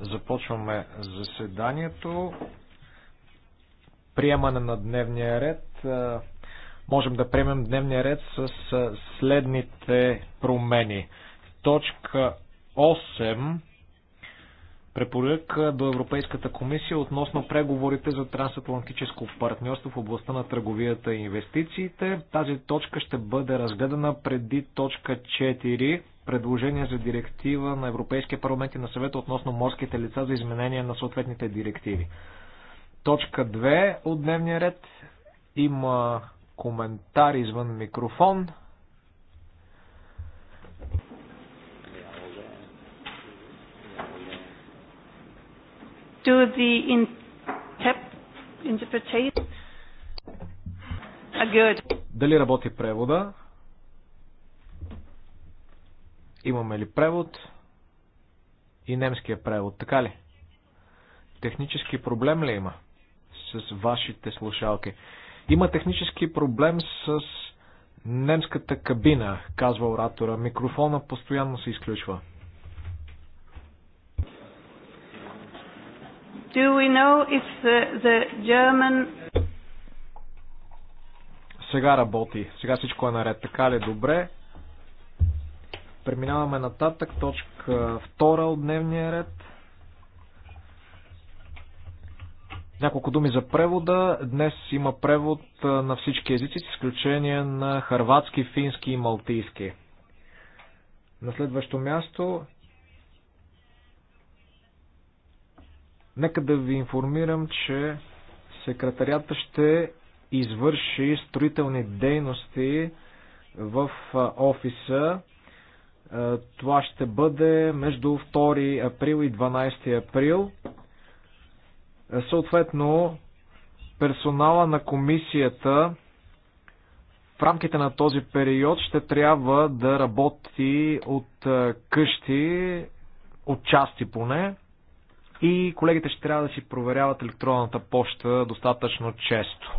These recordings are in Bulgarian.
Започваме заседанието. Приемане на дневния ред. Можем да приемем дневния ред с следните промени. Точка 8 препоръка до Европейската комисия относно преговорите за трансатлантическо партньорство в областта на търговията и инвестициите. Тази точка ще бъде разгледана преди точка 4 предложение за директива на Европейския парламент и на съвета относно морските лица за изменение на съответните директиви. Точка 2 от дневния ред има коментар извън микрофон. Дали работи превода? Имаме ли превод? И немския превод, така ли? Технически проблем ли има с вашите слушалки? Има технически проблем с немската кабина, казва оратора. Микрофона постоянно се изключва. Do we know if the, the German... Сега работи. Сега всичко е наред. Така ли? Добре. Преминаваме нататък. Точка втора от дневния ред. Няколко думи за превода. Днес има превод на всички езици, с изключение на харватски, фински и малтийски. На следващо място Нека да ви информирам, че секретарията ще извърши строителни дейности в офиса е, това ще бъде между 2 април и 12 април. Е, съответно, персонала на комисията в рамките на този период ще трябва да работи от е, къщи, от части поне, и колегите ще трябва да си проверяват електронната почта достатъчно често.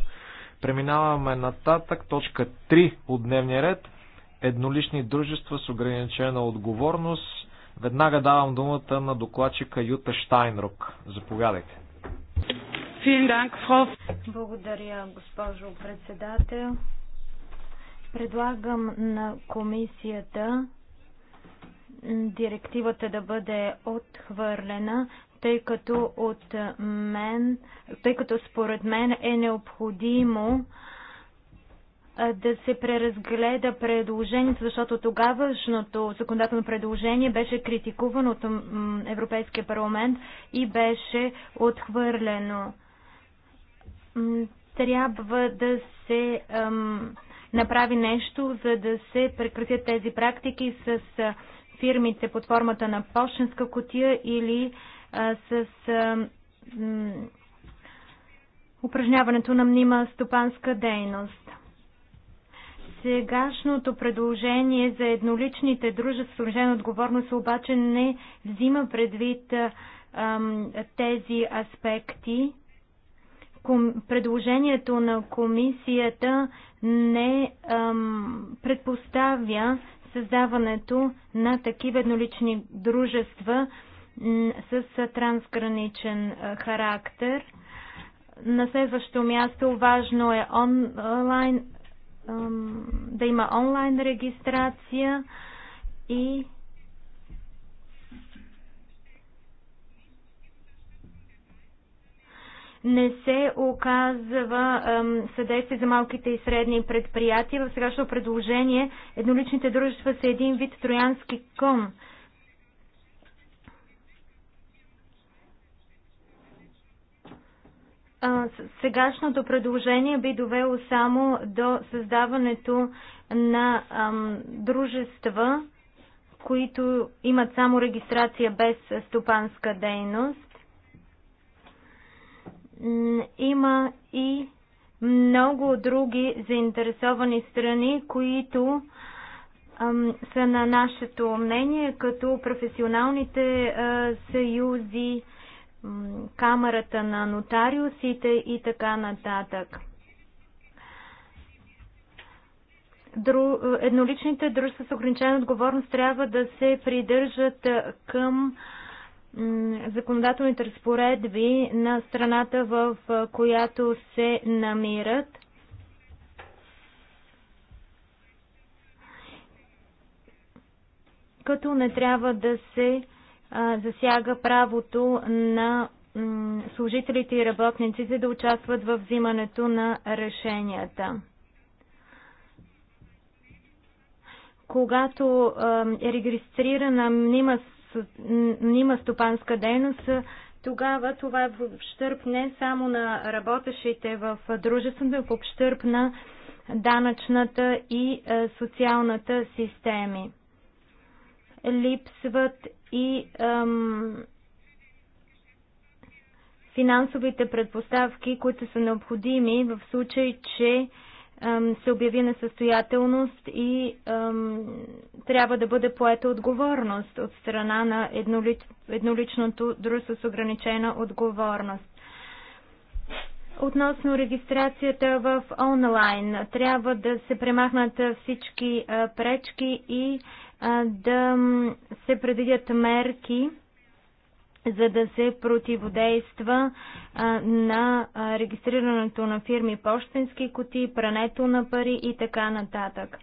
Преминаваме нататък, точка 3 от дневния ред – еднолични дружества с ограничена отговорност. Веднага давам думата на докладчика Юта Штайнрук. Заповядайте. Благодаря, госпожо председател. Предлагам на комисията директивата да бъде отхвърлена, тъй като от мен, тъй като според мен е необходимо да се преразгледа предложението, защото тогавашното законодателно предложение беше критикувано от Европейския парламент и беше отхвърлено. Трябва да се ам, направи нещо, за да се прекратят тези практики с фирмите под формата на почтенска котия или а, с а, м, упражняването на мнима стопанска дейност Сегашното предложение за едноличните дружества с отговорност обаче не взима предвид ам, тези аспекти. Ком, предложението на комисията не ам, предпоставя създаването на такива еднолични дружества с трансграничен характер. На следващо място важно е онлайн да има онлайн регистрация и не се оказва съдействие за малките и средни предприятия. В сегашното предложение едноличните дружества са един вид троянски кон – сегашното предложение би довело само до създаването на дружества, които имат само регистрация без стопанска дейност. Има и много други заинтересовани страни, които ам, са на нашето мнение, като професионалните а, съюзи, камерата на нотариусите и така нататък. Дру... Едноличните дружества с ограничена отговорност трябва да се придържат към законодателните разпоредби на страната, в която се намират. Като не трябва да се засяга правото на служителите и работниците да участват в взимането на решенията. Когато е регистрирана мнима стопанска дейност, тогава това е в общърп не само на работещите в дружеството, но е в общърп на данъчната и е, социалната системи. Липсват и ам, финансовите предпоставки, които са необходими в случай, че ам, се обяви несъстоятелност и ам, трябва да бъде поета отговорност от страна на еднолич, едноличното дружество с ограничена отговорност. Относно регистрацията в онлайн, трябва да се премахнат всички пречки и да се предвидят мерки, за да се противодейства на регистрирането на фирми почтенски коти, прането на пари и така нататък.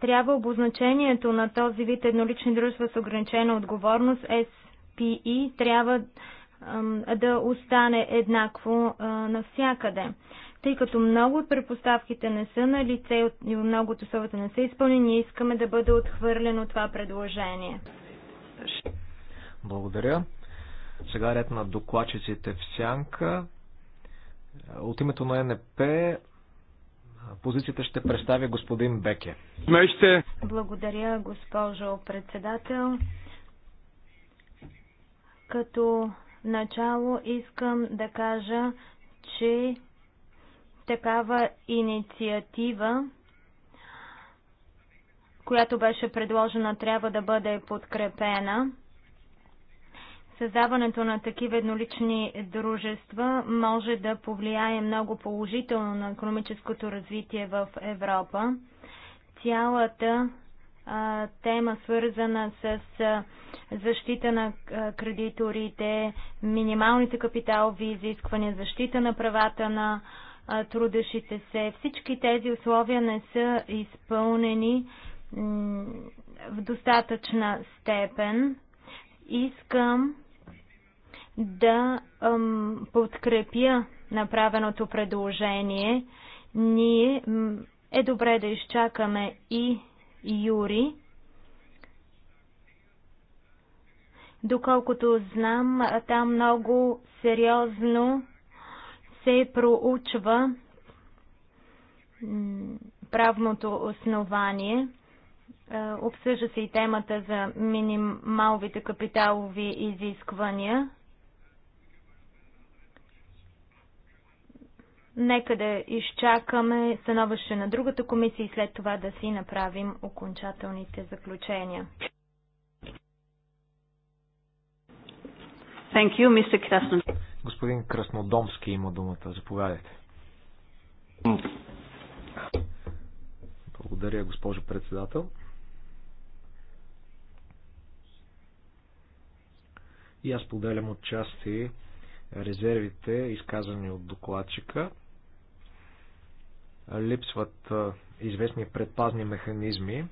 Трябва обозначението на този вид еднолични дружества с ограничена отговорност SPI трябва да остане еднакво навсякъде. Тъй като много от предпоставките не са на лице и много от условията не са изпълнени, искаме да бъде отхвърлено това предложение. Благодаря. Сега ред на докладчиците в сянка. От името на НП позицията ще представя господин Беке. Меще. Благодаря, госпожо председател. Като начало искам да кажа, че такава инициатива, която беше предложена, трябва да бъде подкрепена. Създаването на такива еднолични дружества може да повлияе много положително на економическото развитие в Европа. Цялата а, тема, свързана с а, защита на а, кредиторите, минималните капиталови изисквания, защита на правата на а, трудещите се. Всички тези условия не са изпълнени в достатъчна степен. Искам да подкрепя направеното предложение. Ние е добре да изчакаме и Юри. Доколкото знам, там много сериозно се проучва правното основание. Е, обсъжда се и темата за минималните капиталови изисквания. Нека да изчакаме становище на другата комисия и след това да си направим окончателните заключения. Thank you, Mr. Krasnodar. Господин Краснодомски има думата. Заповядайте. Благодаря, госпожо председател. И аз поделям отчасти резервите, изказани от докладчика. Липсват известни предпазни механизми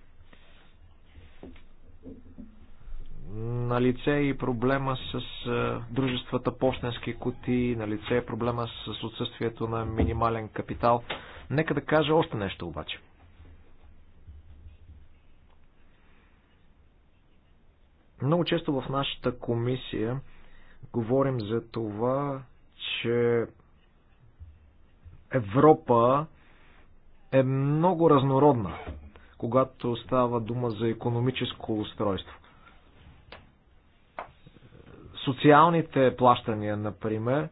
на лице и проблема с дружествата почтенски кути, на лице и проблема с отсъствието на минимален капитал. Нека да кажа още нещо обаче. Много често в нашата комисия говорим за това, че Европа е много разнородна, когато става дума за економическо устройство социалните плащания, например,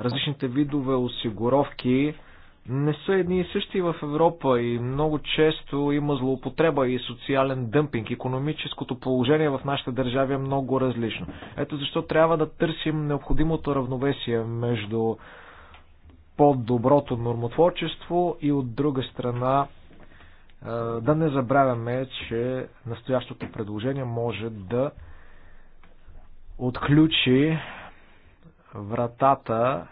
различните видове осигуровки не са едни и същи в Европа и много често има злоупотреба и социален дъмпинг. Економическото положение в нашите държави е много различно. Ето защо трябва да търсим необходимото равновесие между по-доброто нормотворчество и от друга страна да не забравяме, че настоящото предложение може да отключи вратата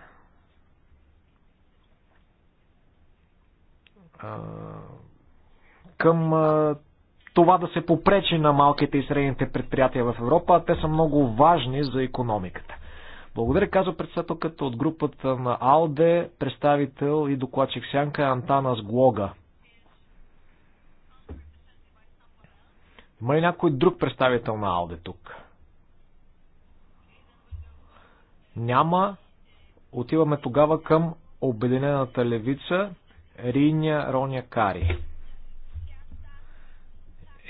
към това да се попречи на малките и средните предприятия в Европа, а те са много важни за економиката. Благодаря, казва председателката от групата на АЛДЕ, представител и докладчик Сянка Антана Сглога. Има ли някой друг представител на АЛДЕ тук? Няма. Отиваме тогава към Обединената левица Риня Роня Кари.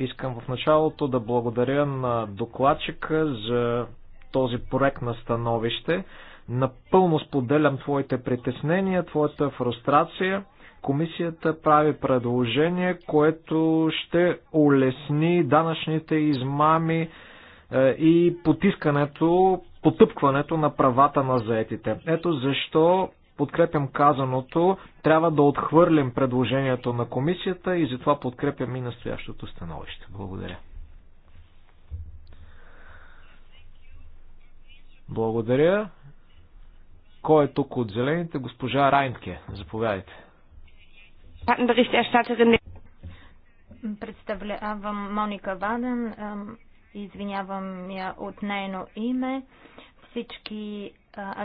Искам в началото да благодаря на докладчика за този проект на становище. Напълно споделям твоите притеснения, твоята фрустрация. Комисията прави предложение, което ще улесни данъчните измами е, и потискането потъпкването на правата на заетите. Ето защо подкрепям казаното, трябва да отхвърлим предложението на комисията и затова подкрепям и настоящото становище. Благодаря. Благодаря. Кой е тук от зелените? Госпожа Райнке. Заповядайте. Е Представлявам Моника Ваден, извинявам я от нейно име. Всички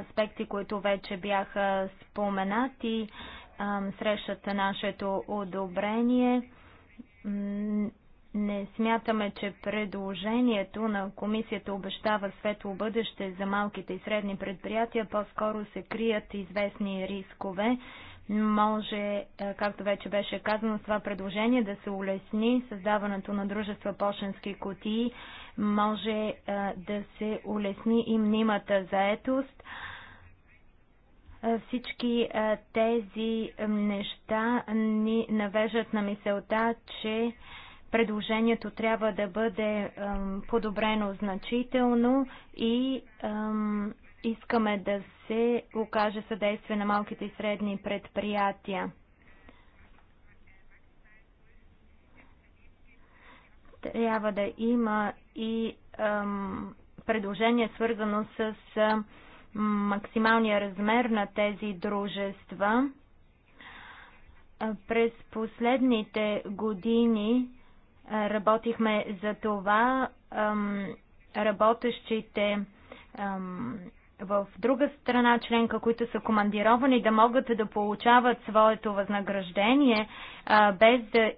аспекти, които вече бяха споменати, срещат нашето одобрение. Не смятаме, че предложението на комисията обещава светло бъдеще за малките и средни предприятия, по-скоро се крият известни рискове. Може, е, както вече беше казано, с това предложение да се улесни създаването на дружества почтенски кутии, може е, да се улесни и мнимата заетост. Е, всички тези неща ни навежат на мисълта, че предложението трябва да бъде подобрено значително и искаме да се окаже съдействие на малките и средни предприятия. Трябва да има и ам, предложение свързано с ам, максималния размер на тези дружества. През последните години работихме за това работещите в друга страна членка, които са командировани, да могат да получават своето възнаграждение а, без да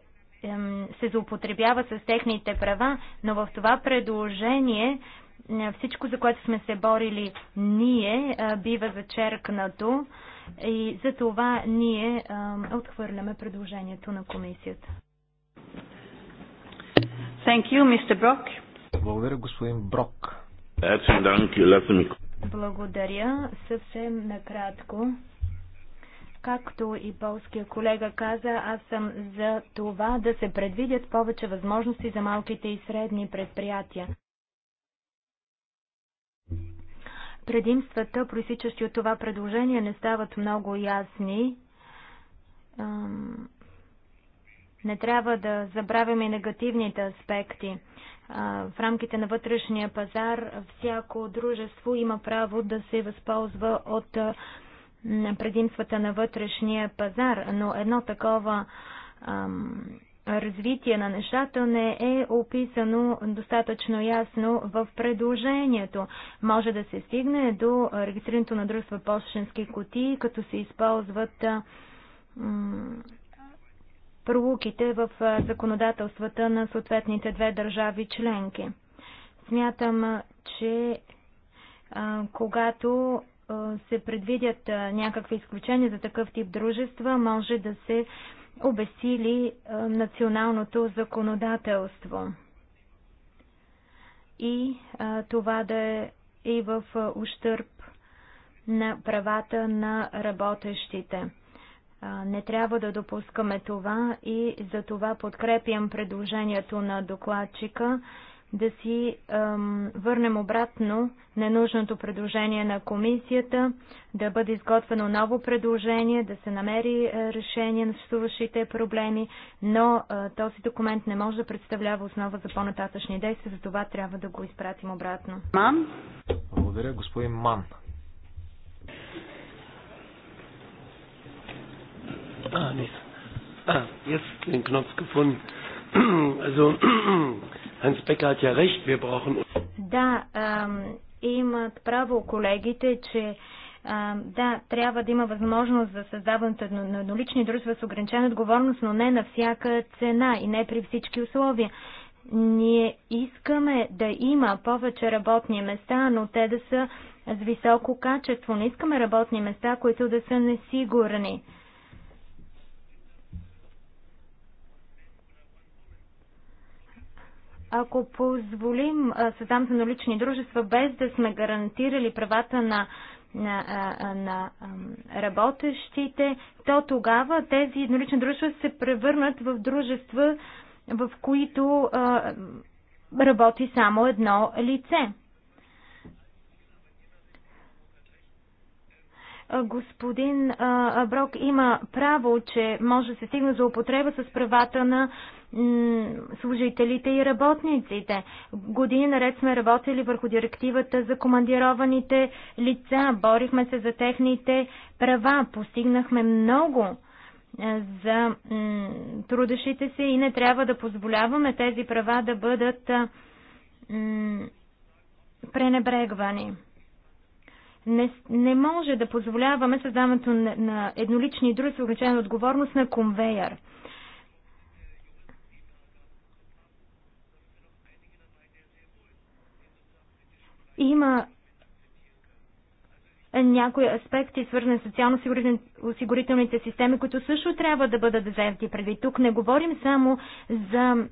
ем, се злоупотребява с техните права, но в това предложение всичко, за което сме се борили ние, а, бива зачеркнато и за това ние а, отхвърляме предложението на комисията. Thank you, Mr. Brock. Благодаря, господин Брок. Благодаря. Съвсем накратко. Както и полския колега каза, аз съм за това да се предвидят повече възможности за малките и средни предприятия. Предимствата, происичащи от това предложение, не стават много ясни. Не трябва да забравяме негативните аспекти в рамките на вътрешния пазар всяко дружество има право да се възползва от предимствата на вътрешния пазар, но едно такова ам, развитие на нещата не е описано достатъчно ясно в предложението. Може да се стигне до регистрирането на дружества по кутии, като се използват ам, пролуките в законодателствата на съответните две държави членки. Смятам, че когато се предвидят някакви изключения за такъв тип дружества, може да се обесили националното законодателство. И това да е и в ущърп на правата на работещите. Не трябва да допускаме това и за това подкрепям предложението на докладчика да си ем, върнем обратно ненужното предложение на комисията, да бъде изготвено ново предложение, да се намери е, решение на съществуващите проблеми, но е, този документ не може да представлява основа за по-нататъчни действия, за това трябва да го изпратим обратно. Ман? Благодаря, господин Ман. Ah, nicht. Ah, jetzt den Knopf gefunden. Also, Hans Becker hat ja recht, wir brauchen... Да, ähm, имат право колегите, че да, трябва да има възможност за създаването на еднолични дружества с ограничена отговорност, но не на всяка цена и не при всички условия. Ние искаме да има повече работни места, но те да са с високо качество. Не искаме работни места, които да са несигурни. Ако позволим създаването на лични дружества без да сме гарантирали правата на, на, на работещите, то тогава тези еднолични дружества се превърнат в дружества, в които а, работи само едно лице. господин Брок има право, че може да се стигне за употреба с правата на служителите и работниците. Години наред сме работили върху директивата за командированите лица, борихме се за техните права, постигнахме много за трудещите се и не трябва да позволяваме тези права да бъдат пренебрегвани. Не, не може да позволяваме създаването на, на еднолични други с ограничена отговорност на конвейер. Има някои аспекти, свързани с социално-осигурителните системи, които също трябва да бъдат взети преди. Тук не говорим само за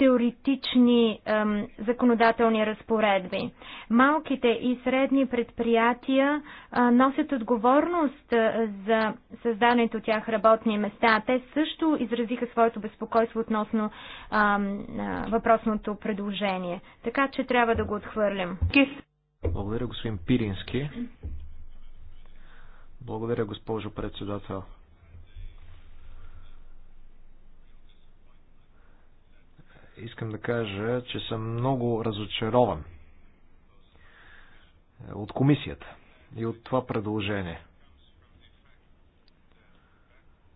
теоретични ем, законодателни разпоредби. Малките и средни предприятия е, носят отговорност е, за създаването от тях работни места. Те също изразиха своето безпокойство относно е, е, въпросното предложение. Така че трябва да го отхвърлим. Благодаря, господин Пирински. Благодаря, госпожо председател. искам да кажа, че съм много разочарован е, от комисията и от това предложение.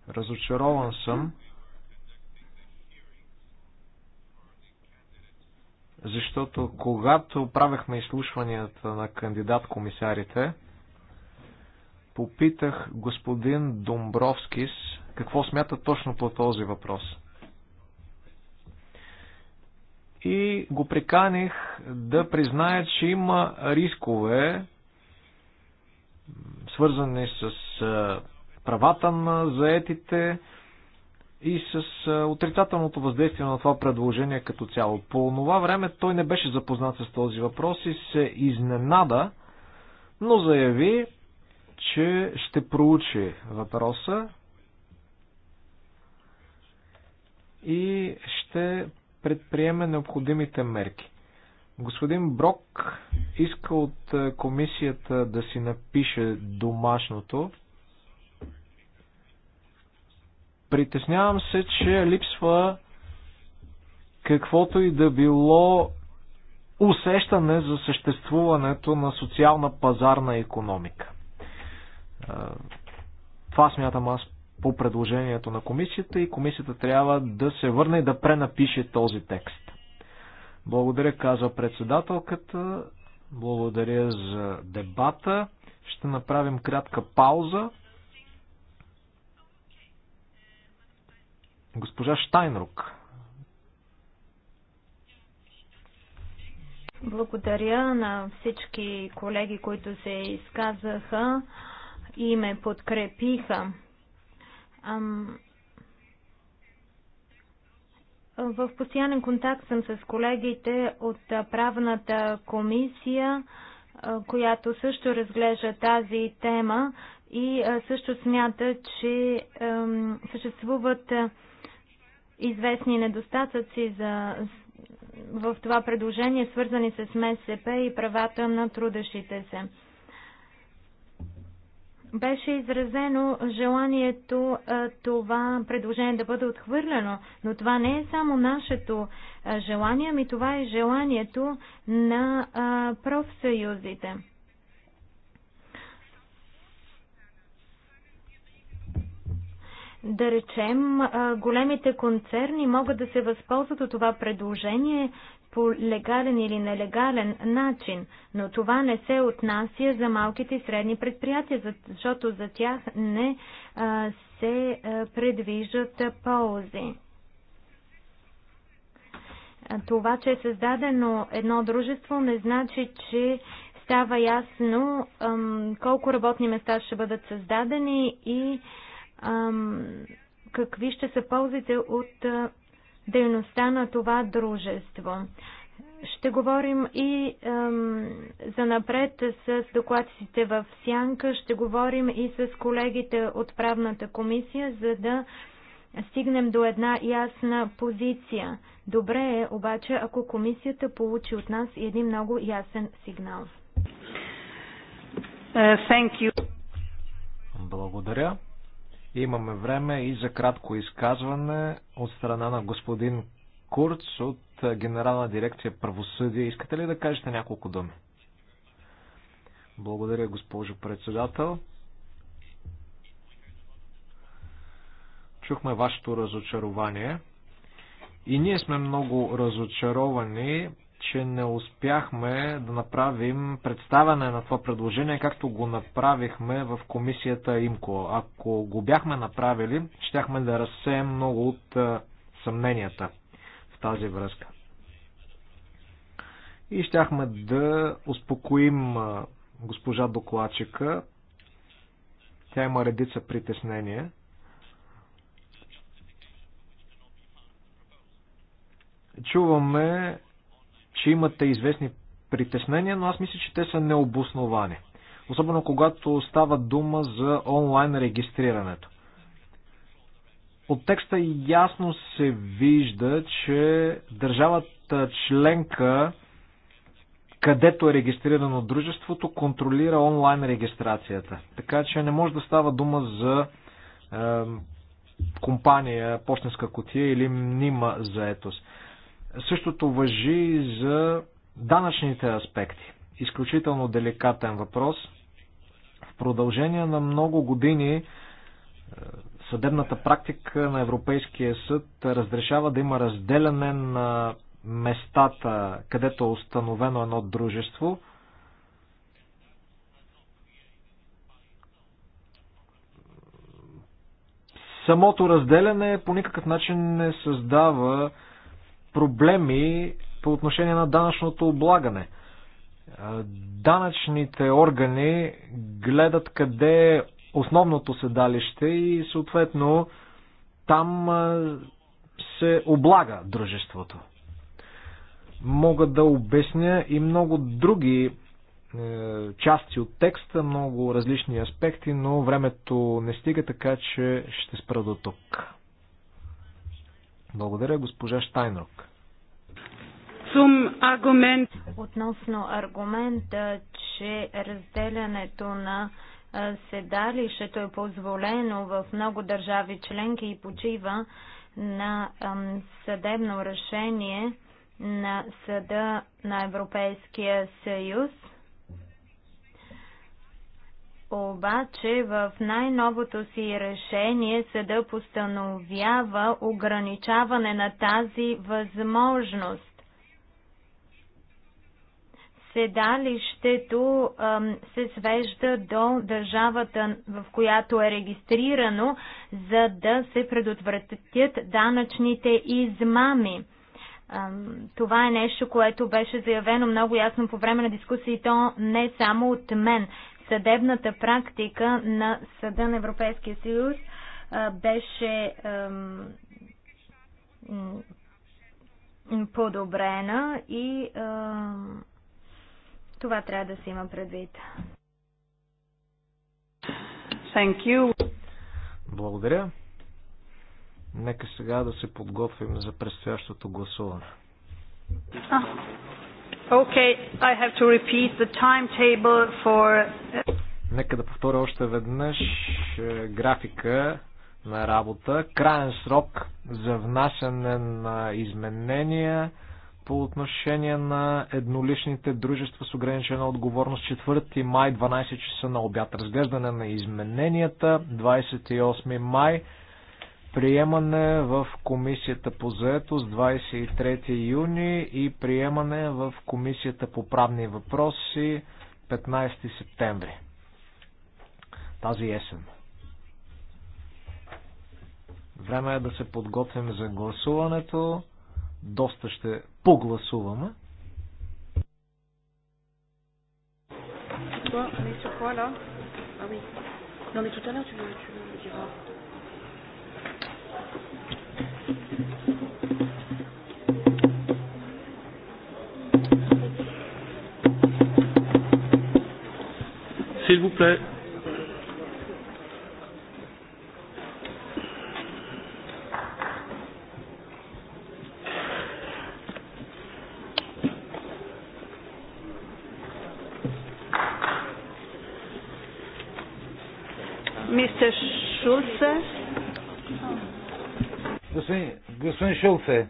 Разочарован съм, защото когато правехме изслушванията на кандидат-комисарите, попитах господин Домбровскис какво смята точно по този въпрос и го приканих да признае, че има рискове, свързани с правата на заетите и с отрицателното въздействие на това предложение като цяло. По това време той не беше запознат с този въпрос и се изненада, но заяви, че ще проучи въпроса и ще предприеме необходимите мерки. Господин Брок иска от е, комисията да си напише домашното. Притеснявам се, че липсва каквото и да било усещане за съществуването на социална пазарна економика. Е, това смятам аз по предложението на комисията и комисията трябва да се върне и да пренапише този текст. Благодаря, казва председателката. Благодаря за дебата. Ще направим кратка пауза. Госпожа Штайнрук. Благодаря на всички колеги, които се изказаха и ме подкрепиха. Ам... В постоянен контакт съм с колегите от правната комисия, която също разглежда тази тема и също смята, че съществуват известни недостатъци за, в това предложение, свързани с МСП и правата на трудещите се. Беше изразено желанието това предложение да бъде отхвърлено, но това не е само нашето желание, ми това е желанието на профсъюзите. Да речем, големите концерни могат да се възползват от това предложение, по легален или нелегален начин, но това не се отнася за малките и средни предприятия, защото за тях не а, се а, предвиждат ползи. Това, че е създадено едно дружество, не значи, че става ясно ам, колко работни места ще бъдат създадени и ам, какви ще са ползите от дейността на това дружество. Ще говорим и ем, за напред с докладците в Сянка, ще говорим и с колегите от правната комисия, за да стигнем до една ясна позиция. Добре е обаче, ако комисията получи от нас един много ясен сигнал. Uh, thank you. Благодаря. Имаме време и за кратко изказване от страна на господин Курц от Генерална дирекция правосъдие. Искате ли да кажете няколко думи? Благодаря, госпожо председател. Чухме вашето разочарование. И ние сме много разочаровани че не успяхме да направим представяне на това предложение, както го направихме в комисията ИМКО. Ако го бяхме направили, щяхме да разсеем много от съмненията в тази връзка. И щяхме да успокоим госпожа докладчика. Тя има редица притеснения. Чуваме че имате известни притеснения, но аз мисля, че те са необосновани. Особено когато става дума за онлайн регистрирането. От текста ясно се вижда, че държавата членка, където е регистрирано дружеството, контролира онлайн регистрацията. Така че не може да става дума за е, компания, почтенска котия или мнима заетост. Същото въжи за данъчните аспекти. Изключително деликатен въпрос. В продължение на много години е, съдебната практика на Европейския съд разрешава да има разделяне на местата, където е установено едно дружество. Самото разделяне по никакъв начин не създава проблеми по отношение на данъчното облагане. Е, данъчните органи гледат къде е основното седалище и съответно там е, се облага дружеството. Мога да обясня и много други е, части от текста, много различни аспекти, но времето не стига, така че ще спра до тук. Благодаря, госпожа Штайнрок. Аргумент. Относно аргумента, че разделянето на седалището е позволено в много държави членки и почива на съдебно решение на Съда на Европейския съюз – обаче в най-новото си решение съда постановява ограничаване на тази възможност. Седалището се свежда до държавата, в която е регистрирано, за да се предотвратят данъчните измами. Това е нещо, което беше заявено много ясно по време на то не само от мен съдебната практика на Съда на Европейския съюз беше подобрена и това трябва да се има предвид. Thank you. Благодаря. Нека сега да се подготвим за предстоящото гласуване. Okay, I have to repeat the timetable for... Нека да повторя още веднъж е, графика на работа. Краен срок за внасяне на изменения по отношение на едноличните дружества с ограничена отговорност 4 май 12 часа на обяд. Разглеждане на измененията 28 май приемане в комисията по заетост 23 юни и приемане в комисията по правни въпроси 15 септември. Тази есен. Време е да се подготвим за гласуването. Доста ще погласуваме. Toi, on est sur quoi là Ah S'il vous plaît. Mr. Schulze. Господин, господин Шулце.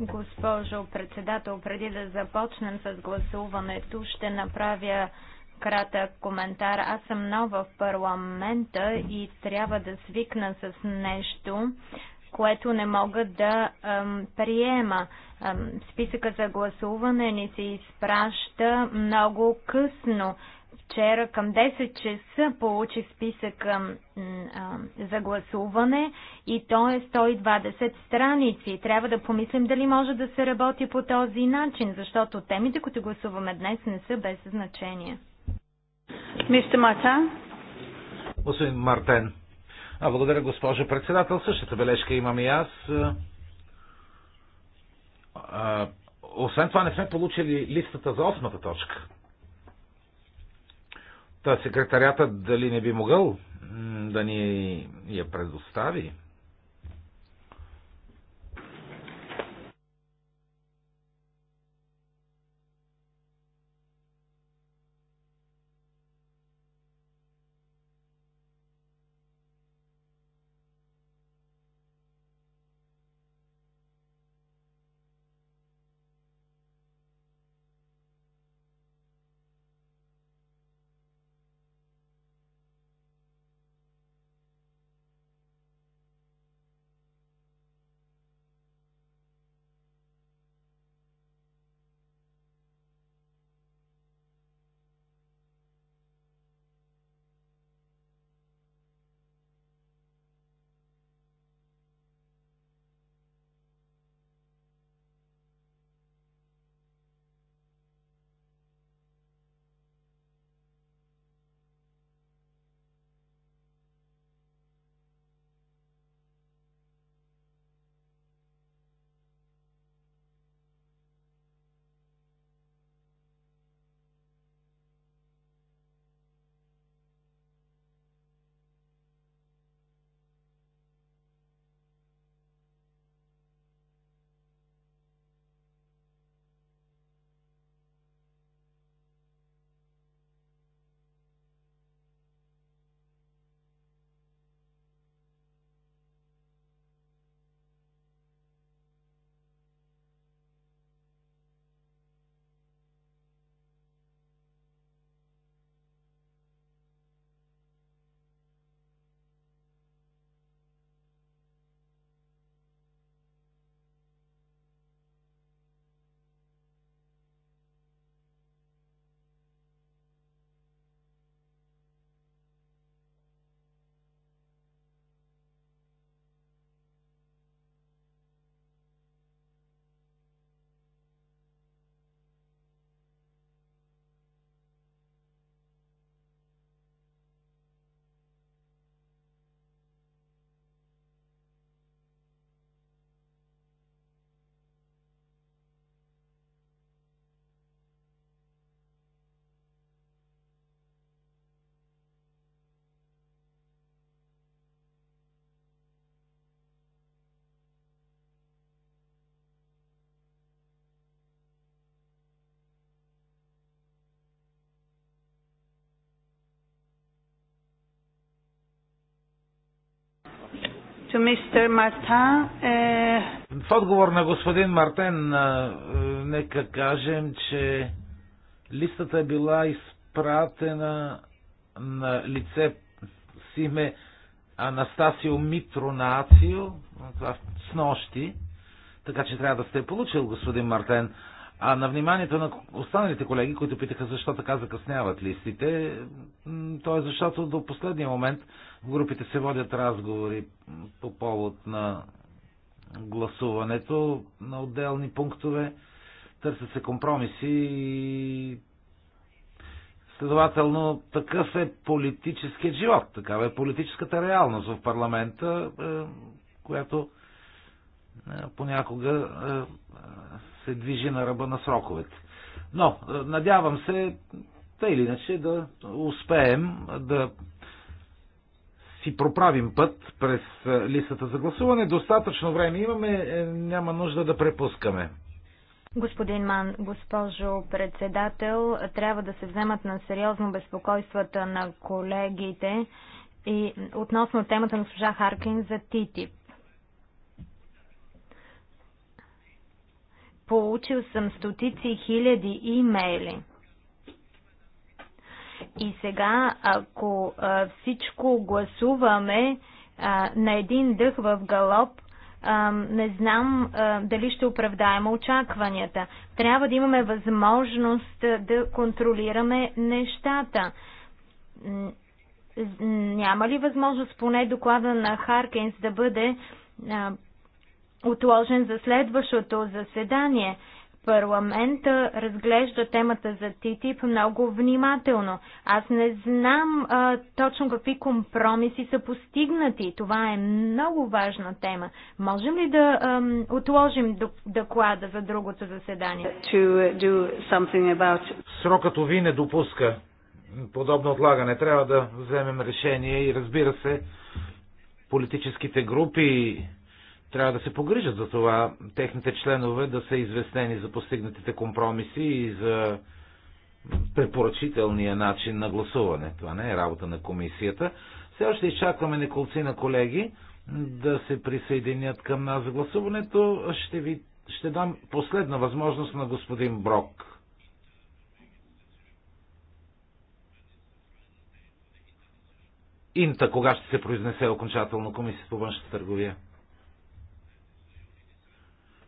Госпожо председател, преди да започнем с гласуването, ще направя кратък коментар. Аз съм нова в парламента и трябва да свикна с нещо, което не мога да ем, приема. Ем, списъка за гласуване ни се изпраща много късно. Вчера към 10 часа получих списък ам, за гласуване и то е 120 страници. Трябва да помислим дали може да се работи по този начин, защото темите, които гласуваме днес, не са без значение. Мистер Мартен. Господин Мартен. А, благодаря, госпожо председател. Същата бележка имам и аз. А, освен това не сме получили листата за осмата точка. Та секретарята дали не би могъл да ни я предостави? to Mr. Martin. Uh... В отговор на господин Мартен, uh, нека кажем, че листата е била изпратена на лице с име Анастасио Митронацио, това с нощи, така че трябва да сте получил, господин Мартен. А на вниманието на останалите колеги, които питаха защо така закъсняват листите, то е защото до последния момент в групите се водят разговори по повод на гласуването на отделни пунктове, търсят се компромиси и следователно такъв е политическият живот, такава е политическата реалност в парламента, е, която е, понякога е, е, се движи на ръба на сроковете. Но, надявам се, тъй или иначе, да успеем да си проправим път през листата за гласуване. Достатъчно време имаме, няма нужда да препускаме. Господин Ман, госпожо председател, трябва да се вземат на сериозно безпокойствата на колегите и относно темата на служа Харкин за ТИТИП. Получил съм стотици хиляди имейли. И сега, ако а, всичко гласуваме а, на един дъх в галоп, а, не знам а, дали ще оправдаем очакванията. Трябва да имаме възможност да контролираме нещата. Няма ли възможност поне доклада на Харкенс да бъде а, отложен за следващото заседание. Парламента разглежда темата за ТТИП много внимателно. Аз не знам а, точно какви компромиси са постигнати. Това е много важна тема. Можем ли да а, отложим доклада за другото заседание? Uh, about... Срокът ви не допуска подобно отлагане. Трябва да вземем решение и разбира се, политическите групи трябва да се погрижат за това, техните членове да са известени за постигнатите компромиси и за препоръчителния начин на гласуване. Това не е работа на комисията. Все още изчакваме неколци на колеги да се присъединят към нас за гласуването. Ще ви ще дам последна възможност на господин Брок. Инта, кога ще се произнесе окончателно комисията по външната търговия?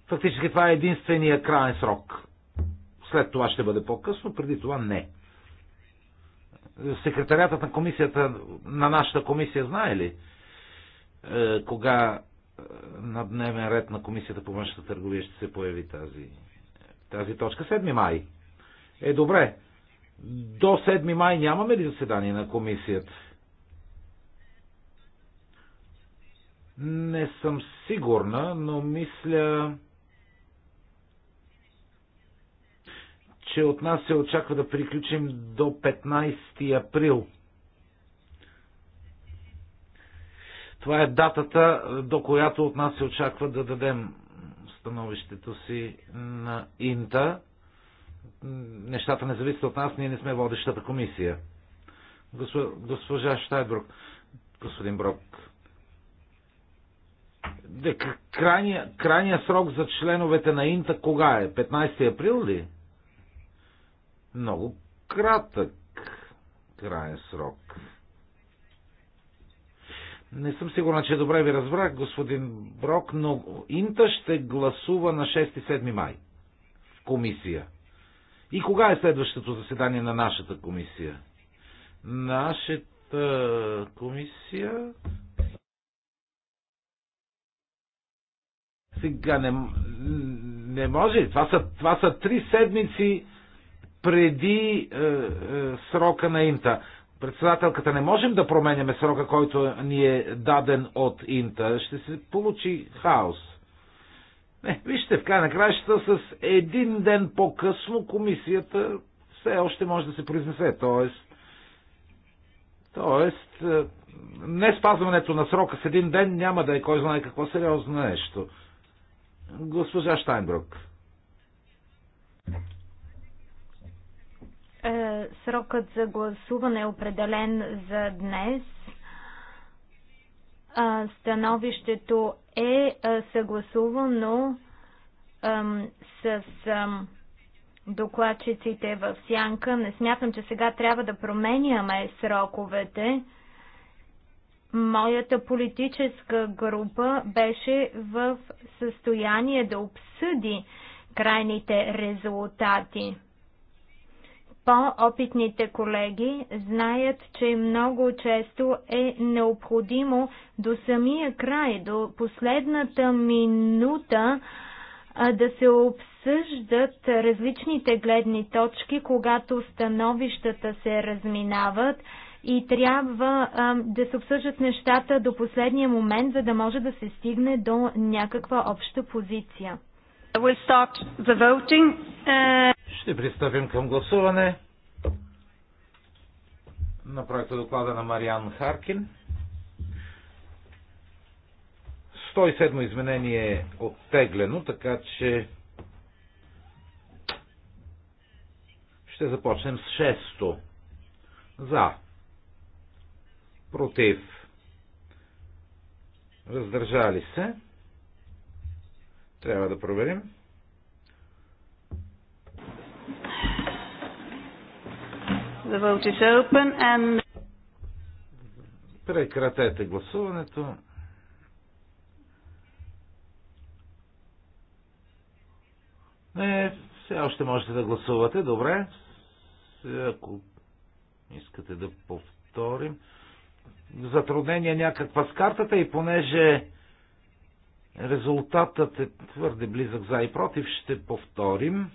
Фактически това е единствения крайен срок. След това ще бъде по-късно, преди това не. Секретарятът на комисията, на нашата комисия знае ли е, кога е, на дневен ред на комисията по външната търговия ще се появи тази, тази точка? 7 май. Е, добре. До 7 май нямаме ли заседание на комисията? Не съм сигурна, но мисля, че от нас се очаква да приключим до 15 април. Това е датата, до която от нас се очаква да дадем становището си на Инта. Нещата не зависят от нас, ние не сме водещата комисия. Госпожа Штайбрук, господин Брок, Крайният крайния срок за членовете на Инта кога е? 15 април ли? много кратък крайен срок. Не съм сигурна, че добре ви разбрах, господин Брок, но Инта ще гласува на 6-7 май в комисия. И кога е следващото заседание на нашата комисия? Нашата комисия... Сега не, не може. Това са, това са три седмици преди е, е, срока на Инта. Председателката не можем да променяме срока, който ни е даден от Инта. Ще се получи хаос. Не, вижте, в край на краищата с един ден по-късно комисията все още може да се произнесе. Тоест, тоест е, не спазването на срока с един ден няма да е кой знае какво сериозно нещо. Госпожа Штайнбрук. Е, срокът за гласуване е определен за днес. Е, становището е, е съгласувано с докладчиците в сянка. Не смятам, че сега трябва да променяме сроковете. Моята политическа група беше в състояние да обсъди крайните резултати. По-опитните колеги знаят, че много често е необходимо до самия край, до последната минута да се обсъждат различните гледни точки, когато становищата се разминават и трябва а, да се обсъждат нещата до последния момент, за да може да се стигне до някаква обща позиция. start the voting. Uh... Ще пристъпим към гласуване на проекта доклада на Мариан Харкин. 107 изменение е оттеглено, така че ще започнем с 6 За. Против. Въздържали се. Трябва да проверим. The vote is open and... Прекратете гласуването. Не, все още можете да гласувате. Добре. Ако искате да повторим. Затруднение някаква с картата и понеже резултатът е твърде близък за и против, ще повторим.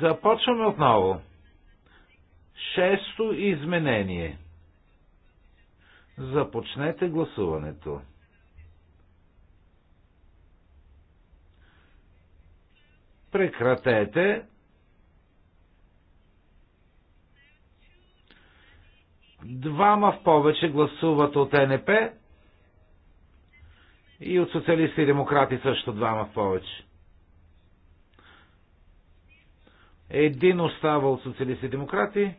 Започваме отново. Шесто изменение. Започнете гласуването. Прекратете. Двама в повече гласуват от НП и от социалисти и демократи също двама в повече. Един остава от социалисти демократи.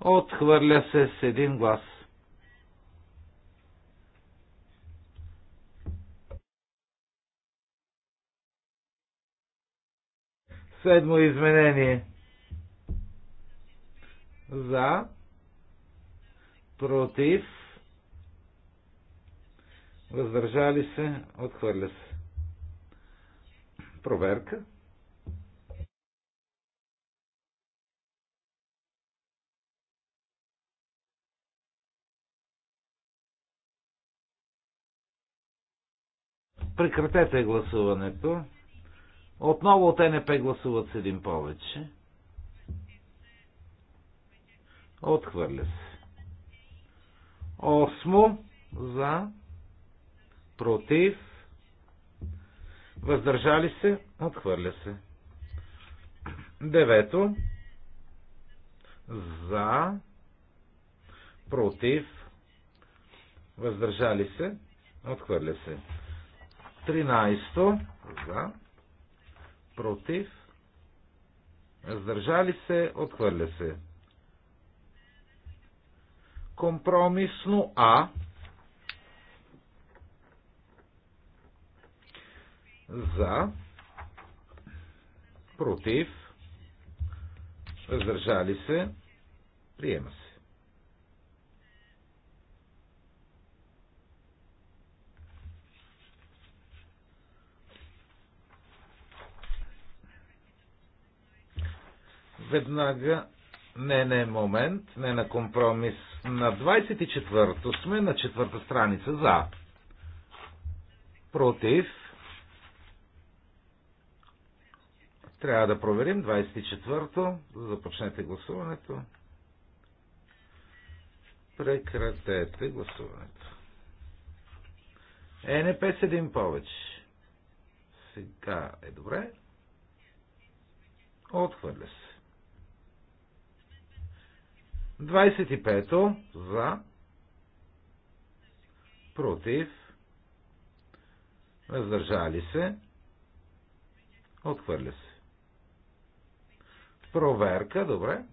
Отхвърля се с един глас. Седмо изменение. За. Против. Въздържали се. Отхвърля се. Проверка. Прекратете гласуването. Отново от НП гласуват с един повече. Отхвърля се. Осмо за, против, въздържали се, отхвърля се. Девето за, против, въздържали се, отхвърля се. 13 за, против, въздържали се, отхвърля се. Компромисно А за, против, въздържали се, приема се. веднага. Не, не, момент. Не на компромис. На 24-то сме, на четвърта страница. За. Против. Трябва да проверим 24-то. Започнете гласуването. Прекратете гласуването. ЕНП с един повече. Сега е добре. Отхвърля се. 25 за, против, въздържали се, отхвърля се. Проверка, добре.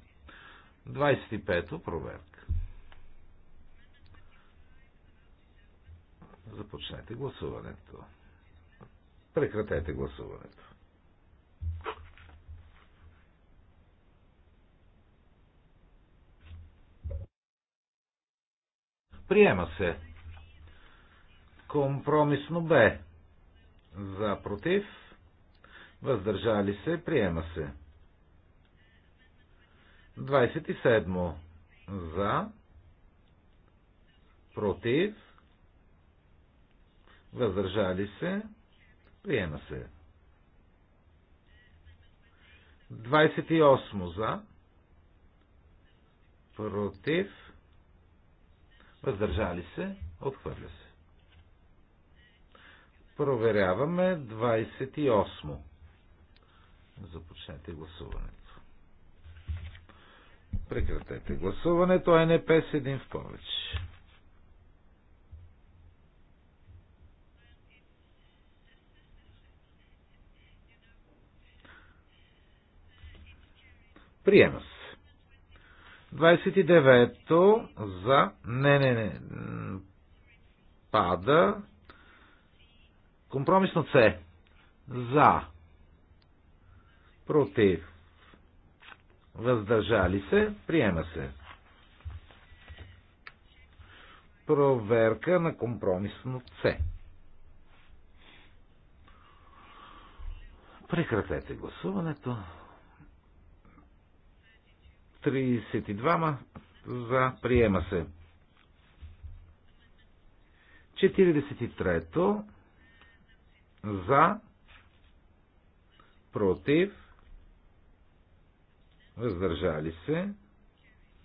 25-то проверка. Започнете гласуването. Прекратете гласуването. Приема се. Компромисно бе. За против. Въздържали се. Приема се. 27. За. Против. Въздържали се. Приема се. 28. За. Против въздържали се, отхвърля се. Проверяваме 28. Започнете гласуването. Прекратете гласуването, а не пес един в повече. Приема се. 29 то за... Не, не, не. Пада. Компромисно С. За. Против. Въздържали се. Приема се. Проверка на компромисно С. Прекратете гласуването. 32 за приема се. 43 за против въздържали се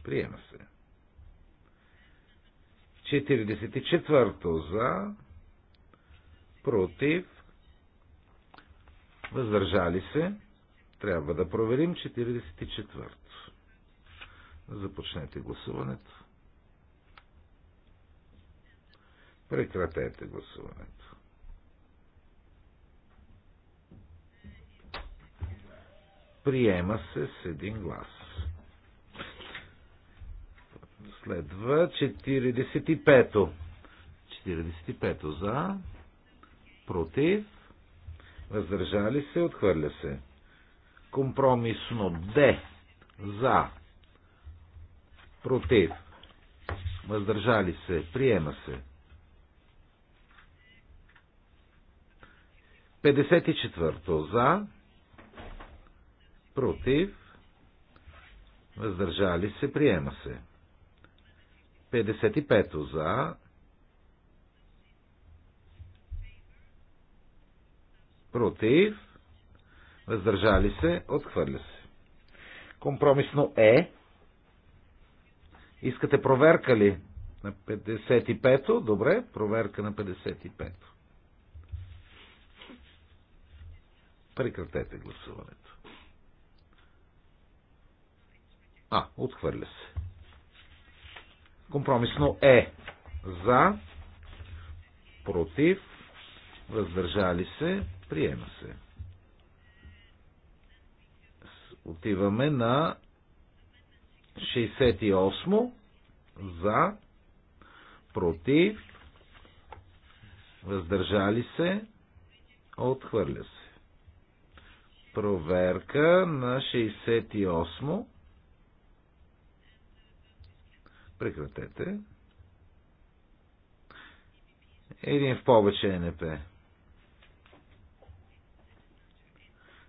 приема се. 44 за против въздържали се трябва да проверим 44 Започнете гласуването. Прекратете гласуването. Приема се с един глас. Следва 45-то. 45-то за, против, въздържали се, отхвърля се. Компромисно Д за, против, въздържали се, приема се. 54 за, против, въздържали се, приема се. 55 за, против, въздържали се, отхвърля се. Компромисно е Искате проверка ли? На 55-то? Добре, проверка на 55-то. Прекратете гласуването. А, отхвърля се. Компромисно е за, против, въздържали се, приема се. Отиваме на 68 за, против, въздържали се, отхвърля се. Проверка на 68. Прекратете. Един в повече НП.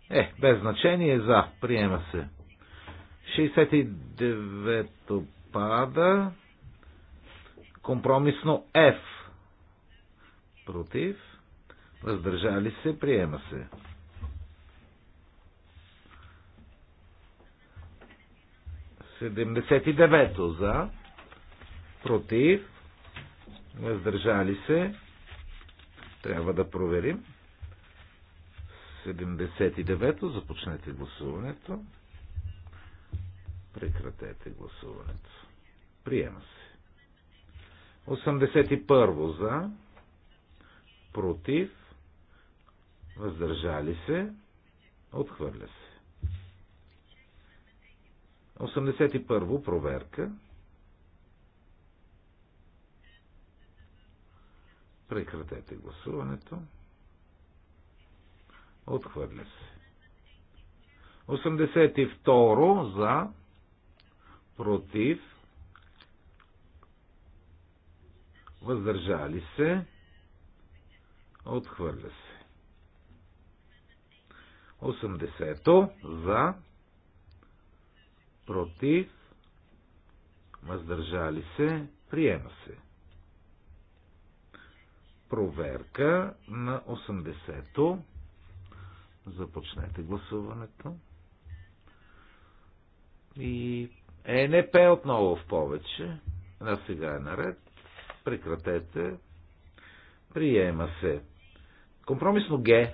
Е, без значение за. Приема се. 69-то пада. Компромисно F. Против. Въздържали се. Приема се. Седемдесет и девето за. Против. Въздържали се. Трябва да проверим. 79 девето. Започнете гласуването. Прекратете гласуването. Приема се. 81 за. Против. Въздържали се. Отхвърля се. 81 проверка. Прекратете гласуването. Отхвърля се. 82 за против, въздържали се, отхвърля се. 80-то за, против, въздържали се, приема се. Проверка на 80-то. Започнете гласуването. И ЕНП отново в повече. На сега е наред. Прекратете. Приема се. Компромисно Г.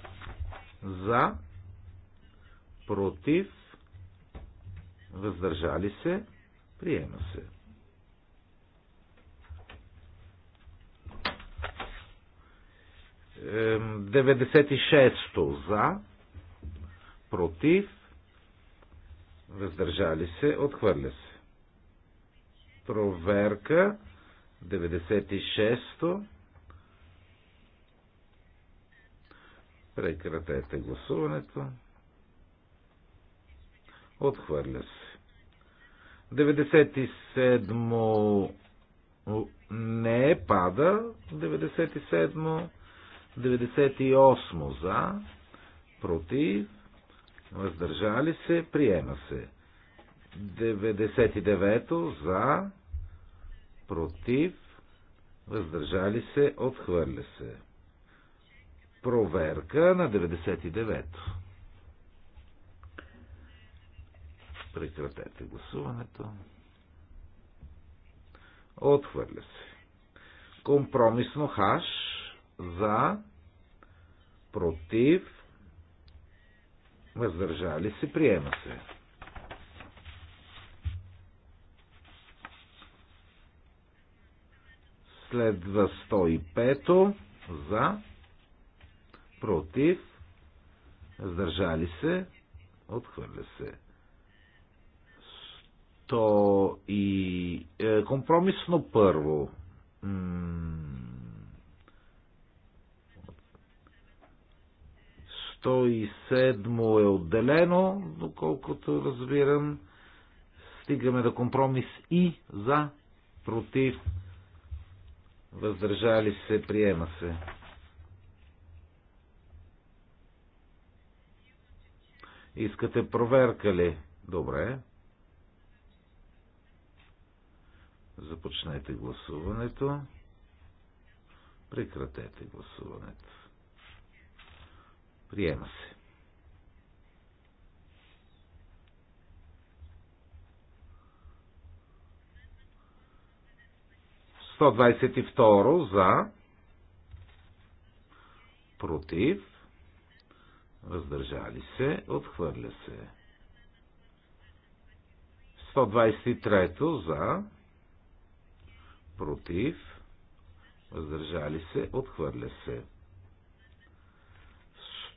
За. Против. Въздържали се. Приема се. Е, 96 за. Против въздържали се, отхвърля се. Проверка 96-то. Прекратете гласуването. Отхвърля се. 97 не е пада. 97 98 за. Против въздържали се, приема се. 99-то за, против, въздържали се, отхвърля се. Проверка на 99-то. Прекратете гласуването. Отхвърля се. Компромисно хаш за, против, въздържали се, приема се. Следва 105 за, против, въздържали се, отхвърля се. То и е, компромисно първо. М 107 е отделено, доколкото разбирам. Стигаме до компромис и за, против, въздържали се, приема се. Искате проверка ли? Добре. Започнете гласуването. Прекратете гласуването. Приема се. Сто двадесет и второ за против въздържали се, отхвърля се. 123 за, против, въздържали се, отхвърля се.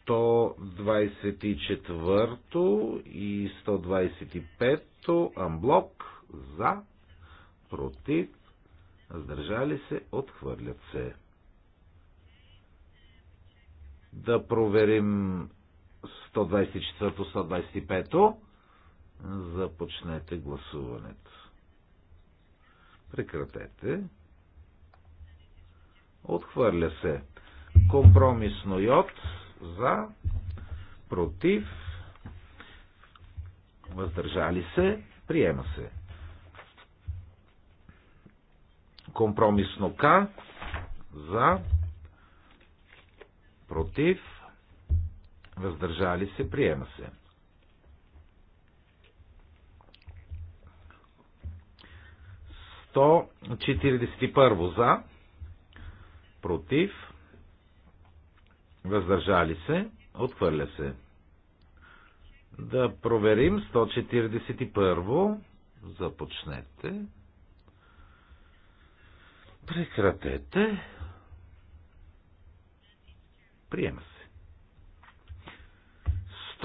124 и 125 амблок за, против, сдържали се, отхвърлят се. Да проверим 124-125. Започнете гласуването. Прекратете. Отхвърля се. Компромисно йод за, против, въздържали се, приема се. Компромисно К за, против, въздържали се, приема се. Сто четиридесет първо за, против, Въздържали се. Отхвърля се. Да проверим 141. Започнете. Прекратете. Приема се.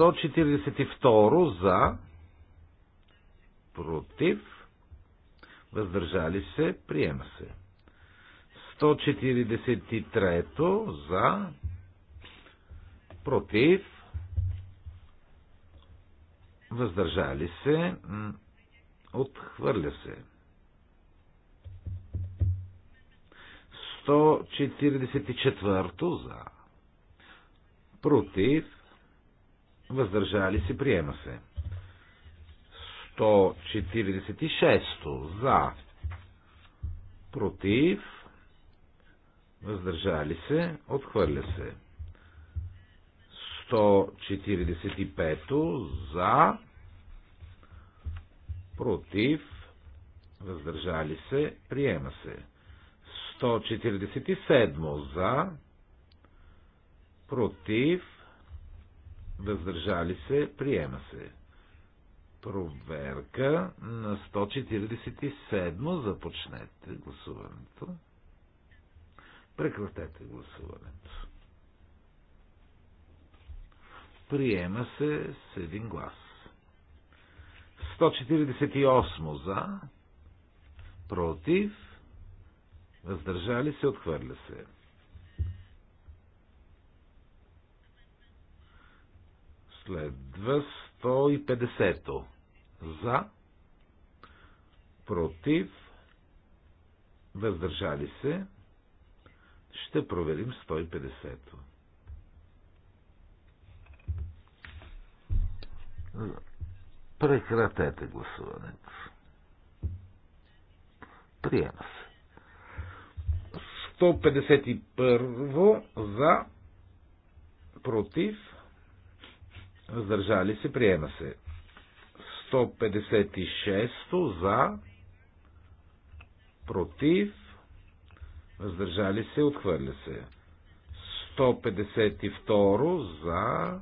142 за. Против. Въздържали се. Приема се. 143 за против, въздържали се, отхвърля се. 144 за, против, въздържали се, приема се. 146 за, против, въздържали се, отхвърля се. 145 за, против, въздържали се, приема се. 147 за, против, въздържали се, приема се. Проверка на 147 започнете гласуването. Прекратете гласуването. Приема се с един глас. 148 за, против, въздържали се, отхвърля се. Следва 150 за, против, въздържали се, ще проверим 150-то. Прекратете гласуването. Приема се. 151 за, против, въздържали се, приема се. 156 за, против, въздържали се, отхвърля се. 152 за,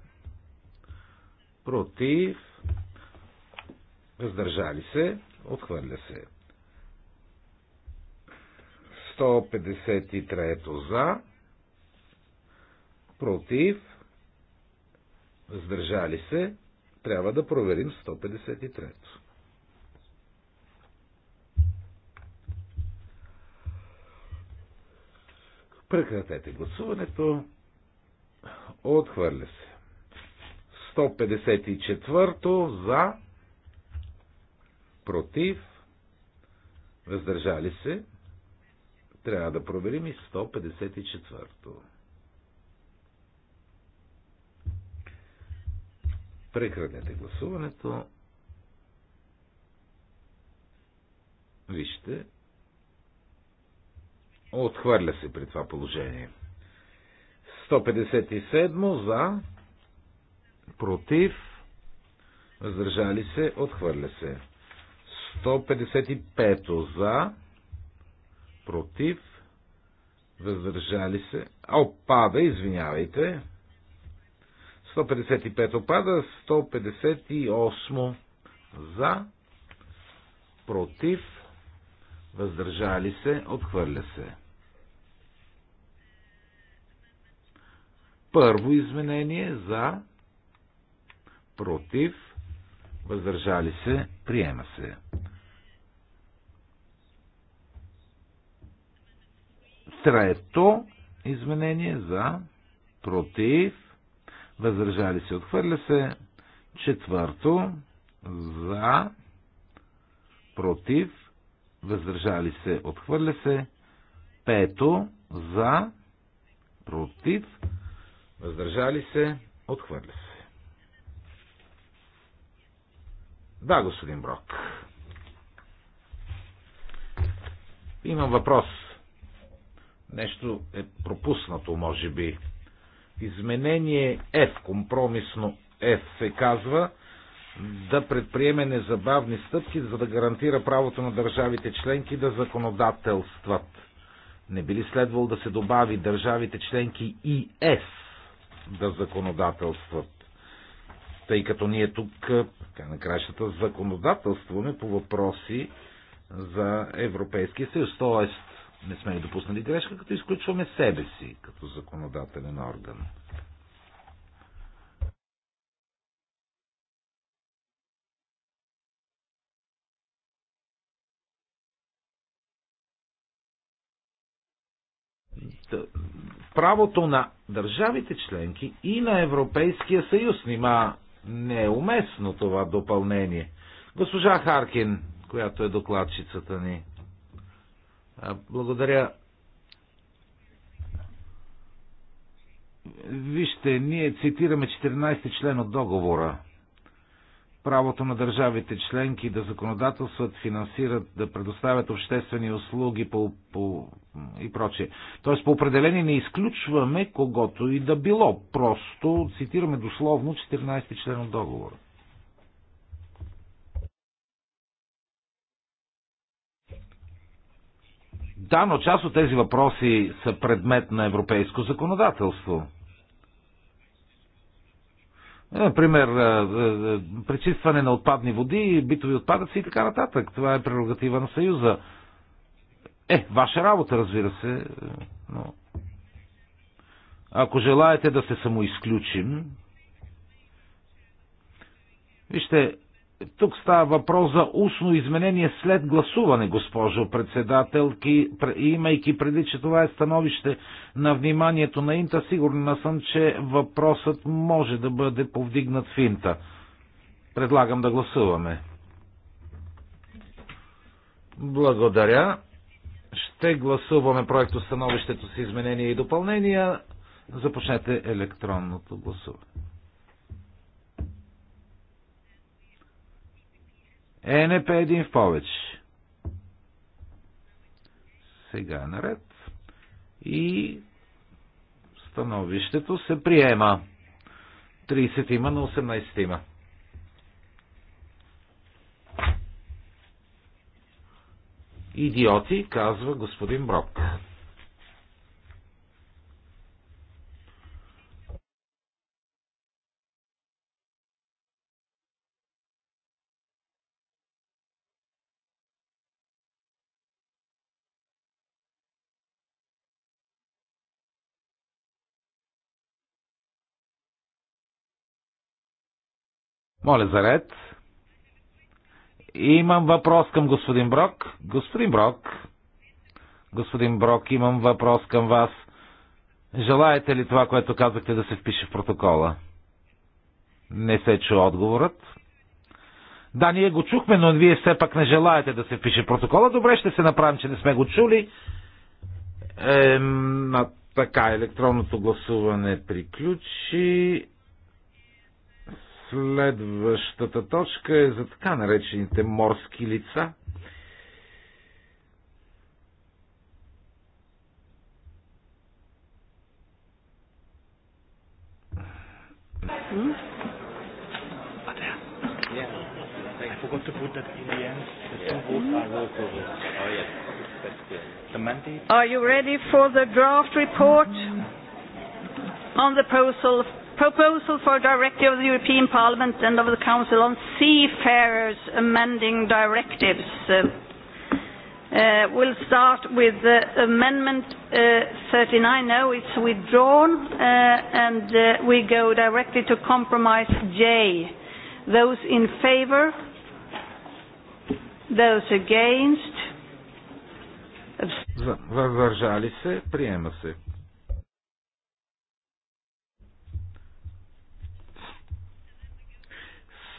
против, въздържали се, отхвърля се. 153 за, против, въздържали се, трябва да проверим 153. то Прекратете гласуването. Отхвърля се. 154 за, против, въздържали се. Трябва да проверим и 154-то. Прекратете гласуването. Вижте. Отхвърля се при това положение. 157 за против, въздържали се, отхвърля се. 155 за, против, въздържали се. А, опада, извинявайте. 155 опада, 158 за, против, въздържали се, отхвърля се. Първо изменение за против, въздържали се, приема се. Трето изменение за против, въздържали се, отхвърля се. Четвърто за против, въздържали се, отхвърля се. Пето за против, въздържали се, отхвърля се. Да, господин Брок. Имам въпрос. Нещо е пропуснато, може би. Изменение F, компромисно F се казва да предприеме незабавни стъпки, за да гарантира правото на държавите членки да законодателстват. Не би ли следвало да се добави държавите членки и С да законодателстват? тъй като ние тук на кращата законодателстваме по въпроси за Европейския съюз. Тоест, не сме ли допуснали грешка, като изключваме себе си като законодателен орган. правото на държавите членки и на Европейския съюз. Нима не е уместно това допълнение. Госпожа Харкин, която е докладчицата ни. Благодаря. Вижте, ние цитираме 14 член от договора правото на държавите членки да законодателстват, финансират, да предоставят обществени услуги по, по, и прочее. Тоест по определение не изключваме когото и да било. Просто цитираме дословно 14 ти член от договора. Да, но част от тези въпроси са предмет на европейско законодателство. Е, например, е, е, пречистване на отпадни води, битови отпадъци и така нататък. Това е прерогатива на Съюза. Е, ваша работа, разбира се, но ако желаете да се самоизключим, вижте, тук става въпрос за устно изменение след гласуване, госпожо председателки, имайки преди, че това е становище на вниманието на Инта, сигурна съм, че въпросът може да бъде повдигнат в Инта. Предлагам да гласуваме. Благодаря. Ще гласуваме проекто становището с изменения и допълнения. Започнете електронното гласуване. Е ЕНП е един в повече. Сега е наред. И становището се приема. 30 има на 18 има. Идиоти, казва господин Брок. Моля за ред. Имам въпрос към господин Брок. Господин Брок. Господин Брок, имам въпрос към вас. Желаете ли това, което казахте, да се впише в протокола? Не се чу отговорът. Да, ние го чухме, но вие все пак не желаете да се впише в протокола. Добре, ще се направим, че не сме го чули. Е, на така, електронното гласуване приключи. Следващата точка е за така наречените морски лица. are Are you ready for the draft report on the proposal Proposal for a Directive of the European Parliament and of the Council on Seafarers amending directives. Uh, we'll start with uh, Amendment uh, 39. No, it's withdrawn, uh, and uh, we go directly to Compromise J. Those in favour? Those against? Въздържали се? Приема се.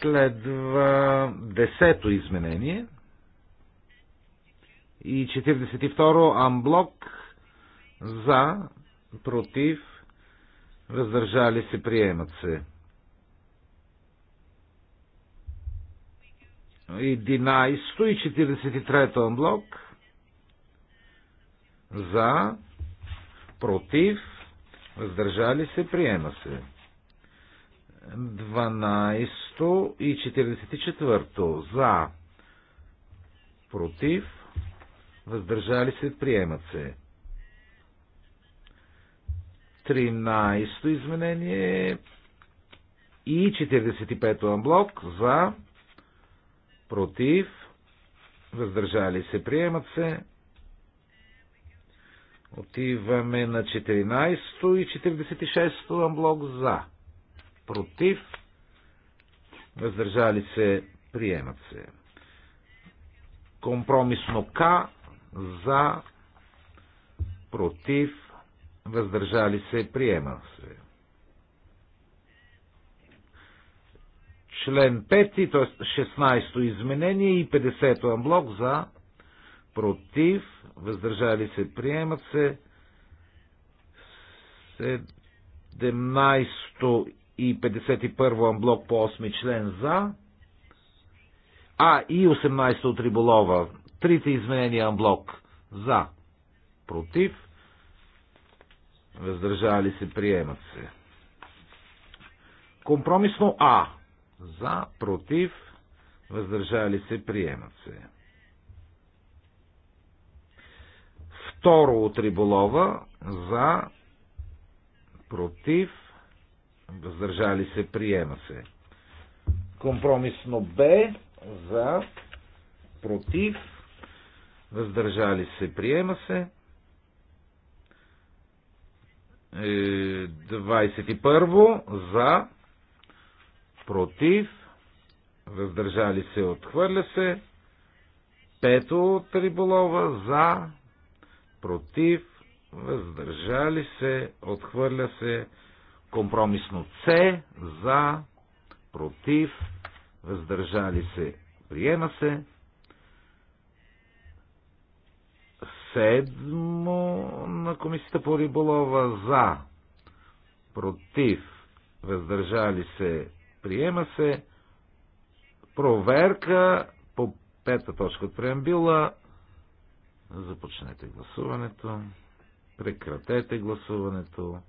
Следва десето изменение и 42-ро амблок за, против, въздържали се, приемат се. 11 и 43-то амблок за, против, въздържали се, приема се. 12 и 44 за, против, въздържали се, приемат се. 13 изменение и 45 анблок за, против, въздържали се, приемат се. Отиваме на 14 и 46 блок за против, въздържали се, приемат се. Компромисно К за, против, въздържали се, приема се. Член 5, т.е. 16-то изменение и 50-то амблок за, против, въздържали се, приемат се. 17-то и 51 амблок по 8 член за. А и 18 от риболова. Трите изменения амблок за. Против. Въздържали се, приемат се. Компромисно А. За, против, въздържали се, приемат се. Второ от риболова. За, против, въздържали се, приема се. Компромисно Б за против, въздържали се, приема се. 21 е, за против, въздържали се, отхвърля се. Пето от риболова за против, въздържали се, отхвърля се. Компромисно С за, против, въздържали се, приема се. Седмо на комисията по риболова за, против, въздържали се, приема се. Проверка по пета точка от преамбила. Започнете гласуването. Прекратете гласуването.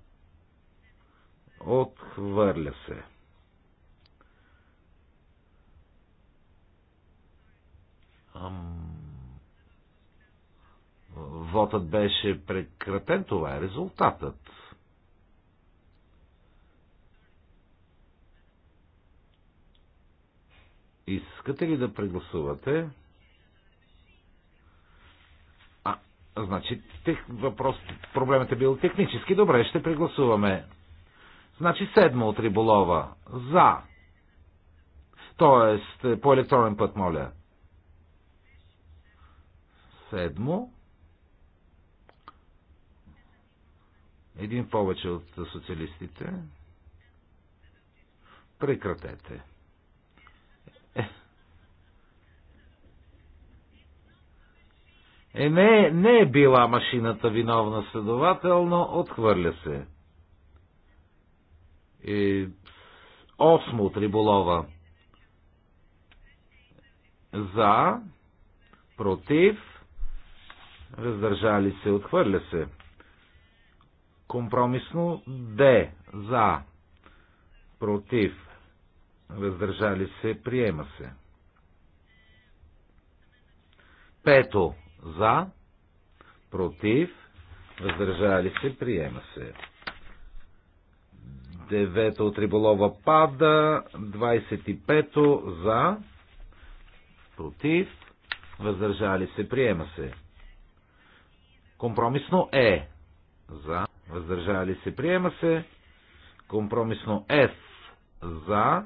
Отхвърля се. Ам... Вотът беше прекратен, това е резултатът. Искате ли да прегласувате? А, значи, тех, въпрос, проблемът е бил технически. Добре, ще прегласуваме. Значи седмо от риболова. За. Тоест, е, по електронен път, моля. Седмо. Един повече от социалистите. Прекратете. Е, е не, не е била машината виновна следователно, отхвърля се. Е осмо от риболова. За, против, раздържали се, отхвърля се. Компромисно Д. За, против, раздържали се, приема се. Пето. За, против, въздържали се, приема се. 9 от риболова пада, 25 за, против, въздържали се, приема се. Компромисно Е за, въздържали се, приема се. Компромисно F за,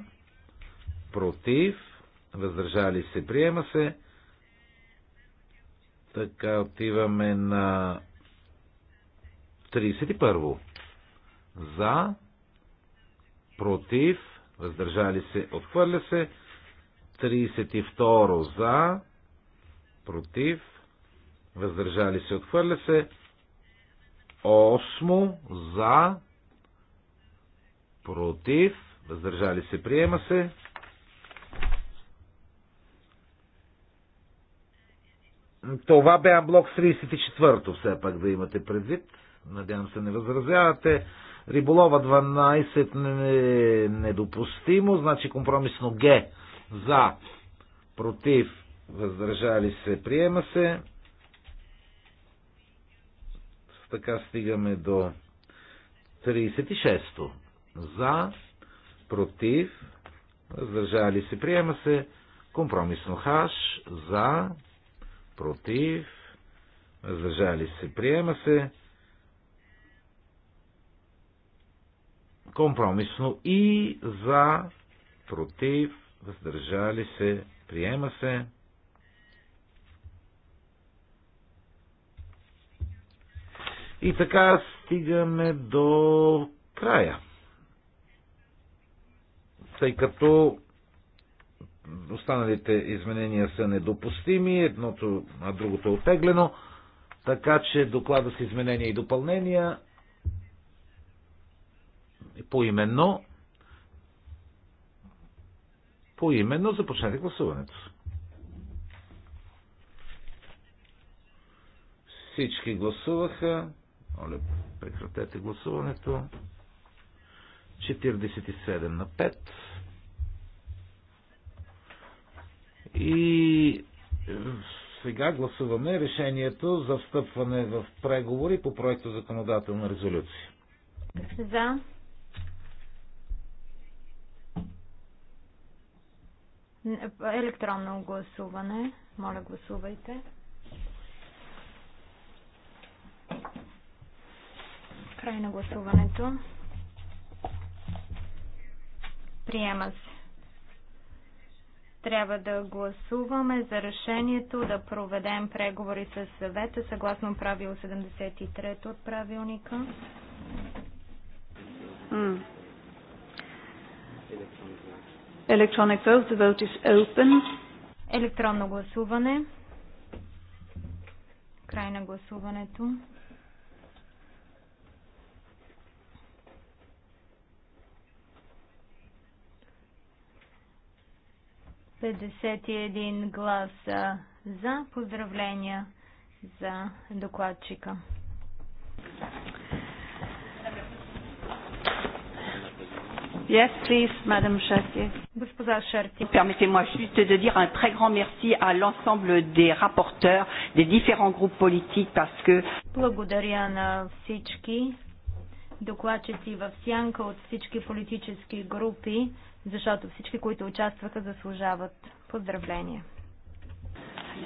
против, въздържали се, приема се. Така отиваме на 31. За, против, въздържали се, отхвърля се. 32 за, против, въздържали се, отхвърля се. 8 за, против, въздържали се, приема се. Това бе блок 34-то, все пак да имате предвид. Надявам се не възразявате. Риболова 12 недопустимо, значи компромисно Г за, против, въздържали се, приема се. Така стигаме до 36-то. За, против, въздържали се, приема се. Компромисно хаш, за, против, въздържали се, приема се. компромисно и за, против, въздържали се, приема се. И така стигаме до края. Тъй като останалите изменения са недопустими, едното, а другото е отеглено, така че доклада с изменения и допълнения поименно. Поименно започнете гласуването. Всички гласуваха. Оле, прекратете гласуването. 47 на 5. И сега гласуваме решението за встъпване в преговори по проекта законодателна резолюция. За. Електронно гласуване. Моля, гласувайте. Край на гласуването. Приема се. Трябва да гласуваме за решението да проведем преговори с съвета съгласно правило 73 от правилника. Mm. Electronic vote. The vote is open. Електронно гласуване. Край на гласуването. Петдесет един глас за поздравления за докладчика. Yes, please, Madame Chartier. Госпожа Chartier. Permettez-moi juste de dire un très grand merci à l'ensemble des rapporteurs des différents groupes politiques parce que... Благодаря на всички докладчици в сянка от всички политически групи, защото всички, които участваха, заслужават поздравления. Yes.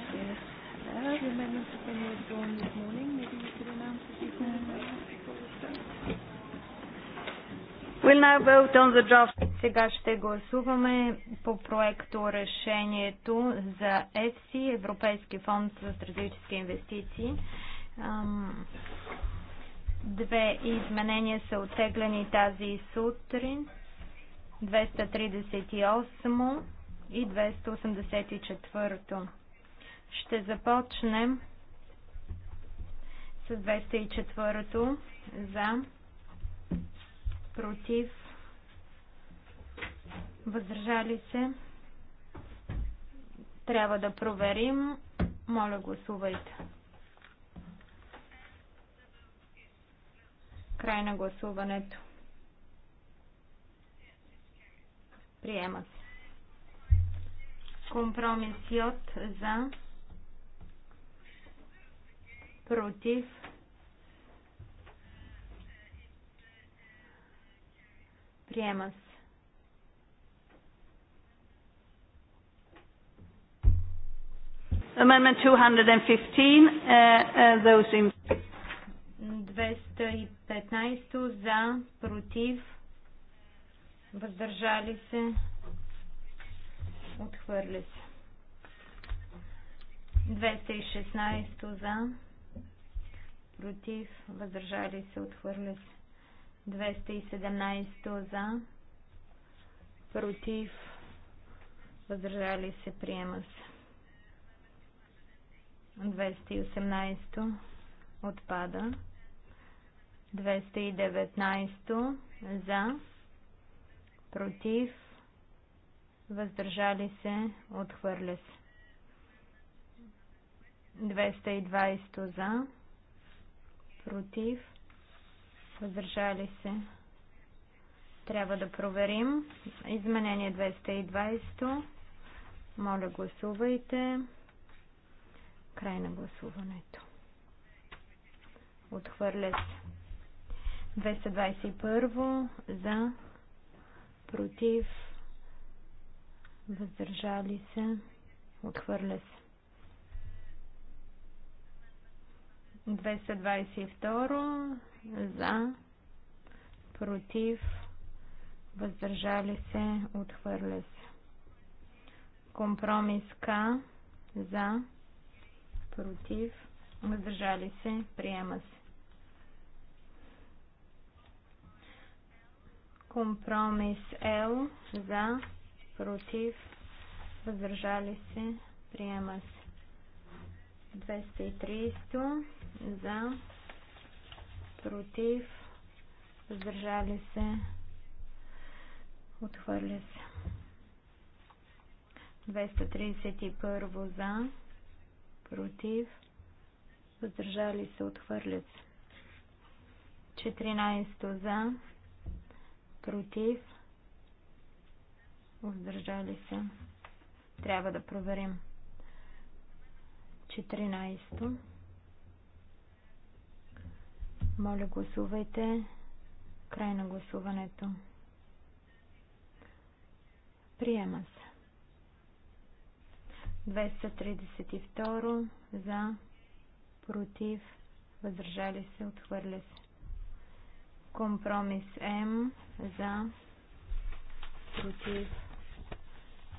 Сега ще гласуваме по проекто решението за ЕСИ, Европейски фонд за стратегически инвестиции. Две изменения са отеглени тази сутрин. 238 и 284. Ще започнем с 204 за против, въздържали се. Трябва да проверим. Моля, гласувайте. Край на гласуването. Приема се. Компромис за против Приема се. Amendment 215, uh, uh, those in... 215 за, против, въздържали се, отхвърли се. 216 за, против, въздържали се, отхвърли се. 217 за, против, въздържали се, приема се. 218 отпада. 219 за, против, въздържали се, отхвърля се. 220 за, против, въздържали се. Трябва да проверим. Изменение 220. Моля, гласувайте. Край на гласуването. Отхвърля се. 221 за, против, въздържали се, отхвърля се. 222 за, против, въздържали се, отхвърля се. Компромис К за, против, въздържали се, приема се. Компромис Л за, против, въздържали се, приема се. 230 за, против, въздържали се, отхвърля се. 231 за, против, въздържали се, отхвърля се. 14 за, против, въздържали се. Трябва да проверим. 14. Моля, гласувайте. Край на гласуването. Приема се. 232 за, против, въздържали се, отхвърля се. Компромис М за, против,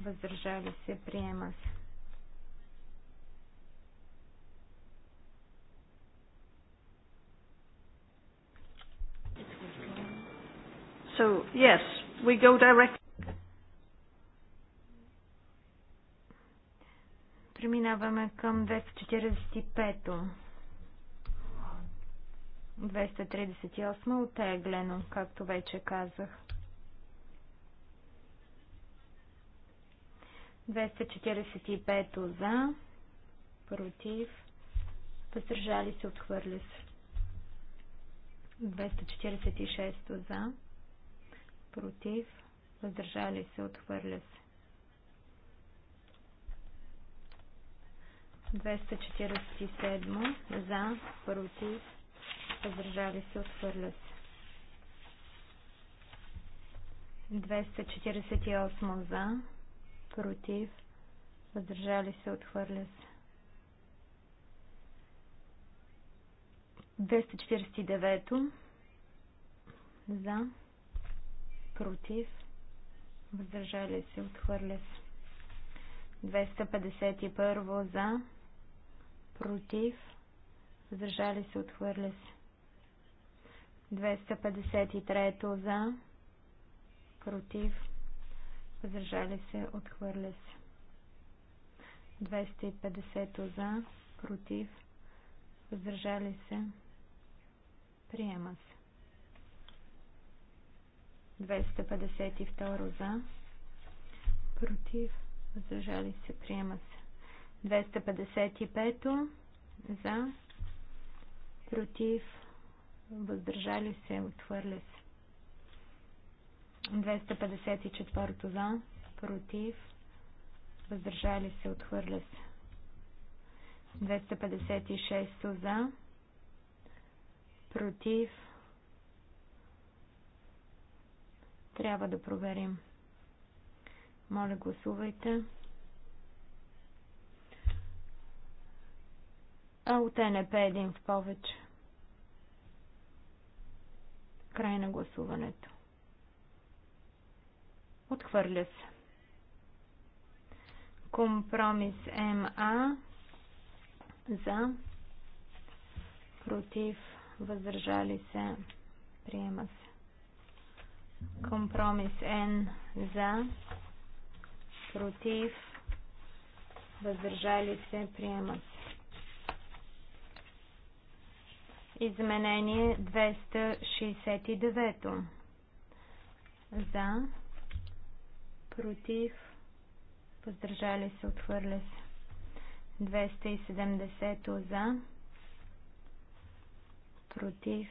въздържали се, приема се. So, yes, we go direct. Преминаваме към 245-то. 238 отеглено, както вече казах. 245 за, против, въздържали се, отхвърли се. 246 за, против, въздържали се, отхвърля се. 247 за, против, въздържали се, отхвърля се. 248 за, против, въздържали се, отхвърля се. 249 за, против, въздържали се, отхвърля се. 251 за, против, въздържали се, отхвърля се. 253 за, против, въздържали се, отхвърля се. 250 за, против, въздържали се, приема се. 252 за. Против. Въздържали се. Приема се. 255 за. Против. Въздържали се. Отвърля се. 254 за. Против. Въздържали се. Отхвърля се. 256 за. Против Трябва да проверим. Моля, гласувайте. А от НП един в повече. Край на гласуването. Отхвърля се. Компромис МА за против въздържали се приема се. Компромис Н за, против, въздържали се, приемат. Изменение 269. За, против, въздържали се, отхвърля се. 270 за, против,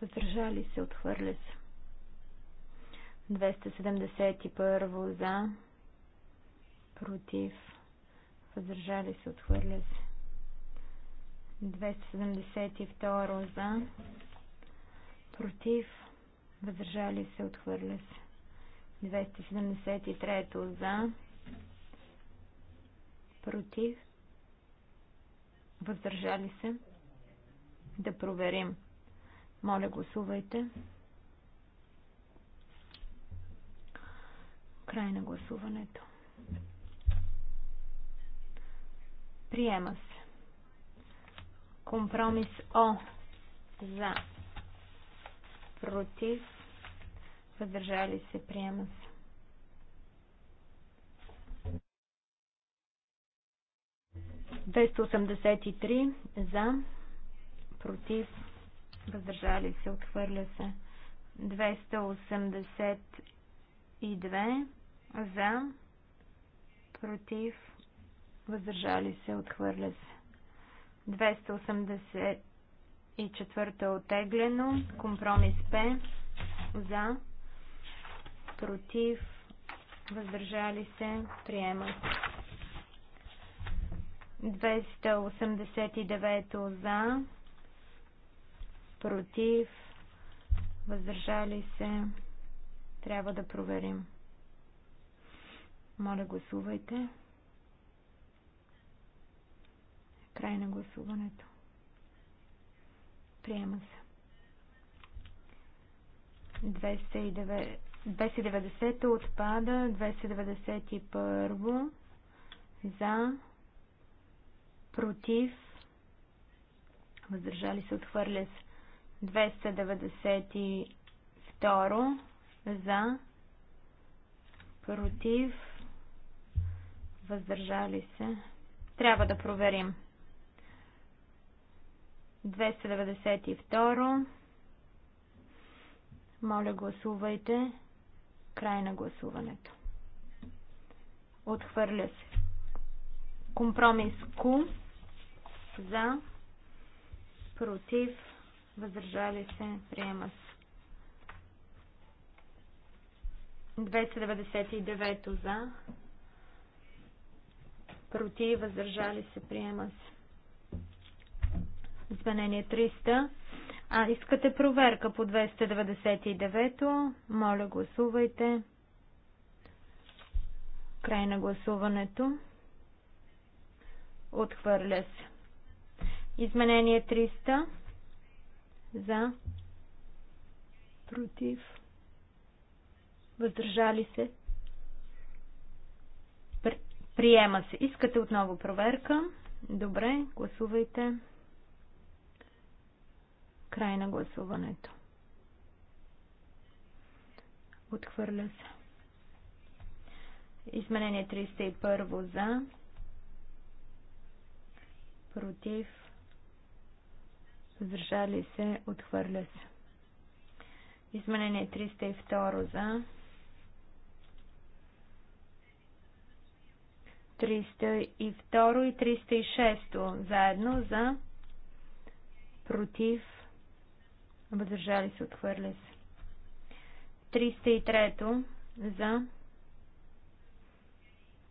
въздържали се, отхвърля се. 271 за, против, въздържали се, отхвърля се. 272 за, против, въздържали се, отхвърля се. 273 за, против, въздържали се. Да проверим. Моля, гласувайте. Край на гласуването. Приема се. Компромис О за против въздържали се. Приема се. Двеста за против въздържали се. Отхвърля се. 282 за, против, въздържали се, отхвърля се. 284 отеглено, е компромис П, за, против, въздържали се, приема се. 289 за, против, въздържали се, трябва да проверим. Моля, гласувайте. Край на гласуването. Приема се. 290, отпада, 291 за, против, въздържали се, отхвърля се. 292 за, против, въздържали се. Трябва да проверим. 292. Моля, гласувайте. Край на гласуването. Отхвърля се. Компромис Q. За. Против. Въздържали се. Приема се. 299 за против, въздържали се, приема се. Изменение 300. А, искате проверка по 299-то. Моля, гласувайте. Край на гласуването. Отхвърля се. Изменение 300. За. Против. Въздържали се. Приема се. Искате отново проверка? Добре, гласувайте. Край на гласуването. Отхвърля се. Изменение 301 за. Против. Въздържали се. Отхвърля се. Изменение 302 за 302 и 306 заедно за против въздържали се отхвърля се 303 за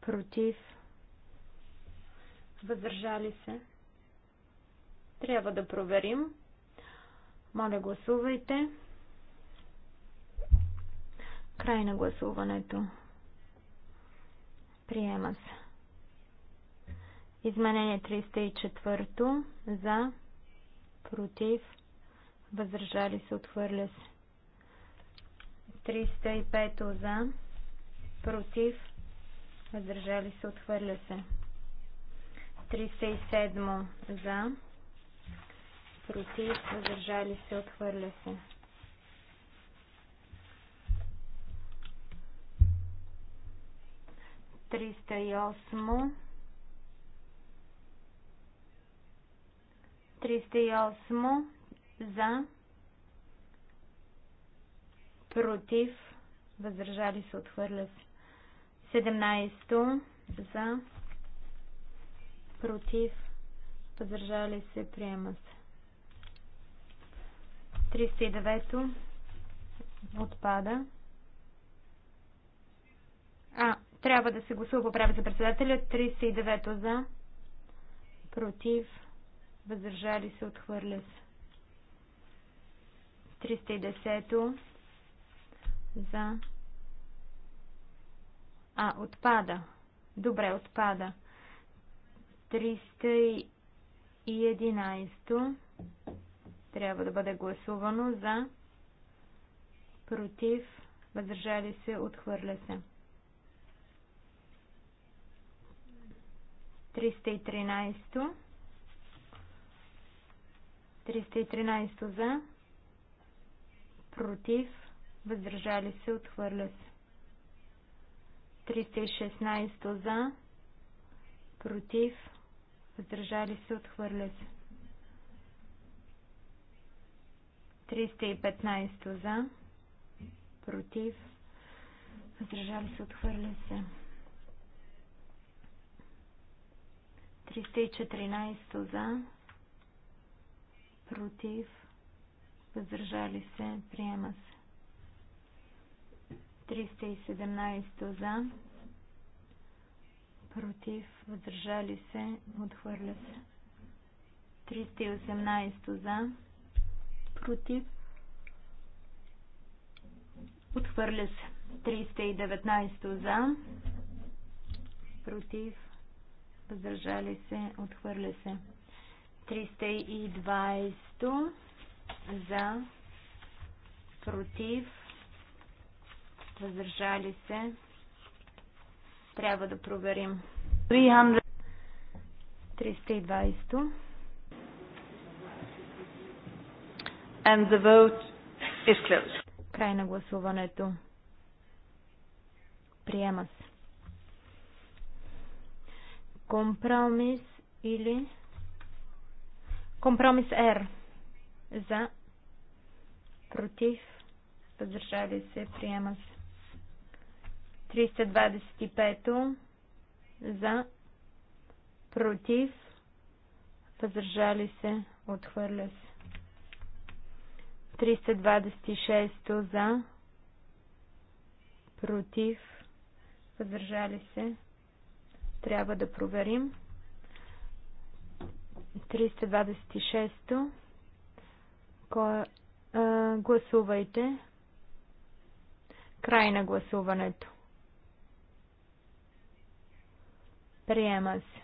против въздържали се трябва да проверим моля гласувайте край на гласуването приема се Изменение 304 за, против, въздържали се, отхвърля се. 305 за, против, въздържали се, отхвърля се. 307 за, против, въздържали се, отхвърля се. Триста и 308 за, против, въздържали се, отхвърля се. 17 за, против, въздържали се, приема се. 309 отпада. А, трябва да се гласува по за председателя. 309 за, против, въздържали се, отхвърля се. 310 за... А, отпада. Добре, отпада. 311 трябва да бъде гласувано за против, въздържали се, отхвърля се. 313 313 за, против, въздържали се, отхвърля се. 316 за, против, въздържали се, отхвърля се. 315 за, против, въздържали се, отхвърля се. 314 за, против, въздържали се, приема се. 317 за, против, въздържали се, отхвърля се. 318 за, против, отхвърля се. 319 за, против, въздържали се, отхвърля се. 320 за, против, въздържали се. Трябва да проверим. 300. 320. And the vote is closed. Край на гласуването. Приема се. Компромис или Компромис Р. За. Против. Въздържали се. Приема се. 325. За. Против. Въздържали се. Отхвърля се. 326 за, против, въздържали се. Трябва да проверим. 326-то. гласувайте. Край на гласуването. Приема се.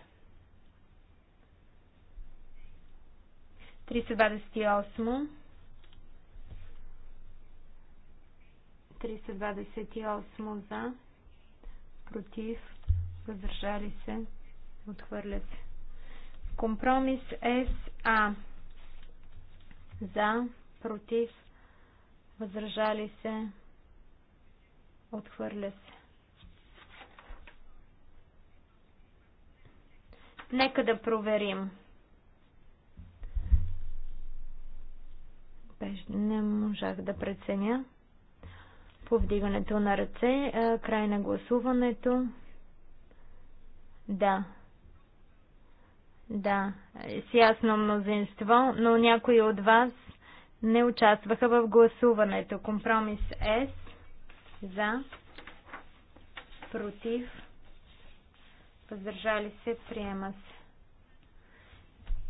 328. 328 за. Против. Въздържали се. Отхвърля се. Компромис СА. За, против, въздържали се, отхвърля се. Нека да проверим. Не можах да преценя повдигането на ръце, край на гласуването. Да, да, с ясно мнозинство, но някои от вас не участваха в гласуването. Компромис С за, против, въздържали се, приема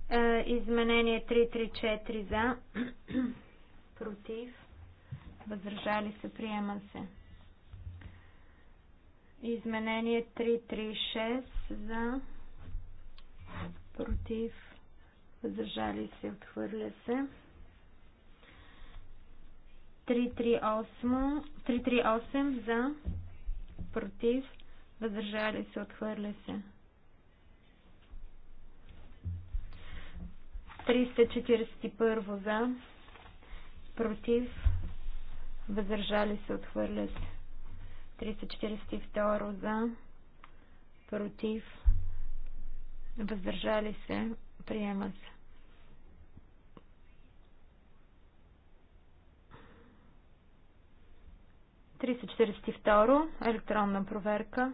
се. Е, изменение 334 за, против, въздържали се, приема се. Изменение 336 за, против, въздържали се, отхвърля се. 338, за, против, въздържали се, отхвърля се. 341 за, против, въздържали се, отхвърля се. 342 за, против, въздържали се, приема се. 342, електронна проверка.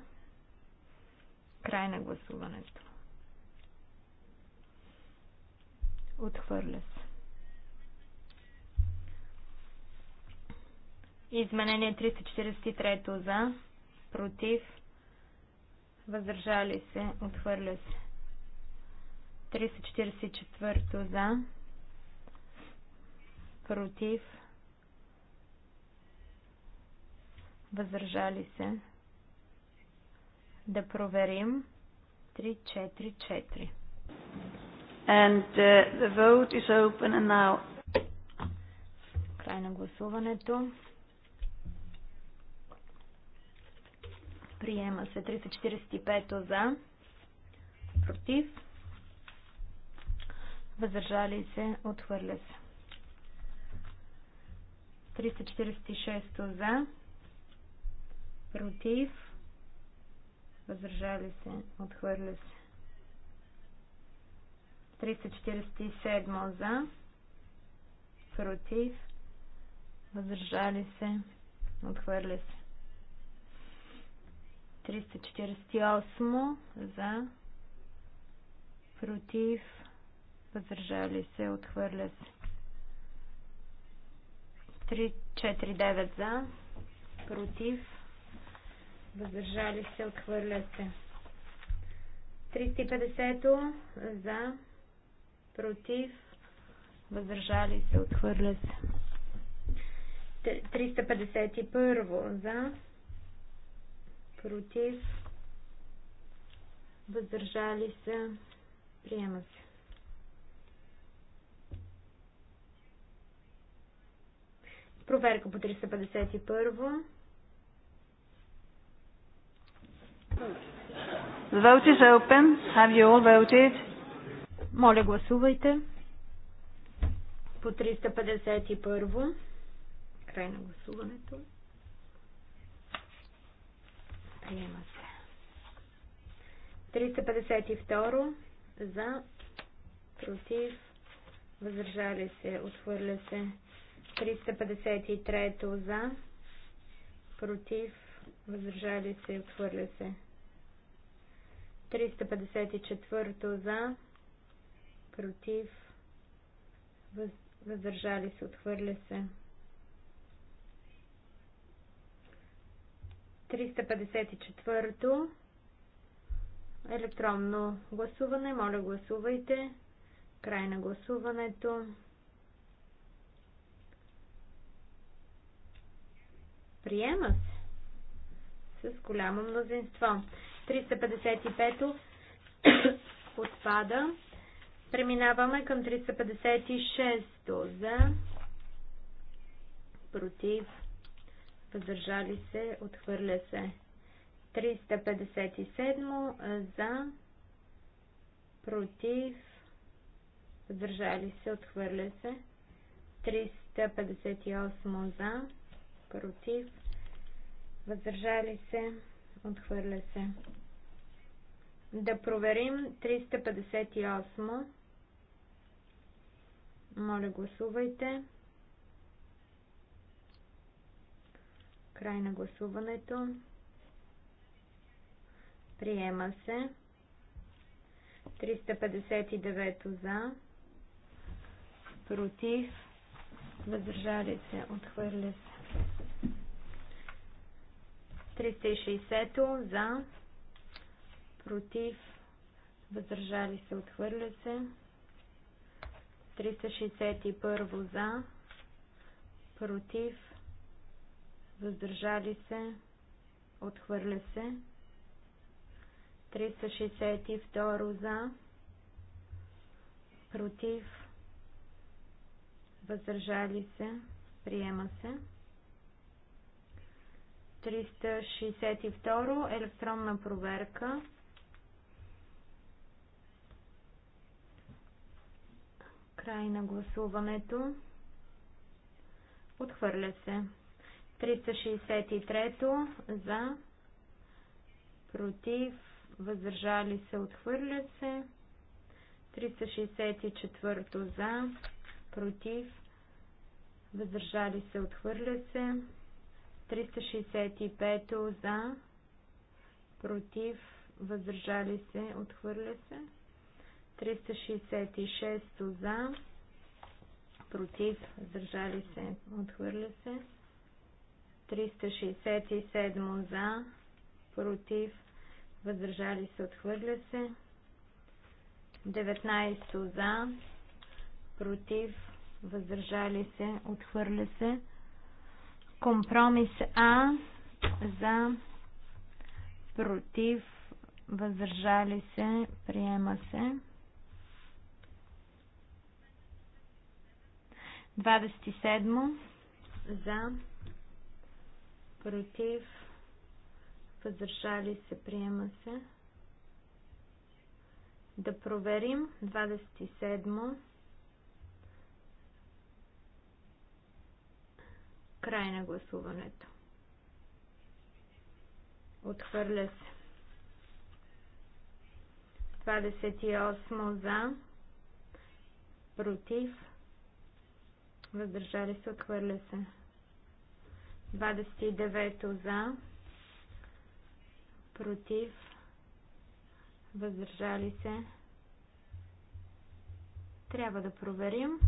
Край на гласуването. Отхвърля се. Изменение 343 за, против, въздържали се, отхвърля се. 344 за, против, въздържали се. Да проверим. 344. And uh, the vote is open and now. Край на гласуването. Приема се 345 за. Против въздържали се, отхвърля се. 346 за, против, въздържали се, отхвърля се. 347 за, против, въздържали се, отхвърля се. 348 за, против, въздържали се, отхвърля се. 3-4-9 за, против, въздържали се, отхвърля се. 350 за, против, въздържали се, отхвърля се. 351 за, против, въздържали се, приема се. Проверка по 351. The vote is open. Have you all voted? Моля, гласувайте. По 351. Край на гласуването. Приема се. 352. За. Против. Въздържали се. Отхвърля се. 353 за, против, въздържали се, отхвърля се. 354 за, против, въздържали се, отхвърля се. 354 електронно гласуване. Моля гласувайте. Край на гласуването. Приема се. С голямо мнозинство. 355 отпада. Преминаваме към 356 за против. Въздържали се. Отхвърля се. 357 за против. Въздържали се. Отхвърля се. 358 за против, въздържали се, отхвърля се. Да проверим 358. Моля, гласувайте. Край на гласуването. Приема се. 359 за. Против. Въздържали се. Отхвърля се. 360 за, против, въздържали се, отхвърля се. 361 за, против, въздържали се, отхвърля се. 362 за, против, въздържали се, приема се. 362 електронна проверка. Край на гласуването. Отхвърля се. 363 за против въздържали се отхвърля се. 364 за против въздържали се отхвърля се. 365 за, против, въздържали се, отхвърля се. 366 за, против, въздържали се, отхвърля се. 367 за, против, въздържали се, отхвърля се. 19 за, против, въздържали се, отхвърля се. Компромис А за против въздържали се приема се. 27 за против въздържали се приема се. Да проверим 27 Край на гласуването. Отхвърля се. 28 за, против, въздържали се, отхвърля се. 29 за, против, въздържали се. Трябва да проверим.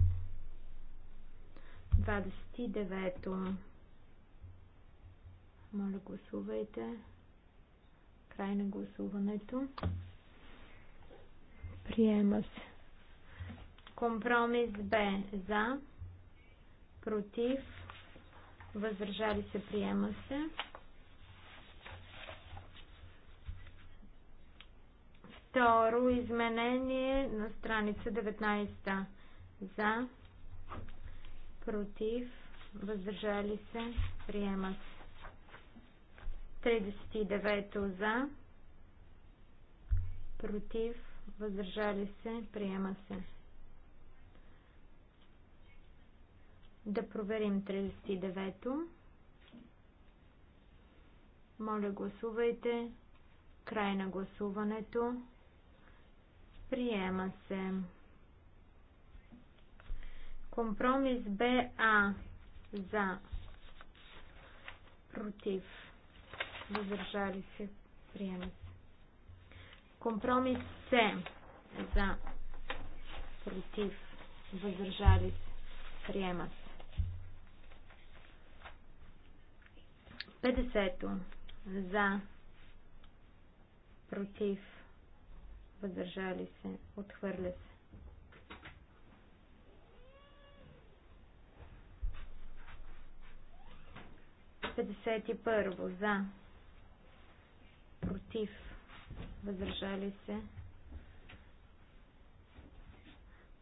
29-то. Моля, гласувайте. Край на гласуването. Приема се. Компромис Б. За. Против. Въздържали се. Приема се. Второ изменение на страница 19. За против, въздържали се, приема се. 39-то за, против, въздържали се, приема се. Да проверим 39-то. Моля, гласувайте. Край на гласуването. Приема се. Компромис БА за против въздържали се приема се. Компромис С за против въздържали се приема се. 50 за против въздържали се отхвърля се. 51 за, против, въздържали се,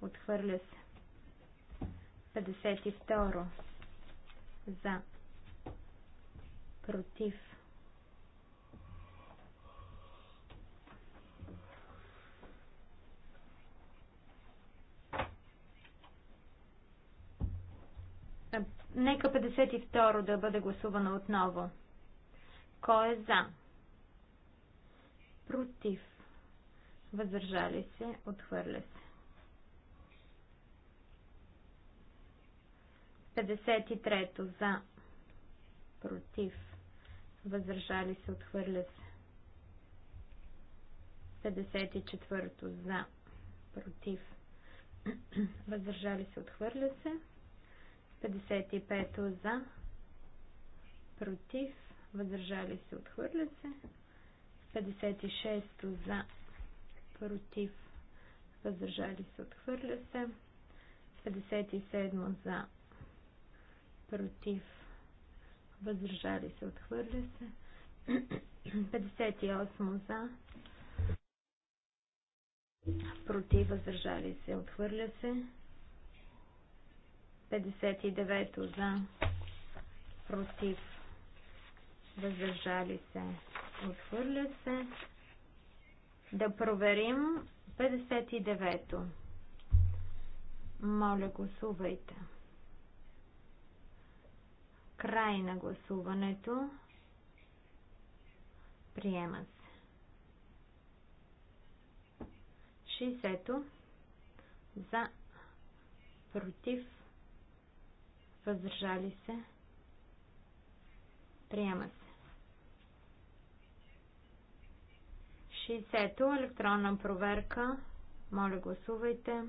отхвърля се. 52 за, против, Нека 52 да бъде гласувано отново. Кой е за? Против. Въздържали се. Отхвърля се. 53 за. Против. Въздържали се. Отхвърля се. 54 за. Против. Въздържали се. Отхвърля се. 55 за, против, въздържали се, отхвърля се. 56 за, против, въздържали се, отхвърля се. 57 за, против, въздържали се, отхвърля се. 58 за, против, въздържали се, отхвърля се. 59 за, против, въздържали се, отхвърля се. Да проверим 59-то. Моля, гласувайте. Край на гласуването. Приема се. 60-то. За. Против въздържали се, приема се. 60-то електронна проверка. Моля, гласувайте.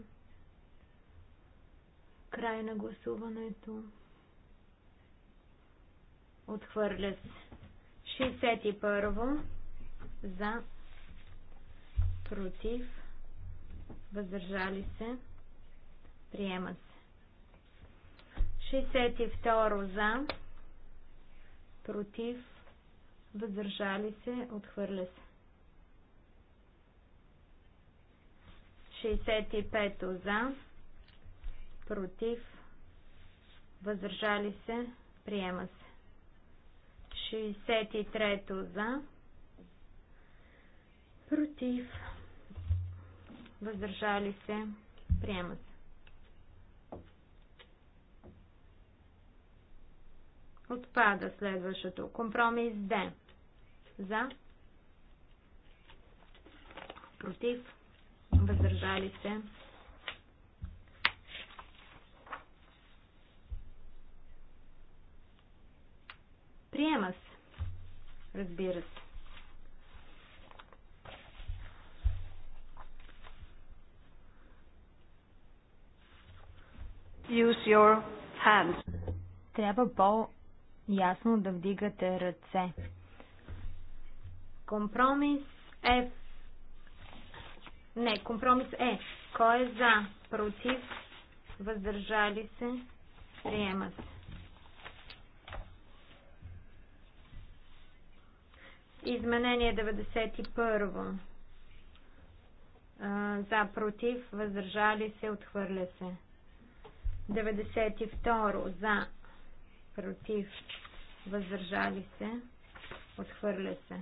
Край на гласуването. Отхвърля се. 61 во за против въздържали се приема се. 62 за, против, въздържали се, отхвърля се. 65 за, против, въздържали се, приема се. 63 за, против, въздържали се, приема се. Отпада следващото. Компромис Д. За. Против. Въздържали се. Приема се. Разбира се. Use your hands. Трябва по ясно да вдигате ръце. Компромис Е. Не, компромис Е. Кой е за? Против? Въздържали се? Приема се. Изменение 91. За, против, въздържали се, отхвърля се. 92. За, против, въздържали се, отхвърля се.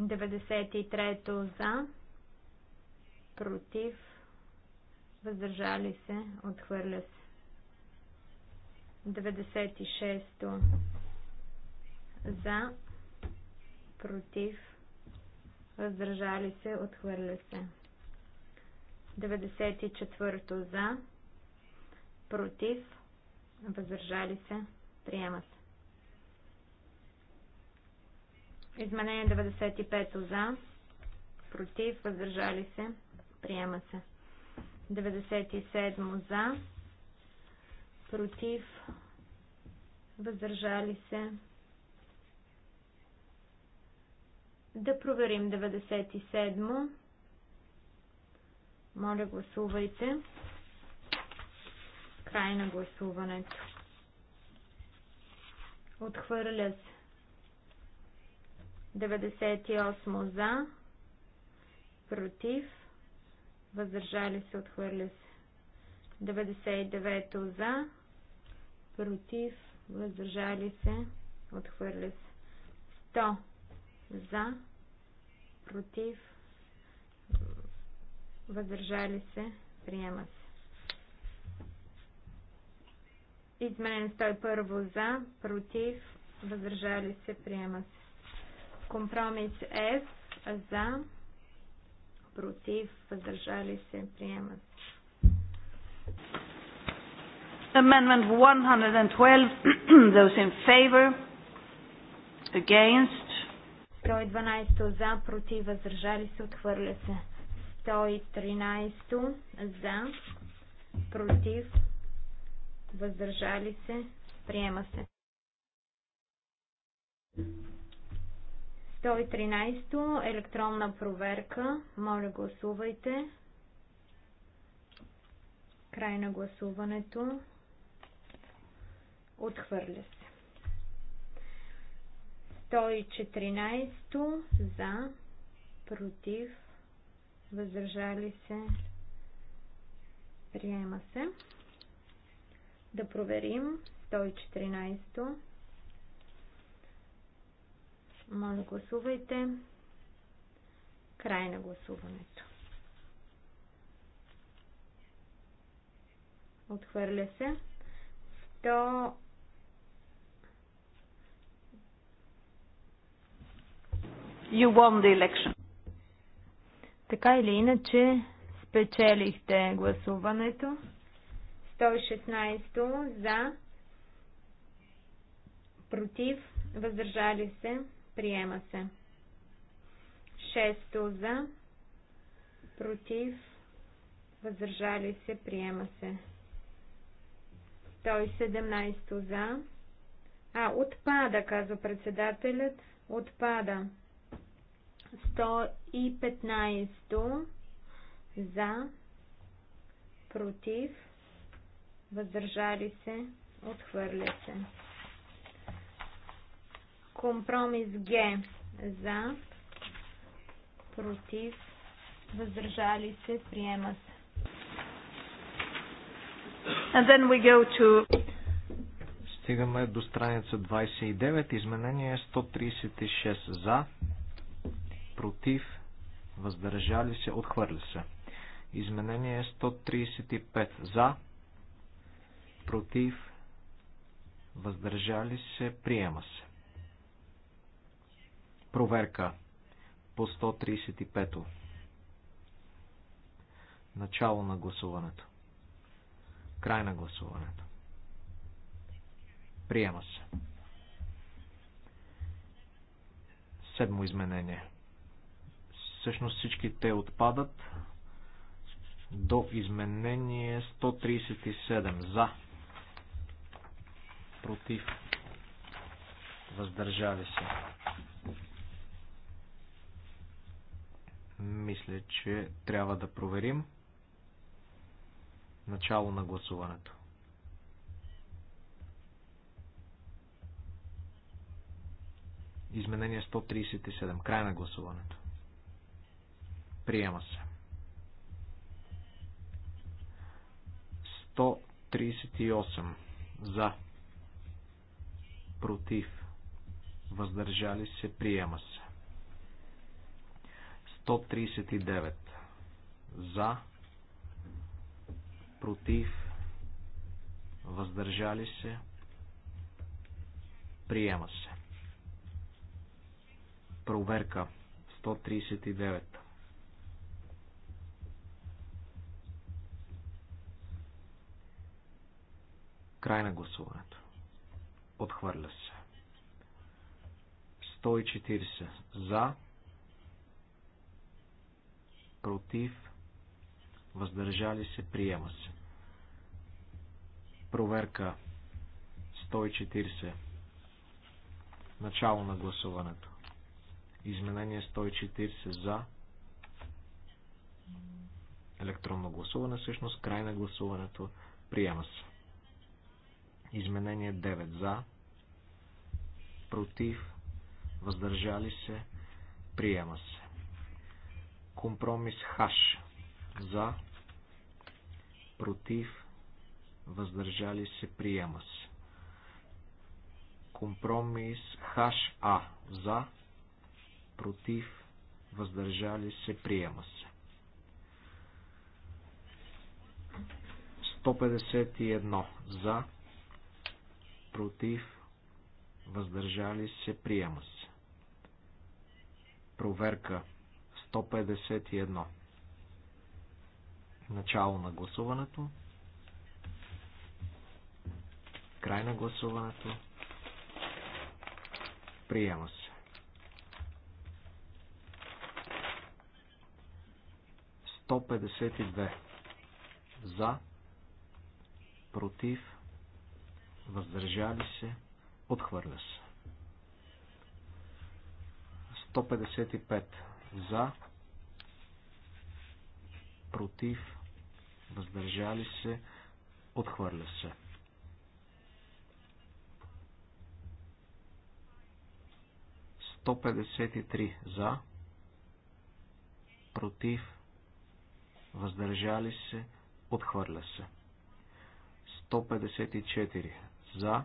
93-то за, против, въздържали се, отхвърля се. 96-то за, против, въздържали се, отхвърля се. 94-то за, против, въздържали се, приема се. Изменение 95 за, против, въздържали се, приема се. 97 за, против, въздържали се. Да проверим 97. Моля, гласувайте. Край на гласуването. Отхвърля се. 98 за. Против. Въздържали се. Отхвърля се. 99 за. Против. Въздържали се. Отхвърля се. 100 за. Против. Въздържали се. Приема се. Изменен 101 за, против, въздържали се, приема се. Компромис F за, против, въздържали се, приема се. Amendment 112, those in favor, against. 112 за, против, въздържали се, отхвърля се. 113 за, против, въздържали се, приема се. 113. Електронна проверка. Моля, гласувайте. Край на гласуването. Отхвърля се. 114. За. Против. Въздържали се. Приема се. Да проверим 114. Моля, гласувайте. Край на гласуването. Отхвърля се. 100... 100 won the election. Така или иначе, спечелихте гласуването. 116 за, против, въздържали се, приема се. 6 за, против, въздържали се, приема се. 117 за. А, отпада, казва председателят. Отпада. 115 за, против, въздържали се, отхвърля се. Компромис Г за, против, въздържали се, приема се. And then we go to... Стигаме до страница 29, изменение 136 за, против, въздържали се, отхвърля се. Изменение 135 за, против, въздържали се, приема се. Проверка по 135-то. Начало на гласуването. Край на гласуването. Приема се. Седмо изменение. Всъщност всички те отпадат до изменение 137. За против, въздържали се. Мисля, че трябва да проверим начало на гласуването. Изменение 137. Край на гласуването. Приема се. 138. За против, въздържали се, приема се. 139 за, против, въздържали се, приема се. Проверка 139. Край на Отхвърля се. 140 за, против, въздържали се, приема се. Проверка 140. Начало на гласуването. Изменение 140 за. Електронно гласуване, всъщност край на гласуването. Приема се. Изменение 9 за, против, въздържали се, приема се. Компромис хаш за, против, въздържали се, приема се. Компромис хаш а за, против, въздържали се, приема се. 151 за, против, въздържали се, приема се. Проверка 151. Начало на гласуването. Край на гласуването. Приема се. 152. За. Против въздържали се, отхвърля се. 155 за, против, въздържали се, отхвърля се. Сто петдесет три за, против, въздържали се, отхвърля се. 154 за.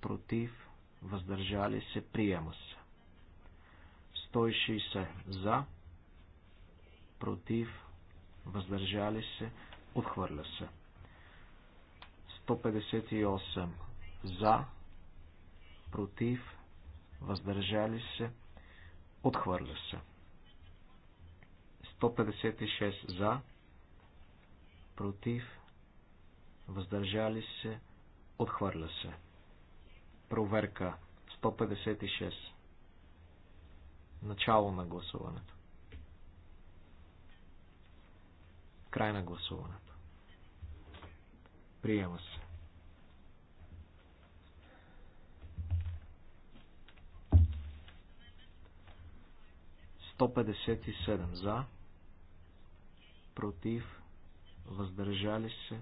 Против. Въздържали се. Приема се. 160. За. Против. Въздържали се. Отхвърля се. 158. За. Против. Въздържали се. Отхвърля се. 156 за, против, въздържали се, отхвърля се. Проверка 156. Начало на гласуването. Край на гласуването. Приема се. Сто петдесет и седем за, против, въздържали се,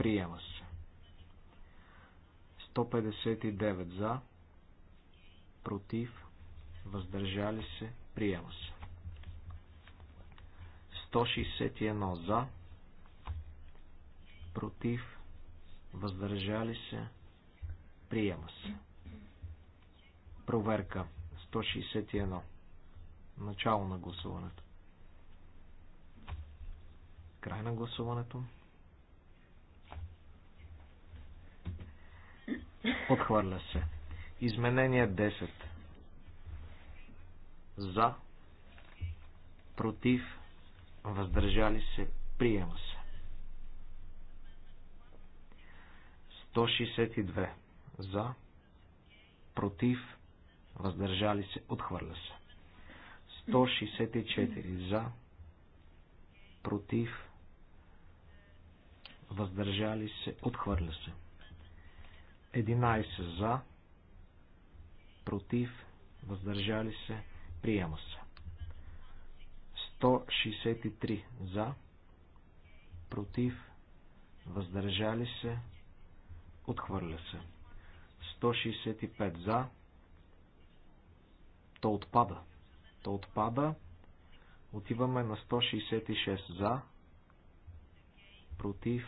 Приема се. 159 за. Против. Въздържали се. Приема се. 161 за. Против. Въздържали се. Приема се. Проверка. 161. Начало на гласуването. Край на гласуването. Отхвърля се. Изменение 10. За. Против. Въздържали се. Приема се. 162. За. Против. Въздържали се. Отхвърля се. 164. За. Против. Въздържали се. Отхвърля се. 11 за, против, въздържали се, приема се. 163 за, против, въздържали се, отхвърля се. 165 за, то отпада. То отпада. Отиваме на 166 за, против,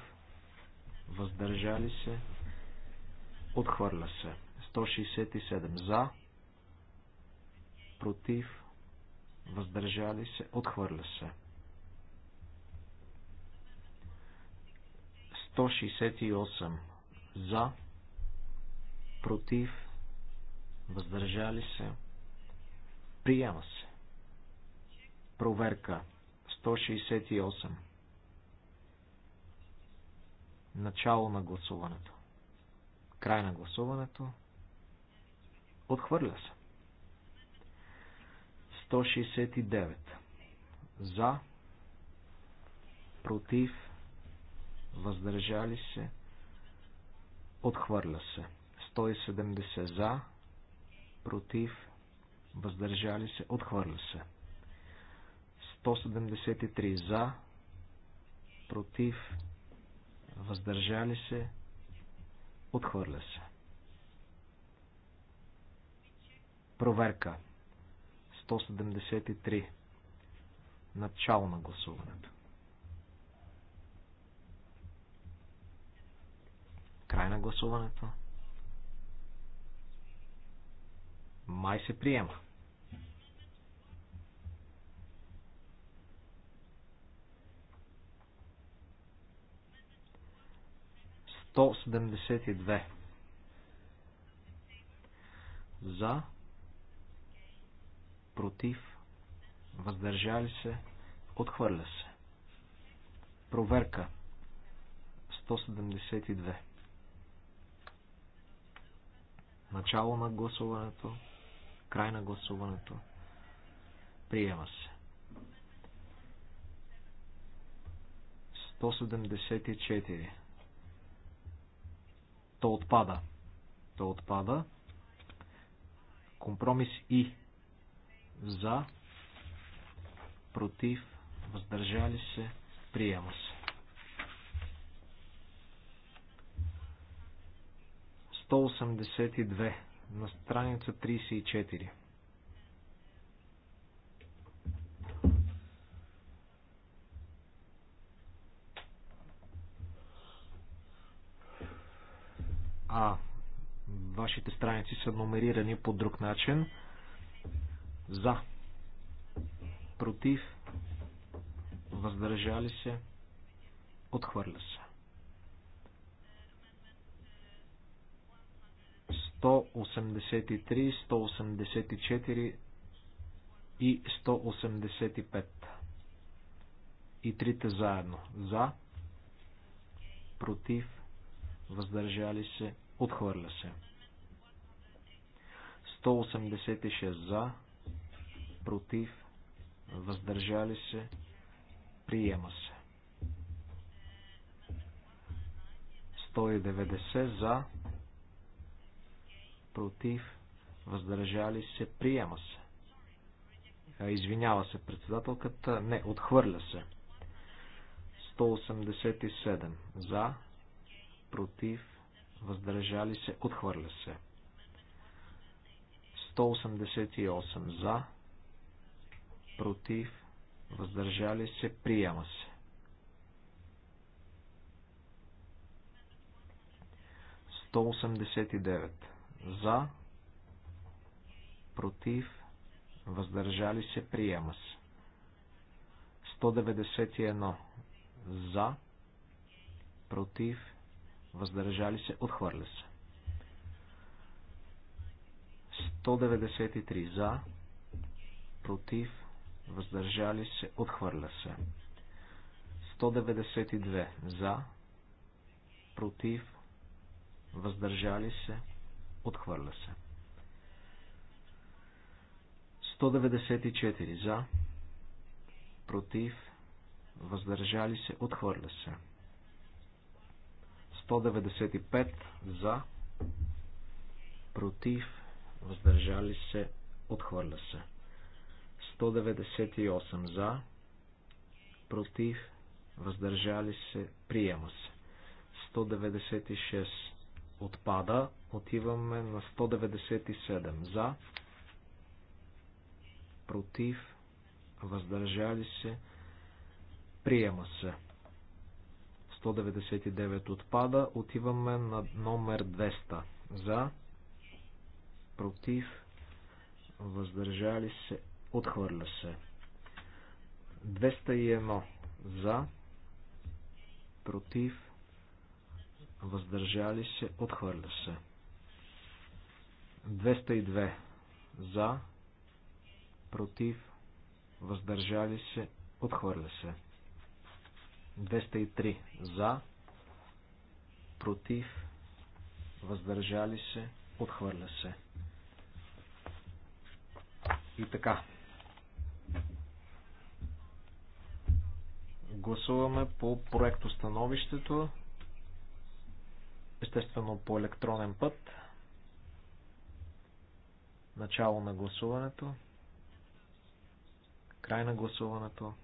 въздържали се, Отхвърля се. 167 за. Против. Въздържали се. Отхвърля се. 168 за. Против. Въздържали се. Приема се. Проверка. 168. Начало на гласуването. Край на гласуването. Отхвърля се. 169. За. Против. Въздържали се. Отхвърля се. 170 за. Против. Въздържали се. Отхвърля се. 173 за. Против. Въздържали се. Отхвърля се. Проверка. 173. Начало на гласуването. Край на гласуването. Май се приема. 172. За. Против. Въздържали се. Отхвърля се. Проверка. 172. Начало на гласуването. Край на гласуването. Приема се. 174. То отпада. То отпада. Компромис И. За. Против. Въздържали се. Приема се. 182 на страница 34. А. Вашите страници са номерирани по друг начин. За. Против. Въздържали се. Отхвърля се. 183, 184 и 185. И трите заедно. За, против, въздържали се, Отхвърля се. 186 за, против, въздържали се, приема се. 190 за, против, въздържали се, приема се. Извинява се председателката, не, отхвърля се. 187 за, против, въздържали се, отхвърля се. 188 за, против, въздържали се, приема се. 189 за, против, въздържали се, приема се. 191 за, против, въздържали се, отхвърля се. 193 за, против, въздържали се, отхвърля се. 192 за, против, въздържали се, отхвърля се. 194 за, против, въздържали се, отхвърля се. 195 за, против, въздържали се, отхвърля се. 198 за, против, въздържали се, приема се. 196 отпада, отиваме на 197 за, против, въздържали се, приема се. 199 отпада. Отиваме на номер 200. За, против, въздържали се, отхвърля се. 201 за, против, въздържали се, отхвърля се. 202 за, против, въздържали се, отхвърля се. 203 за, против, въздържали се, отхвърля се. И така. Гласуваме по проекто становището, естествено по електронен път. Начало на гласуването. Край на гласуването.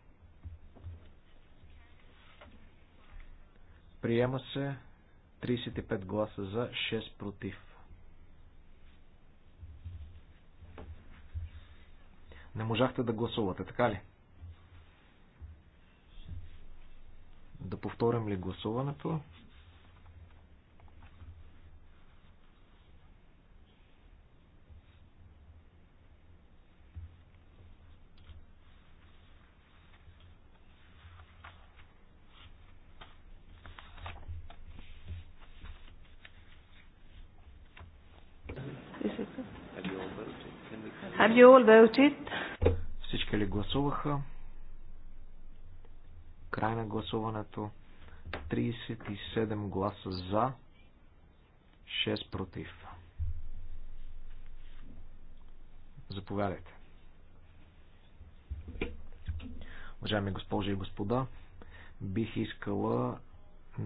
Приема се 35 гласа за, 6 против. Не можахте да гласувате, така ли? Да повторим ли гласуването? you all voted? Всички ли гласуваха? Край на гласуването. 37 гласа за, 6 против. Заповядайте. Уважаеми госпожи и господа, бих искала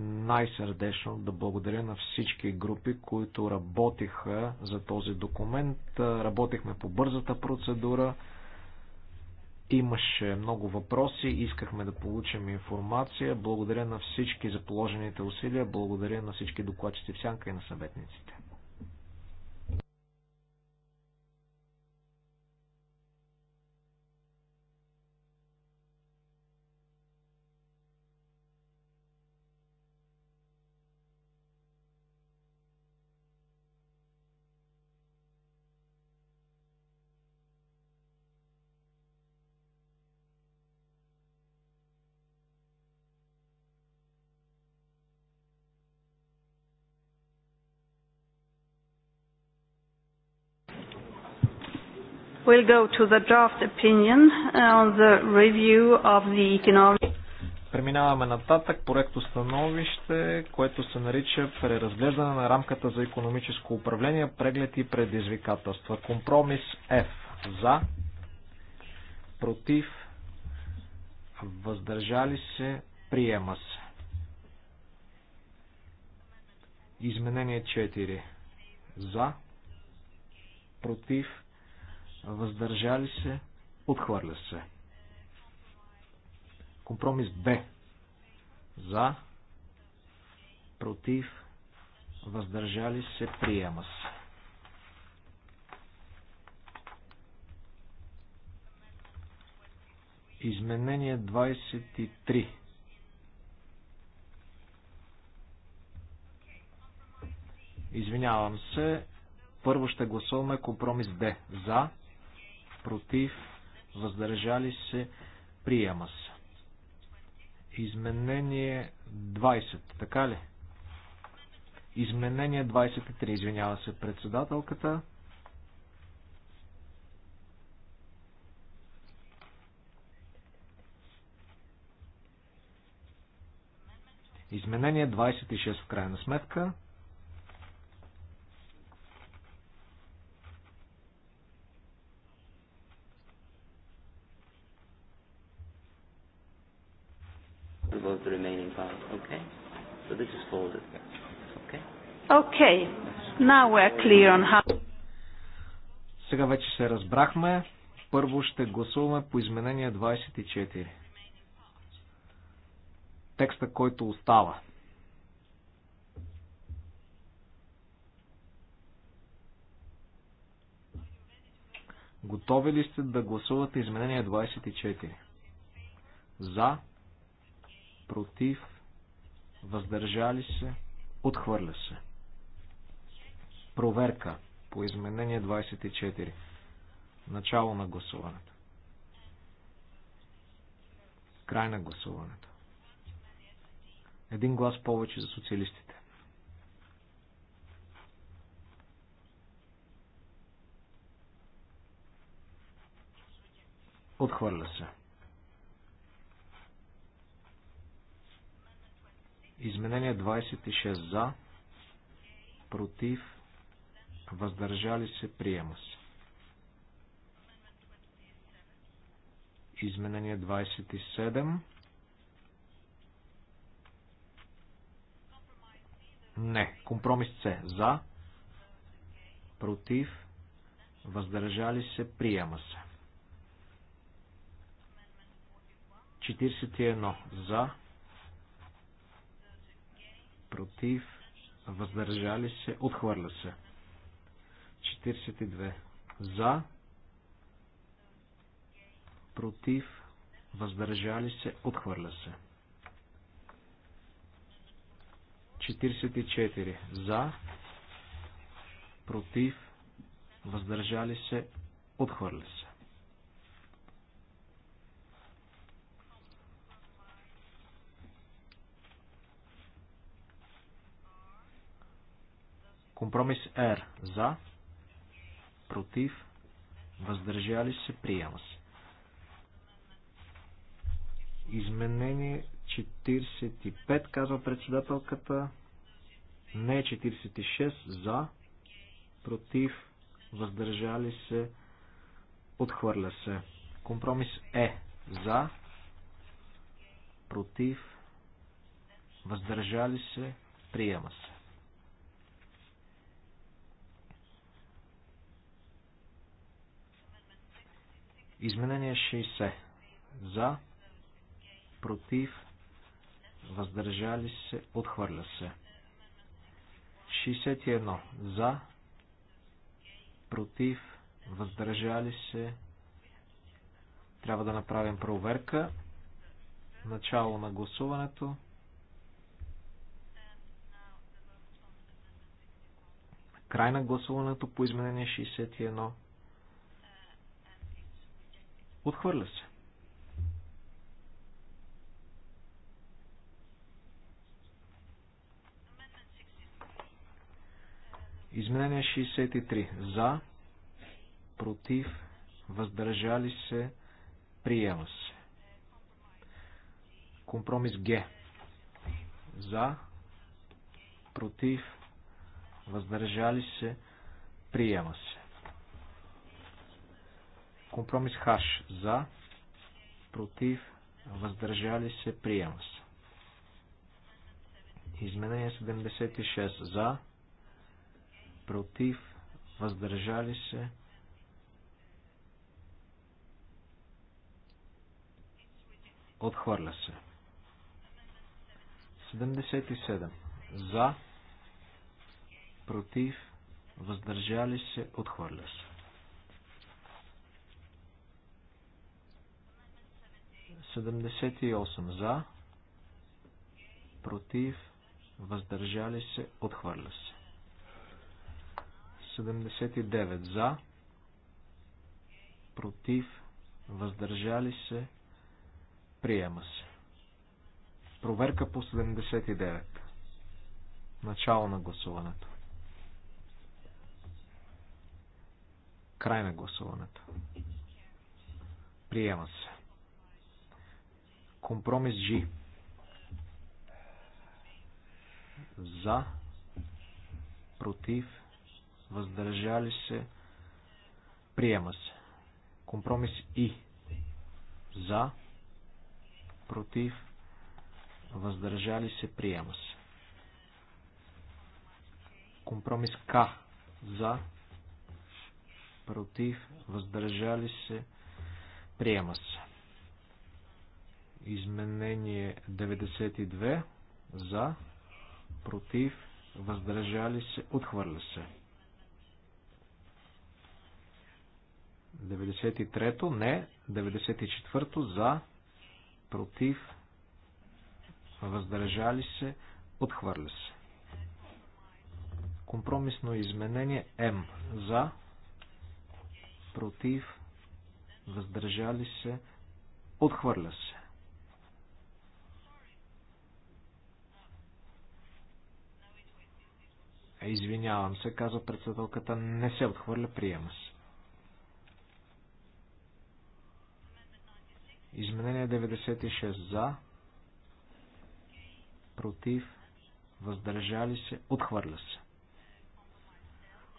най-сърдечно да благодаря на всички групи, които работиха за този документ. Работихме по бързата процедура. Имаше много въпроси, искахме да получим информация. Благодаря на всички за положените усилия, благодаря на всички докладчици в сянка и на съветниците. we'll go to the draft opinion uh, on the review of the economic Преминаваме нататък проекто становище, което се нарича преразглеждане на рамката за економическо управление, преглед и предизвикателства. Компромис F. За. Против. Въздържали се. Приема се. Изменение 4. За. Против въздържали се, отхвърля се. Компромис Б. За, против, въздържали се, приема се. Изменение 23. Извинявам се. Първо ще гласуваме компромис Д. За, против, въздържали се, приема се. Изменение 20, така ли? Изменение 23, извинява се председателката. Изменение 26 в крайна сметка. Okay. Now we're clear on how... Сега вече се разбрахме. Първо ще гласуваме по изменение 24. Текста, който остава. Готови ли сте да гласувате изменение 24? За, против, въздържали се, отхвърля се. Проверка по изменение 24. Начало на гласуването. Край на гласуването. Един глас повече за социалистите. Отхвърля се. Изменение 26 за, против въздържали се, приема се. Изменение 27. Не. Компромис С. За. Против. Въздържали се. Приема се. 41. За. Против. Въздържали се. Отхвърля се. 42. За. Против. Въздържали се. Отхвърля се. 44. За. Против. Въздържали се. Отхвърля се. Компромис Р. За против, въздържали се, приема се. Изменение 45, казва председателката. Не 46, за, против, въздържали се, отхвърля се. Компромис е за, против, въздържали се, приема се. Изменение 60. За, против, въздържали се, отхвърля се. 61. За, против, въздържали се. Трябва да направим проверка. Начало на гласуването. Край на гласуването по изменение 61. Отхвърля се. Изменение 63. За, против, въздържали се, приема се. Компромис Г. За, против, въздържали се, приема се. Компромис хаш. За. Против. Въздържали се. Приема се. Изменение 76. За. Против. Въздържали се. Отхвърля се. 77. За. Против. Въздържали се. Отхвърля се. 78 за, против, въздържали се, отхвърля се. 79 за, против, въздържали се, приема се. Проверка по 79. Начало на гласуването. Край на гласуването. Приема се. Компромис G. За, против, въздържали се, приема се. Компромис И. За, против, въздържали се, приема се. Компромис К. За, против, въздържали се, приема се. Изменение 92 за, против, въздържали се, отхвърля се. 93-то, не, 94-то, за, против, въздържали се, отхвърля се. Компромисно изменение М. За, против, въздържали се, отхвърля се. Е, извинявам се, казва председателката, не се отхвърля, приема се. Изменение 96 за, против, въздържали се, отхвърля се.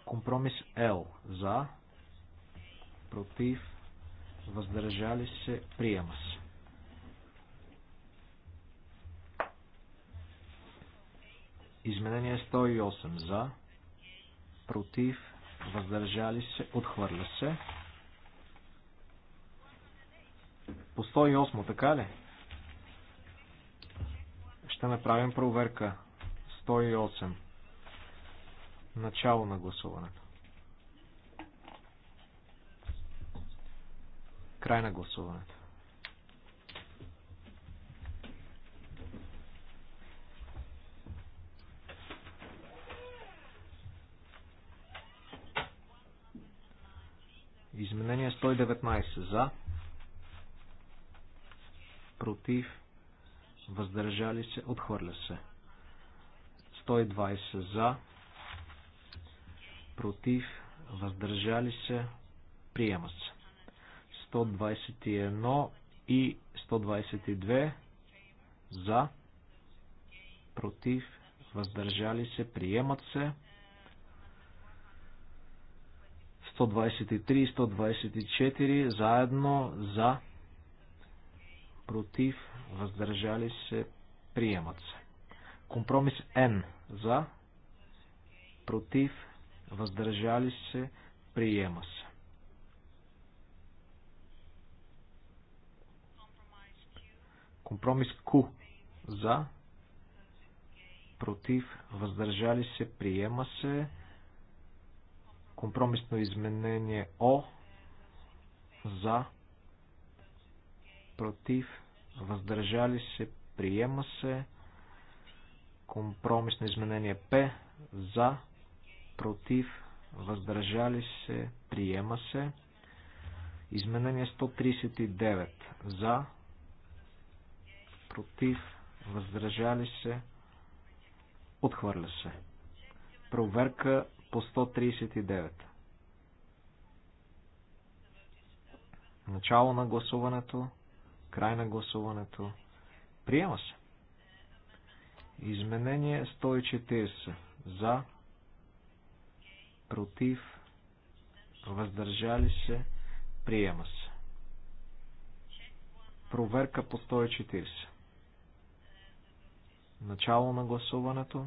Компромис L за, против, въздържали се, приема се. Изменение 108 за, против, въздържали се, отхвърля се. По 108, така ли? Ще направим проверка. 108. Начало на гласуването. Край на гласуването. Изменение 119 за, против, въздържали се, отхвърля се. 120 за, против, въздържали се, приема се. 121 и 122 за, против, въздържали се, приемат се. 123 и 124 заедно за, против, въздържали се, приемат се. Компромис N за, против, въздържали се, приема се. Компромис Q за, против, въздържали се, приема се. Компромисно изменение О за против въздържали се приема се. Компромисно изменение П за против въздържали се приема се. Изменение 139 за против въздържали се отхвърля се. Проверка по 139. Начало на гласуването, край на гласуването. Приема се. Изменение 140. За, против, въздържали се, приема се. Проверка по 140. Начало на гласуването,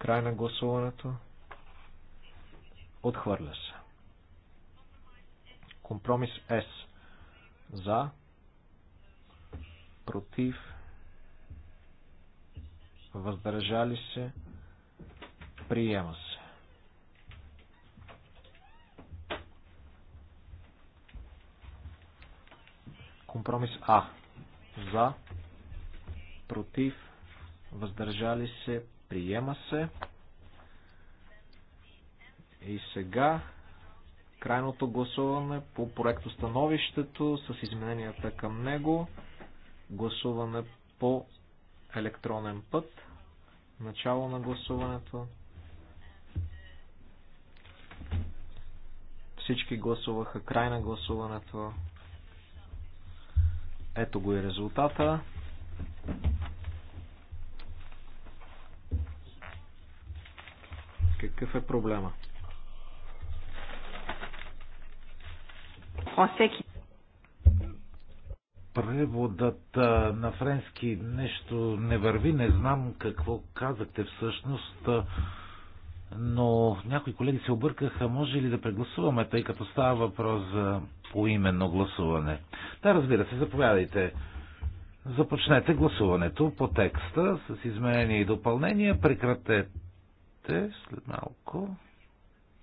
Край на гласуването. Отхвърля се. Компромис С. За. Против. Въздържали се. Приема се. Компромис А. За. Против. Въздържали се приема се. И сега крайното гласуване по проекто становището с измененията към него. Гласуване по електронен път. Начало на гласуването. Всички гласуваха край на гласуването. Ето го и резултата. Какъв е проблема? Преводът на френски нещо не върви, не знам какво казахте всъщност, но някои колеги се объркаха, може ли да прегласуваме, тъй като става въпрос за поименно гласуване. Да, разбира се, заповядайте. Започнете гласуването по текста с изменения и допълнения, прекратете гласувате след малко.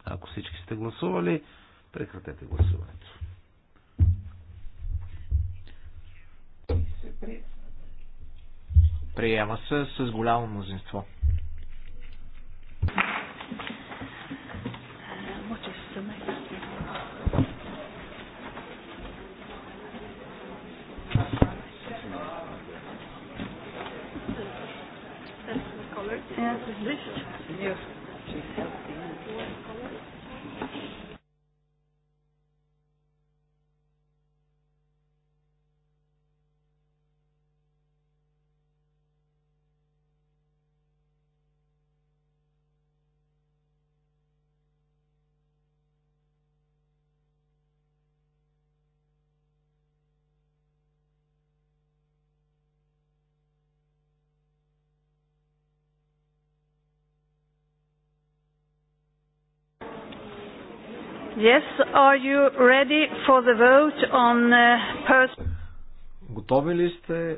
Ако всички сте гласували, прекратете гласуването. Приема се с голямо мнозинство. Licht. Yes. Yes, are you ready for the vote on person? Готови ли сте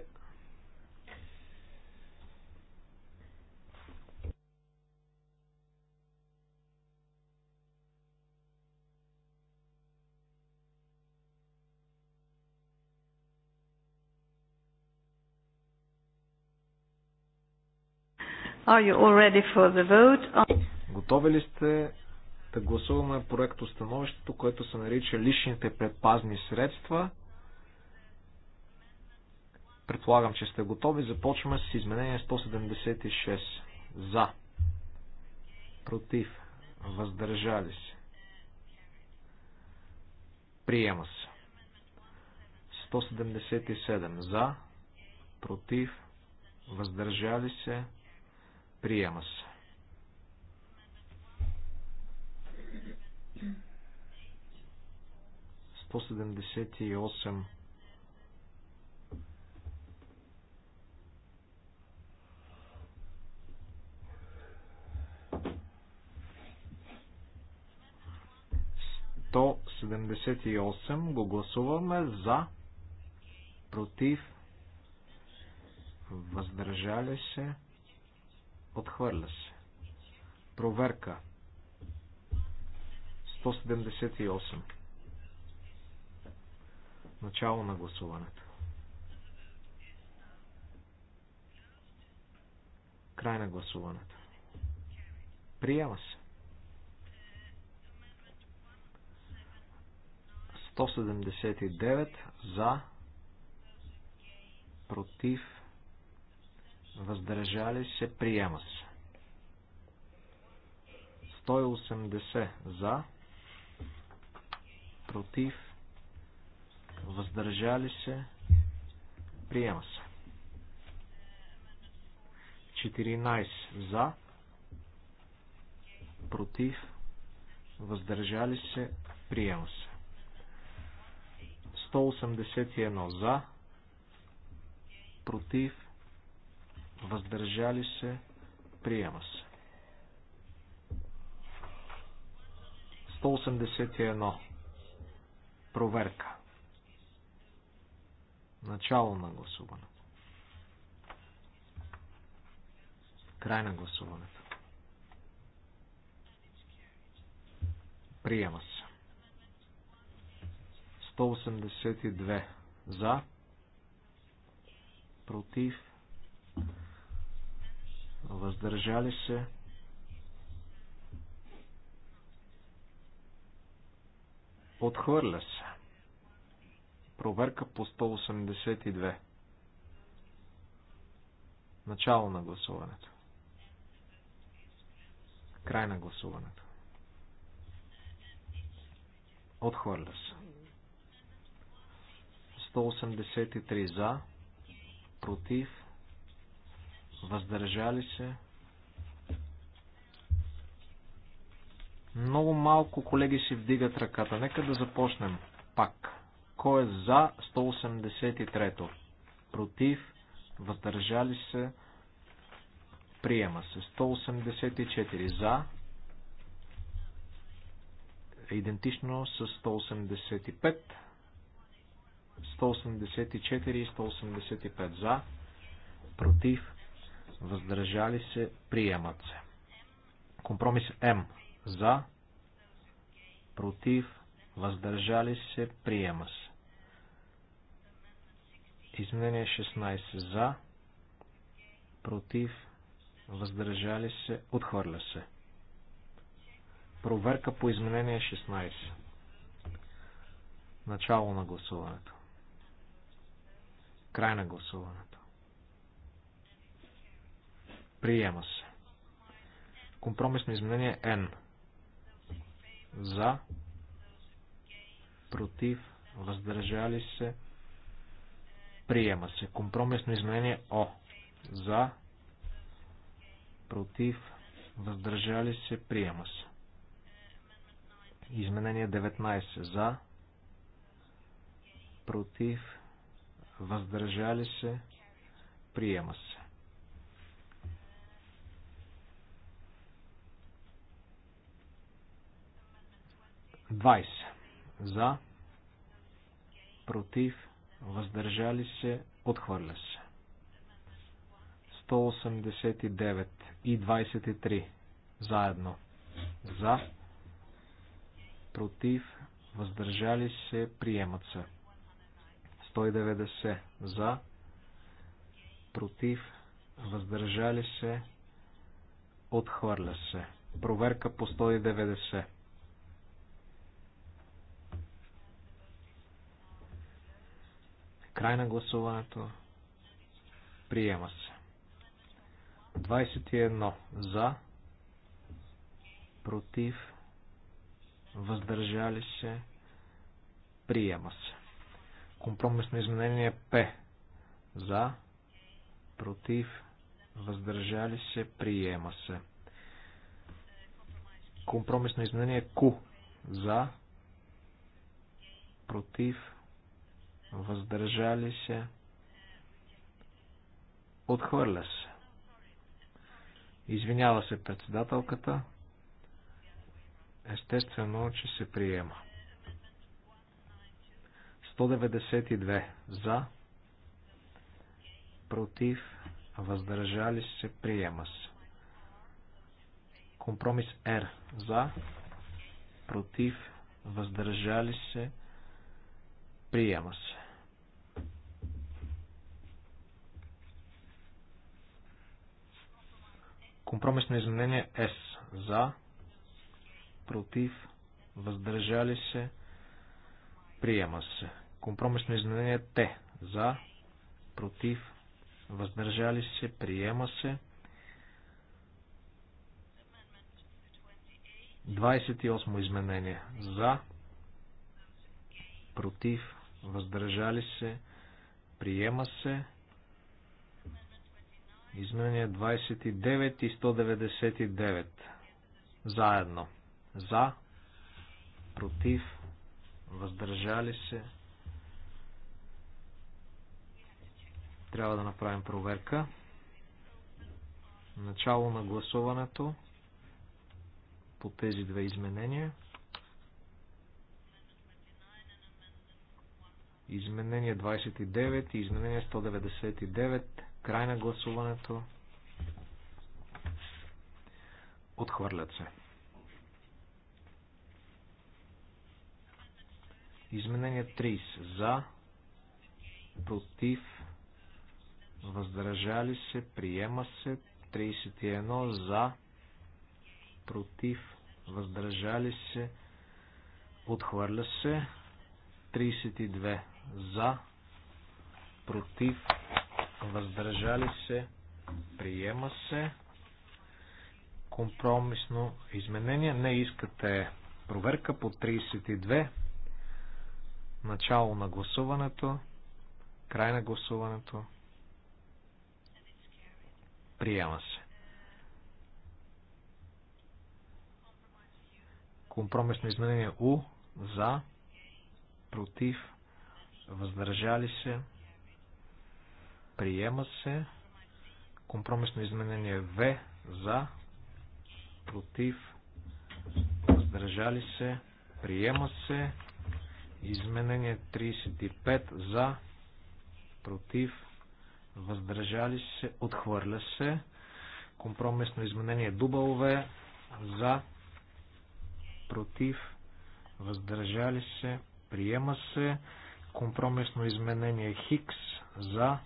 Are you all ready for the vote? Готови ли сте да гласуваме проект становището, което се нарича личните предпазни средства. Предполагам, че сте готови. Започваме с изменение 176. За. Против. Въздържали се. Приема се. 177. За. Против. Въздържали се. Приема се. 178. Сто седемдесет и го гласуваме за, против, въздържали се, отхвърля се. Проверка. 178. Начало на гласуването. Край на гласуването. Приема се. 179 за, против, въздържали се, приема се. 180 за, против, въздържали се, приема се. 14 за, против, въздържали се, приема се. 181 за, против, въздържали се, приема се. 181. Проверка. Начало на гласуването. Край на гласуването. Приема се. 182 за, против, въздържали се. Отхвърля се. Проверка по 182. Начало на гласуването. Край на гласуването. Отхвърля се. 183 за, против, въздържали се. Много малко колеги си вдигат ръката. Нека да започнем пак. Кой е за 183-то? Против? Въздържали се? Приема се. 184 за. Идентично с 185. 184 и 185 за. Против? Въздържали се? Приемат се. Компромис М. За. Против? въздържали се, приема се. Изменение 16 за, против, въздържали се, отхвърля се. Проверка по изменение 16. Начало на гласуването. Край на гласуването. Приема се. Компромисно изменение N. За, против, въздържали се, Приема се. Компромисно изменение О. За. Против. Въздържали се. Приема се. Изменение 19. За. Против. Въздържали се. Приема се. Двайс. За. Против въздържали се, отхвърля се. 189 и 23 заедно. За, против, въздържали се, приемат се. 190 за, против, въздържали се, отхвърля се. Проверка по 190. Край на гласуването. Приема се. 21 за, против, въздържали се, приема се. Компромисно изменение П. За, против, въздържали се, приема се. Компромисно изменение Q. За, против, въздържали се, отхвърля се. Извинява се председателката. Естествено, че се приема. 192 за, против, въздържали се, приема се. Компромис Р за, против, въздържали се, приема се. Компромисно изменение С. За, против, въздържали се, приема се. Компромисно изменение Т. За, против, въздържали се, приема се. 28 изменение. За, против, въздържали се, приема се. Изменения 29 и 199. Заедно. За, против, въздържали се. Трябва да направим проверка. Начало на гласуването по тези две изменения. Изменение 29 и изменение 199 Край на гласуването. Отхвърлят се. Изменение 30. За, против, въздържали се, приема се. 31. За, против, въздържали се, отхвърля се. 32. За, против, въздържали се, приема се. Компромисно изменение. Не искате проверка по 32. Начало на гласуването. Край на гласуването. Приема се. Компромисно изменение У. За. Против. Въздържали се. Приема се. Компромисно изменение В. За. Против. Въздържали се. Приема се. Изменение 35. За. Против. Въздържали се. Отхвърля се. Компромисно изменение W За. Против. Въздържали се. Приема се компромисно изменение Хикс за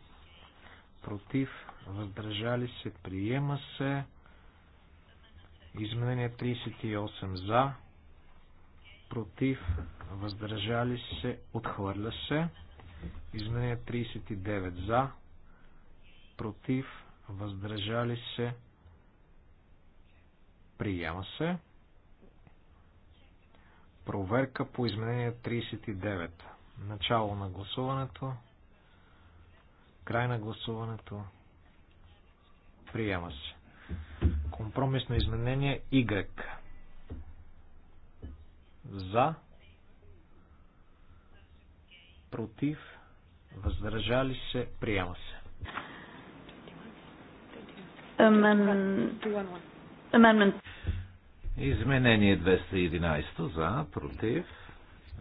против, въздържали се, приема се. Изменение 38 за, против, въздържали се, отхвърля се. Изменение 39 за, против, въздържали се, приема се. Проверка по изменение 39. Начало на гласуването. Край на гласуването. Приема се. Компромисно изменение Y. За. Против. Въздържали се. Приема се. Amendment. Изменение 211 за, против,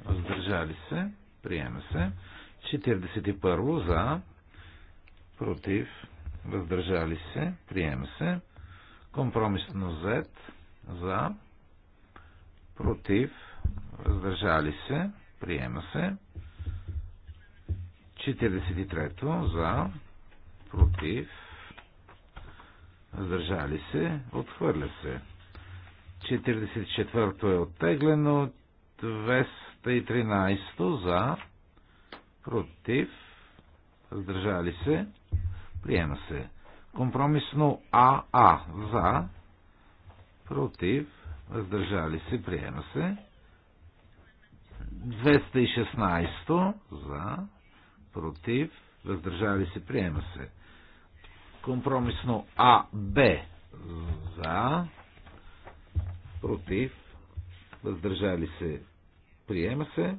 въздържали се, приема се. 41 за, против, въздържали се, приема се. Компромисно Z за, против, въздържали се, приема се. 43-то за, против, въздържали се, отхвърля се. 44-то е оттеглено, 213-то за, против, въздържали се, Приема се. Компромисно АА за, против, въздържали се, приема се. 216 за, против, въздържали се, приема се. Компромисно АБ за, против, въздържали се, приема се.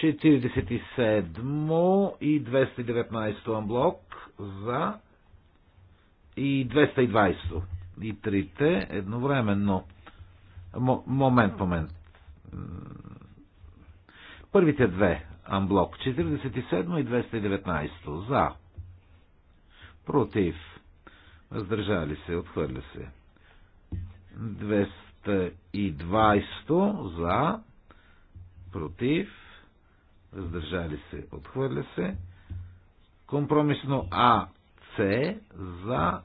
47 и 219 амблок за и 220. И трите едновременно. М- момент, момент. Първите две амблок. 47 и 219. За. Против. Въздържали се. Отхвърля се. 220 за. Против въздържали се, отхвърля се. Компромисно А, С, за,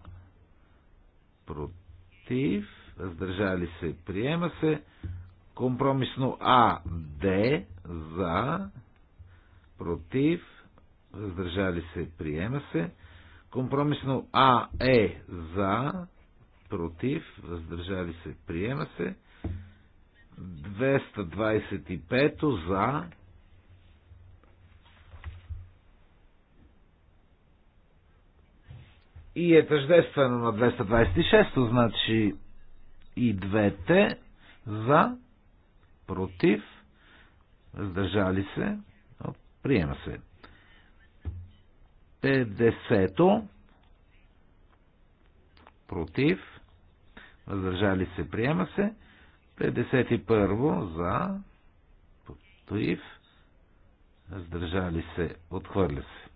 против, въздържали се, приема се. Компромисно А, Д, за, против, въздържали се, приема се. Компромисно А, Е, за, против, въздържали се, приема се. 225 за, и е тъждествено на 226, значи и двете за, против, въздържали се, приема се. 50 против, въздържали се, приема се. 51 за, против, въздържали се, отхвърля се.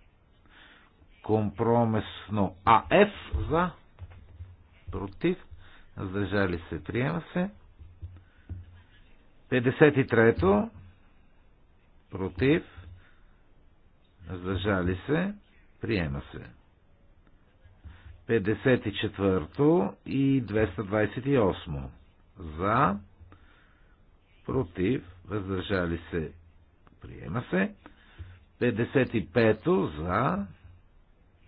Компромесно АФ за, против, Задържали се, приема се. 53-то, против, Задържали се, приема се. 54 то и 228 за, против, въздържали се, приема се. 55 то за,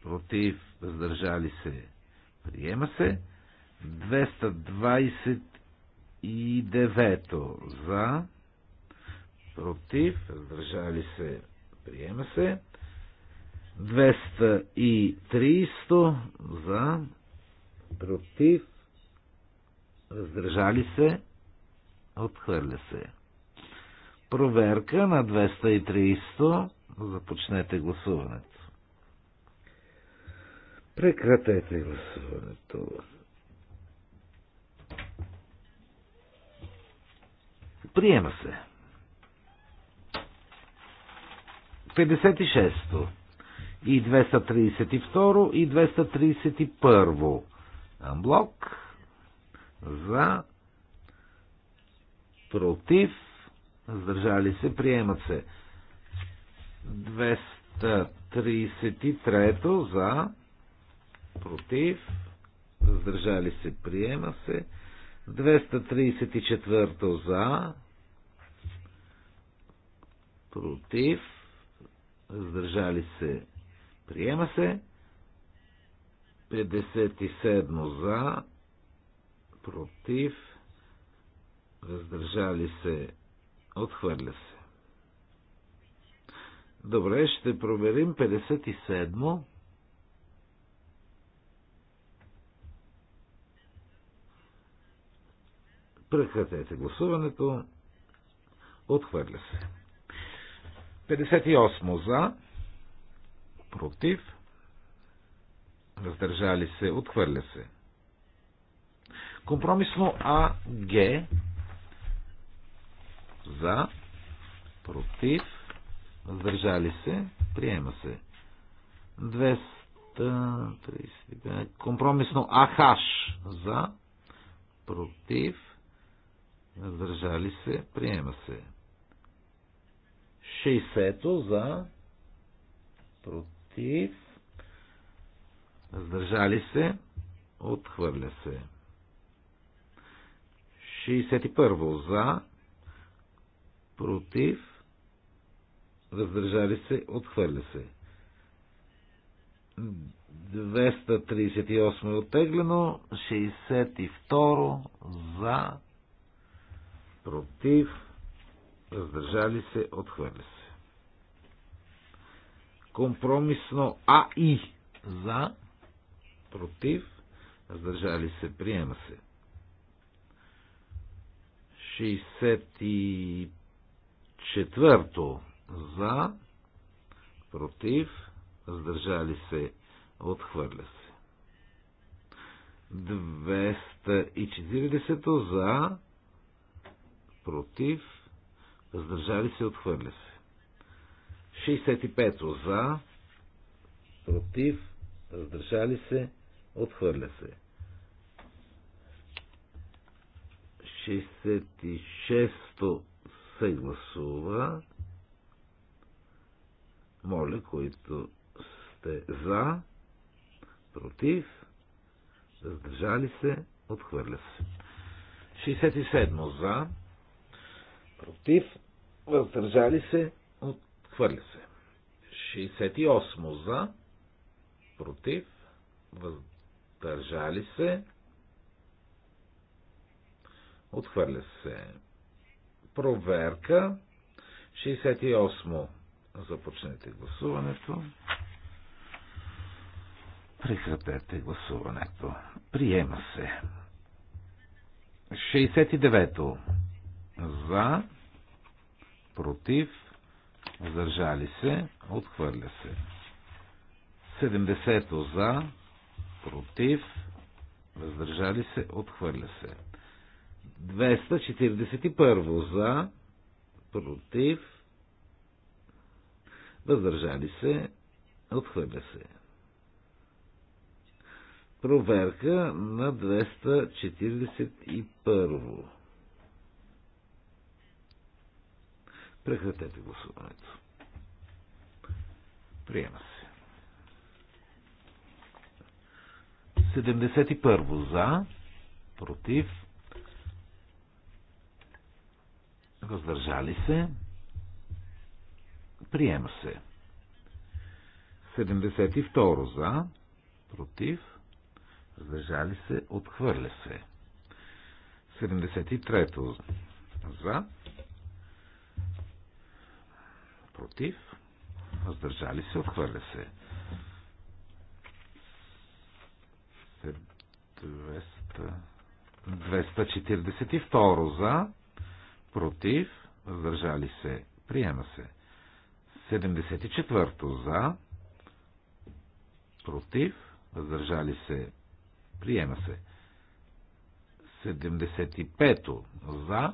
против, въздържали се, приема се. 229 за, против, въздържали се, приема се. 230 за, против, въздържали се, отхвърля се. Проверка на 230 започнете гласуването. Прекратете гласуването. Приема се. 56-то и 232 и 231 Амблок за против Сдържали се, приемат се. 233 за против, въздържали се, приема се. 234 за, против, въздържали се, приема се. 57 за, против, въздържали се, отхвърля се. Добре, ще проверим 57 Прекратете гласуването. Отхвърля се. 58 за, против, въздържали се, отхвърля се. Компромисно А, Г, за, против, въздържали се, приема се. 235. Компромисно АХ за, против, въздържали се, приема се. 60-то за против, въздържали се, отхвърля се. 61 за против, въздържали се, отхвърля се. 238 е оттеглено, 62 за против, въздържали се, отхвърля се. Компромисно А и за, против, въздържали се, приема се. 64 за, против, въздържали се, отхвърля се. 240 за, против, въздържали се, отхвърля се. 65 за, против, въздържали се, отхвърля се. 66-то се гласува. Моля, които сте за, против, въздържали се, отхвърля се. 67 за, против, въздържали се, отхвърля се. 68 за, против, въздържали се, отхвърля се. Проверка. 68 започнете гласуването. Прекратете гласуването. Приема се. 69-то за, против, въздържали се, отхвърля се. 70 за, против, въздържали се, отхвърля се. 241 за, против, въздържали се, отхвърля се. Проверка на 241. Прекратете гласуването. Приема се. 71 за, против, въздържали се, приема се. 72 за, против, въздържали се, отхвърля се. 73 за, против, въздържали се, отхвърля се. 242 за, против, въздържали се, приема се. 74 за, против, въздържали се, приема се. 75 за,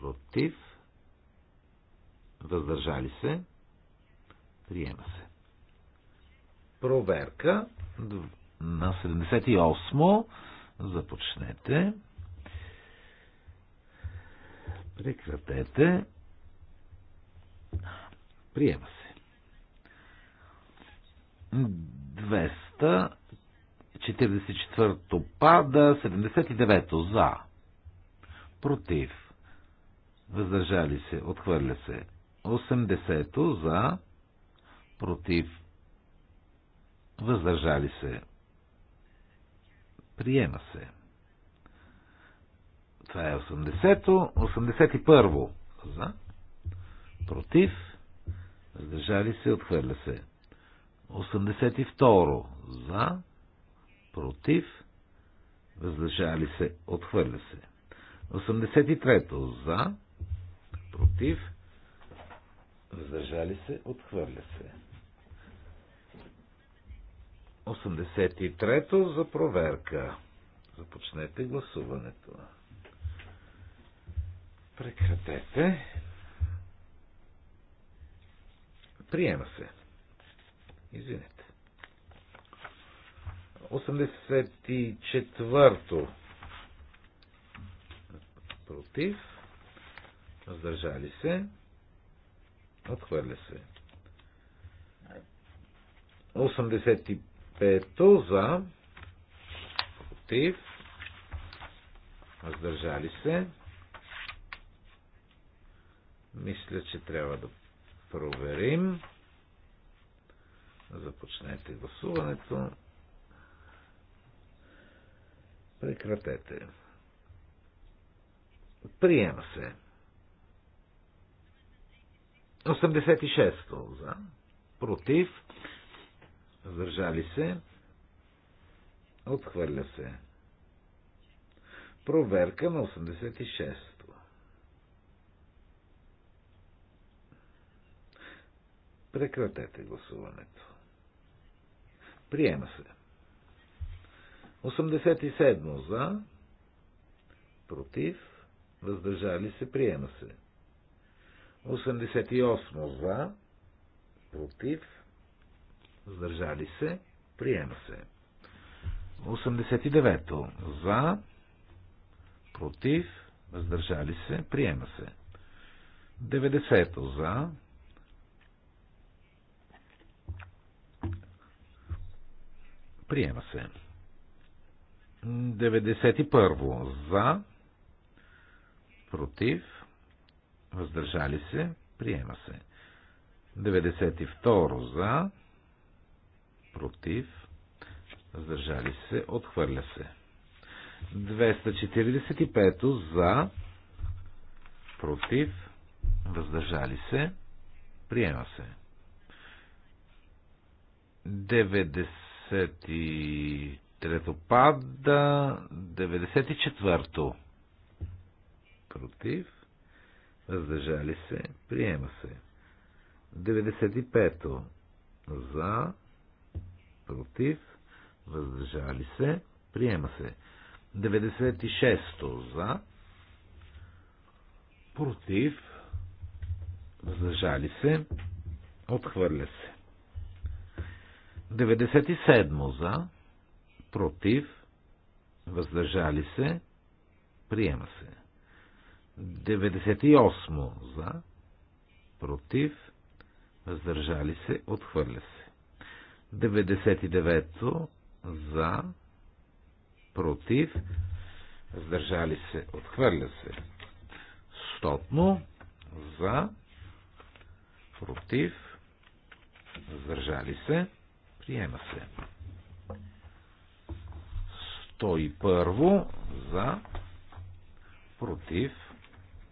против, въздържали се, приема се. Проверка на 78. Започнете. Прекратете. Приема се. 200. 44 пада, 79 за, против, въздържали се, отхвърля се. 80-то за, против, въздържали се, приема се. Това е 80-то, 81-во за, против, въздържали се, отхвърля се. 82 за, против, въздържали се, отхвърля се. 83 за, против, въздържали се, отхвърля се. 83-то за проверка. Започнете гласуването. Прекратете. Приема се. Извинете. 84-то против. Въздържали се. Отхвърля се. 85-то за. Против. Въздържали се. Мисля, че трябва да проверим. Започнете гласуването. Прекратете. Приема се. 86-то за. Против. Задържали се. Отхвърля се. Проверка на 86-то. Прекратете гласуването. Приема се. 87 за. Против. Въздържали се. Приема се. 88 за, против, въздържали се, приема се. 89 за, против, въздържали се, приема се. 90 за, приема се. 91 за, против, въздържали се, приема се. 92 за, против, въздържали се, отхвърля се. 245 за, против, въздържали се, приема се. 93-то пада, 94-то против, въздържали се, приема се. 95-то за, против, въздържали се, приема се. 96-то за, против, въздържали се, отхвърля се. 97 за, против, въздържали се, приема се. 98 за, против, въздържали се, отхвърля се. 99 за, против, въздържали се, отхвърля се. Стотно за, против, въздържали се, приема се. 101 за, против,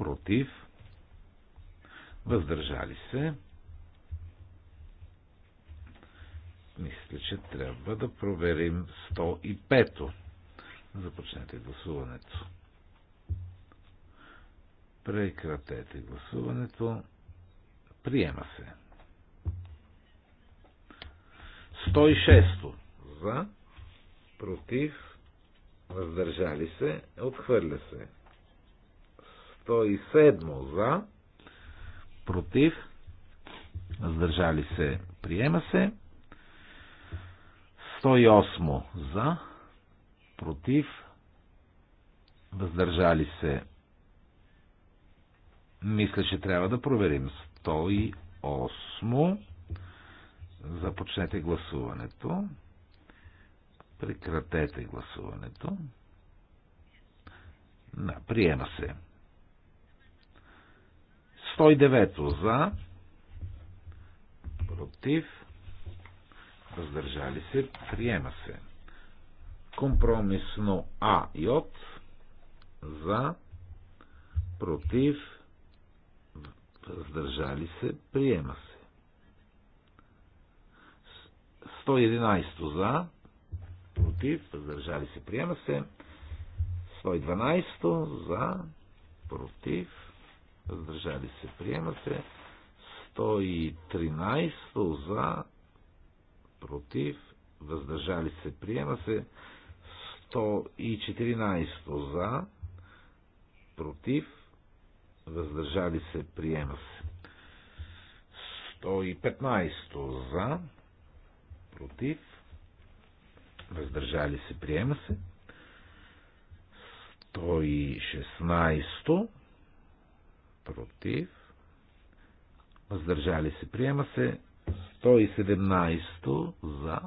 против, въздържали се. Мисля, че трябва да проверим 105-то. Започнете гласуването. Прекратете гласуването. Приема се. 106 За. Против. Въздържали се. Отхвърля се. 107 за, против, въздържали се, приема се. 108 за, против, въздържали се. Мисля, че трябва да проверим. 108. Започнете гласуването. Прекратете гласуването. Да, приема се. 109 за, против, въздържали се, приема се. Компромисно А и от, за, против, въздържали се, приема се. 111 за, против, въздържали се, приема се. 112 за, против, въздържали се, приема се. 113 за, против, въздържали се, приема се. 114 за, против, въздържали се, приема се. 115 за, против, въздържали се, приема се. 116 против, въздържали се. Приема се 117 за,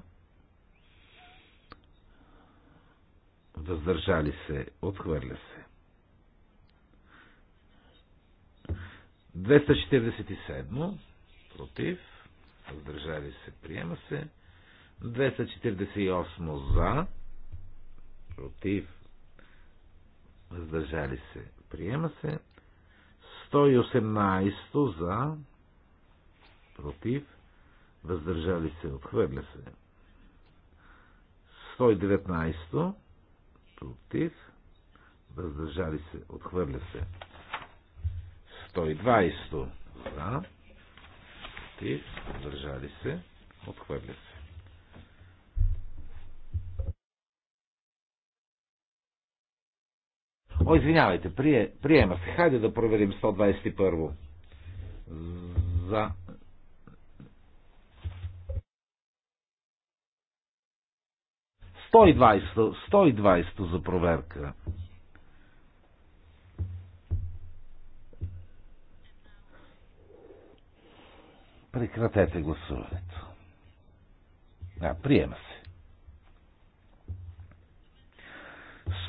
въздържали се, отхвърля се. 247 против, въздържали се, приема се. 248 за, против, въздържали се, приема се. 118 за, против, въздържали се, отхвърля се. 119 против, въздържали се, отхвърля се. 120 за, против, въздържали се, отхвърля се. О, извинявайте, прие, приема се. Хайде да проверим 121. За. Сто 120 за проверка. Прекратете гласуването. А, приема се.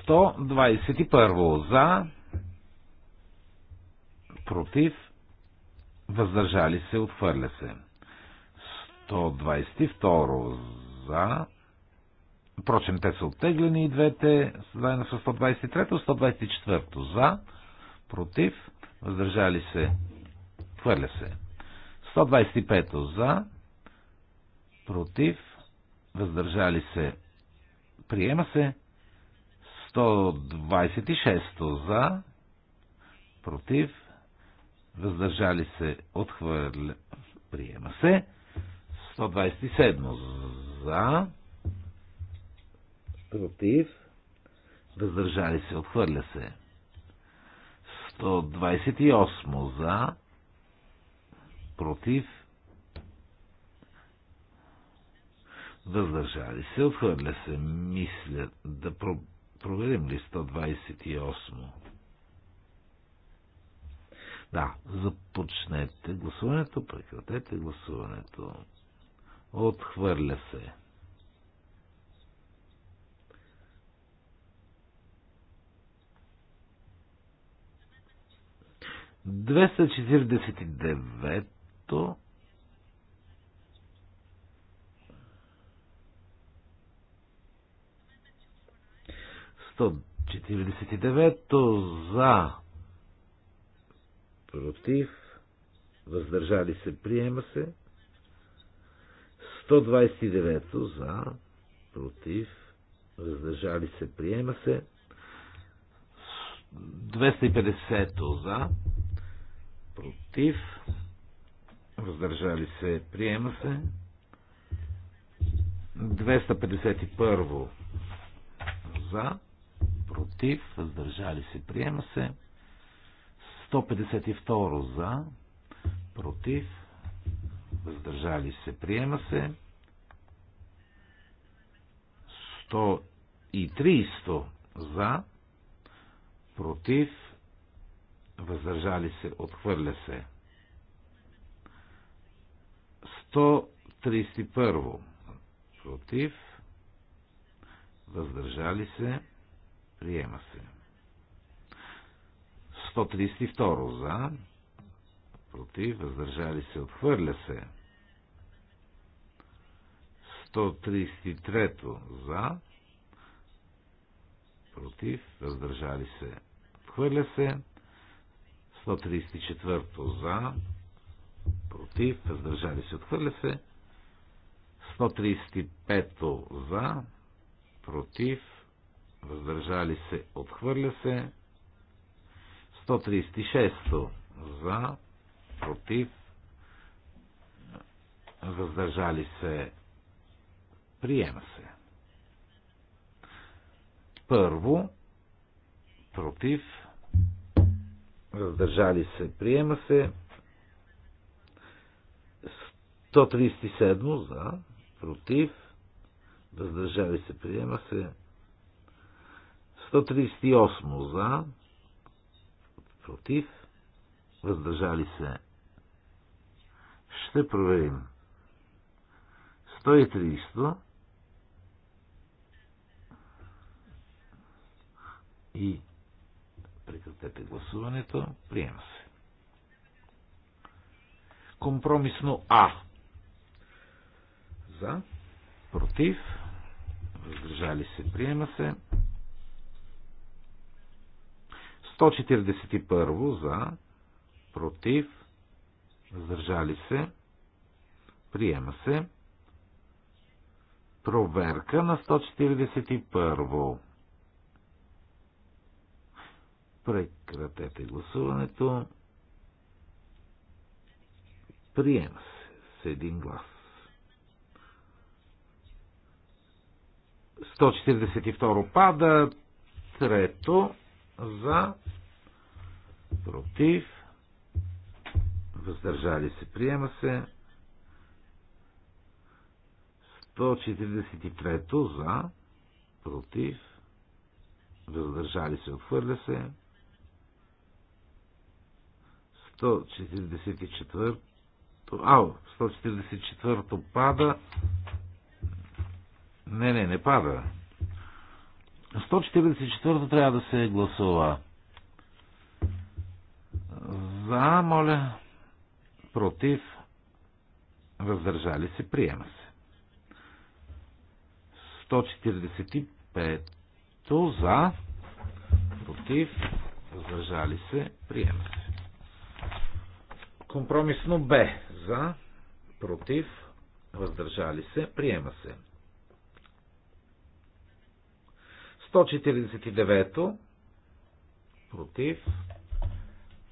121 за, против, въздържали се, отхвърля се. 122 за, Впрочем, те са оттеглени и двете, заедно с 123, 124 за, против, въздържали се, хвърля се. 125 за, против, въздържали се, приема се. 126 за, против, въздържали се, отхвърля, приема се. 127 за, против, въздържали се, отхвърля се. 128 за, против, въздържали се, отхвърля се, мисля да пробвам проверим ли 128? Да, започнете гласуването, прекратете гласуването. Отхвърля се. Двеста четиридесет и девето 149-то за, против, въздържали се, приема се. 129-то за, против, въздържали се, приема се. 250-то за, против, въздържали се, приема се. 251 за, против, въздържали се, приема се. 152 за, против, въздържали се, приема се. 130 за, против, въздържали се, отхвърля се. 131 против, въздържали се, Приема се. 132 за. Против. Въздържали се. Отхвърля се. 133 за. Против. Въздържали се. Отхвърля се. 134 за. Против. Въздържали се. Отхвърля се. 135 за. Против въздържали се, отхвърля се. 136 за, против, въздържали се, приема се. Първо, против, въздържали се, приема се. 137 за, против, въздържали се, приема се. 138 за, против, въздържали се. Ще проверим. 130 и прекратете гласуването. Приема се. Компромисно А. За, против, въздържали се, приема се. 141 за, против, въздържали се, приема се. Проверка на 141. Прекратете гласуването. Приема се с един глас. 142 пада. Трето за, против, въздържали се, приема се. 143-то за, против, въздържали се, отхвърля се. 144-то, ау, 144-то пада. Не, не, не пада. 144 трябва да се гласува. За, моля. Против. Въздържали се. Приема се. 145 за. Против. Въздържали се. Приема се. Компромисно Б. За. Против. Въздържали се. Приема се. 149 против,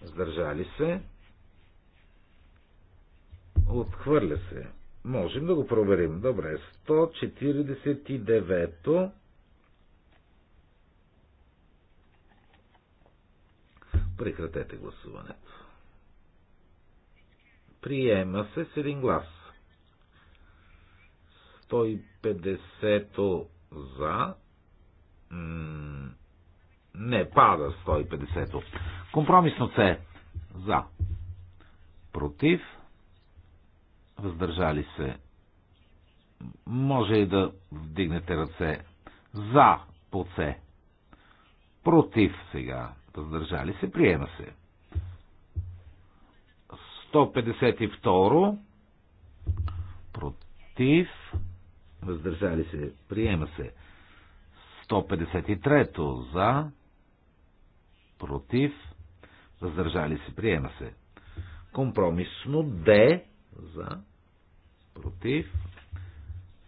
Сдържали се, отхвърля се. Можем да го проверим. Добре, 149 то Прекратете гласуването. Приема се с един глас. 150 за, не, пада 150-то. Компромисно це За. Против. Въздържали се. Може и да вдигнете ръце. За по С. Против сега. Въздържали се. Приема се. 152. Против. Въздържали се. Приема се. 153 за, против, въздържали се, приема се. Компромисно Д за, против,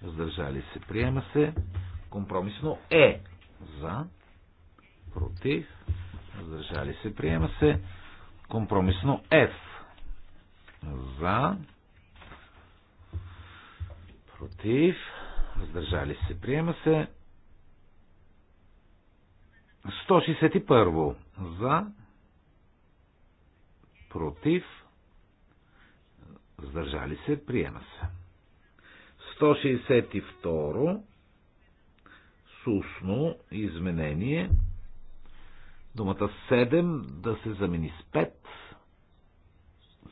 въздържали се, приема се. Компромисно Е за, против, въздържали се, приема се. Компромисно F за, против, въздържали се, приема се. 161 за, против, въздържали се, приема се. 162 Сусно изменение думата 7 да се замени с 5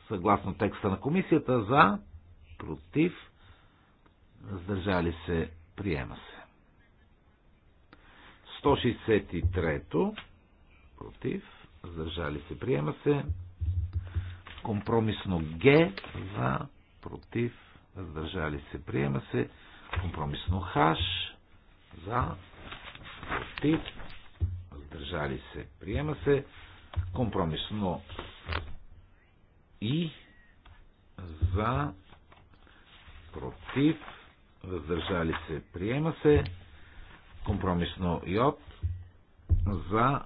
съгласно текста на комисията за, против, въздържали се, приема се. 163-то. Против. Въздържали се. Приема се. Компромисно Г. За. Против. Въздържали се. Приема се. Компромисно Х. За. Против. Въздържали се. Приема се. Компромисно И. За. Против въздържали се, приема се. Компромисно Йод. За.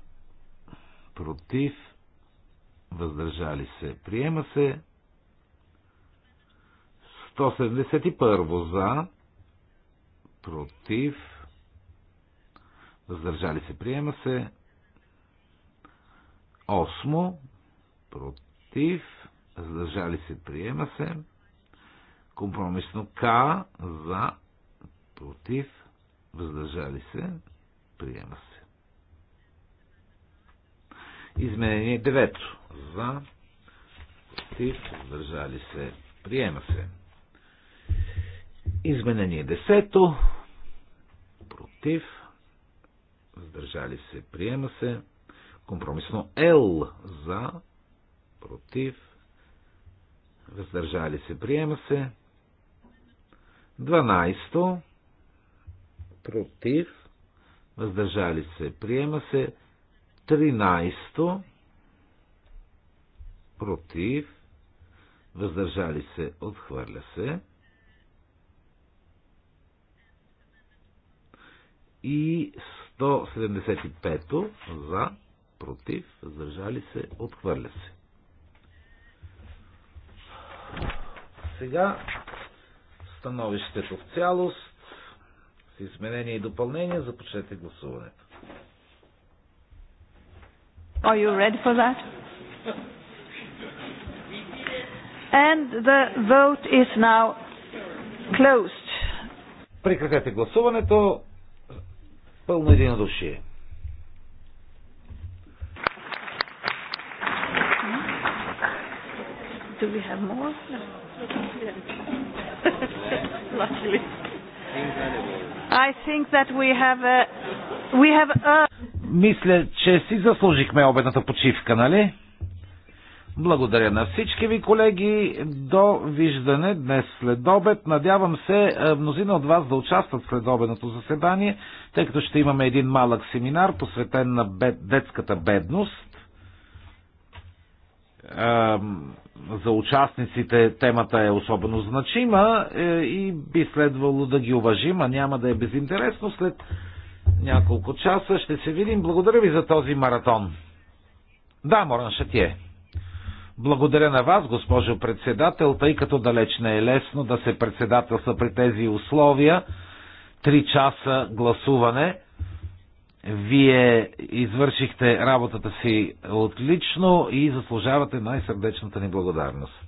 Против. Въздържали се. Приема се. 171 за. Против. Въздържали се. Приема се. 8. Против. Въздържали се. Приема се. Компромисно К. За. Против въздържали се, приема се. Изменение 9. За, против, въздържали се, приема се. Изменение 10. Против, въздържали се, приема се. Компромисно Л за, против, въздържали се, приема се. 12 против, въздържали се. Приема се 13 против, въздържали се, отхвърля се. И 175 за, против, въздържали се, отхвърля се. Сега становището в цялост с изменение и допълнение. Започнете гласуването. Are you ready for that? And the vote is now closed. Прекратете гласуването. Пълно единодушие. Do we have more? Luckily. Incredible. I think that we have a, we have a... Мисля, че си заслужихме обедната почивка, нали? Благодаря на всички ви колеги. До виждане днес след обед. Надявам се е, мнозина от вас да участват в следобедното заседание, тъй като ще имаме един малък семинар, посветен на бед... детската бедност за участниците темата е особено значима е, и би следвало да ги уважим, а няма да е безинтересно. След няколко часа ще се видим. Благодаря ви за този маратон. Да, Моран Шатие. Благодаря на вас, госпожо председател, тъй като далеч не е лесно да се председателства при тези условия. Три часа гласуване – вие извършихте работата си отлично и заслужавате най-сърдечната ни благодарност.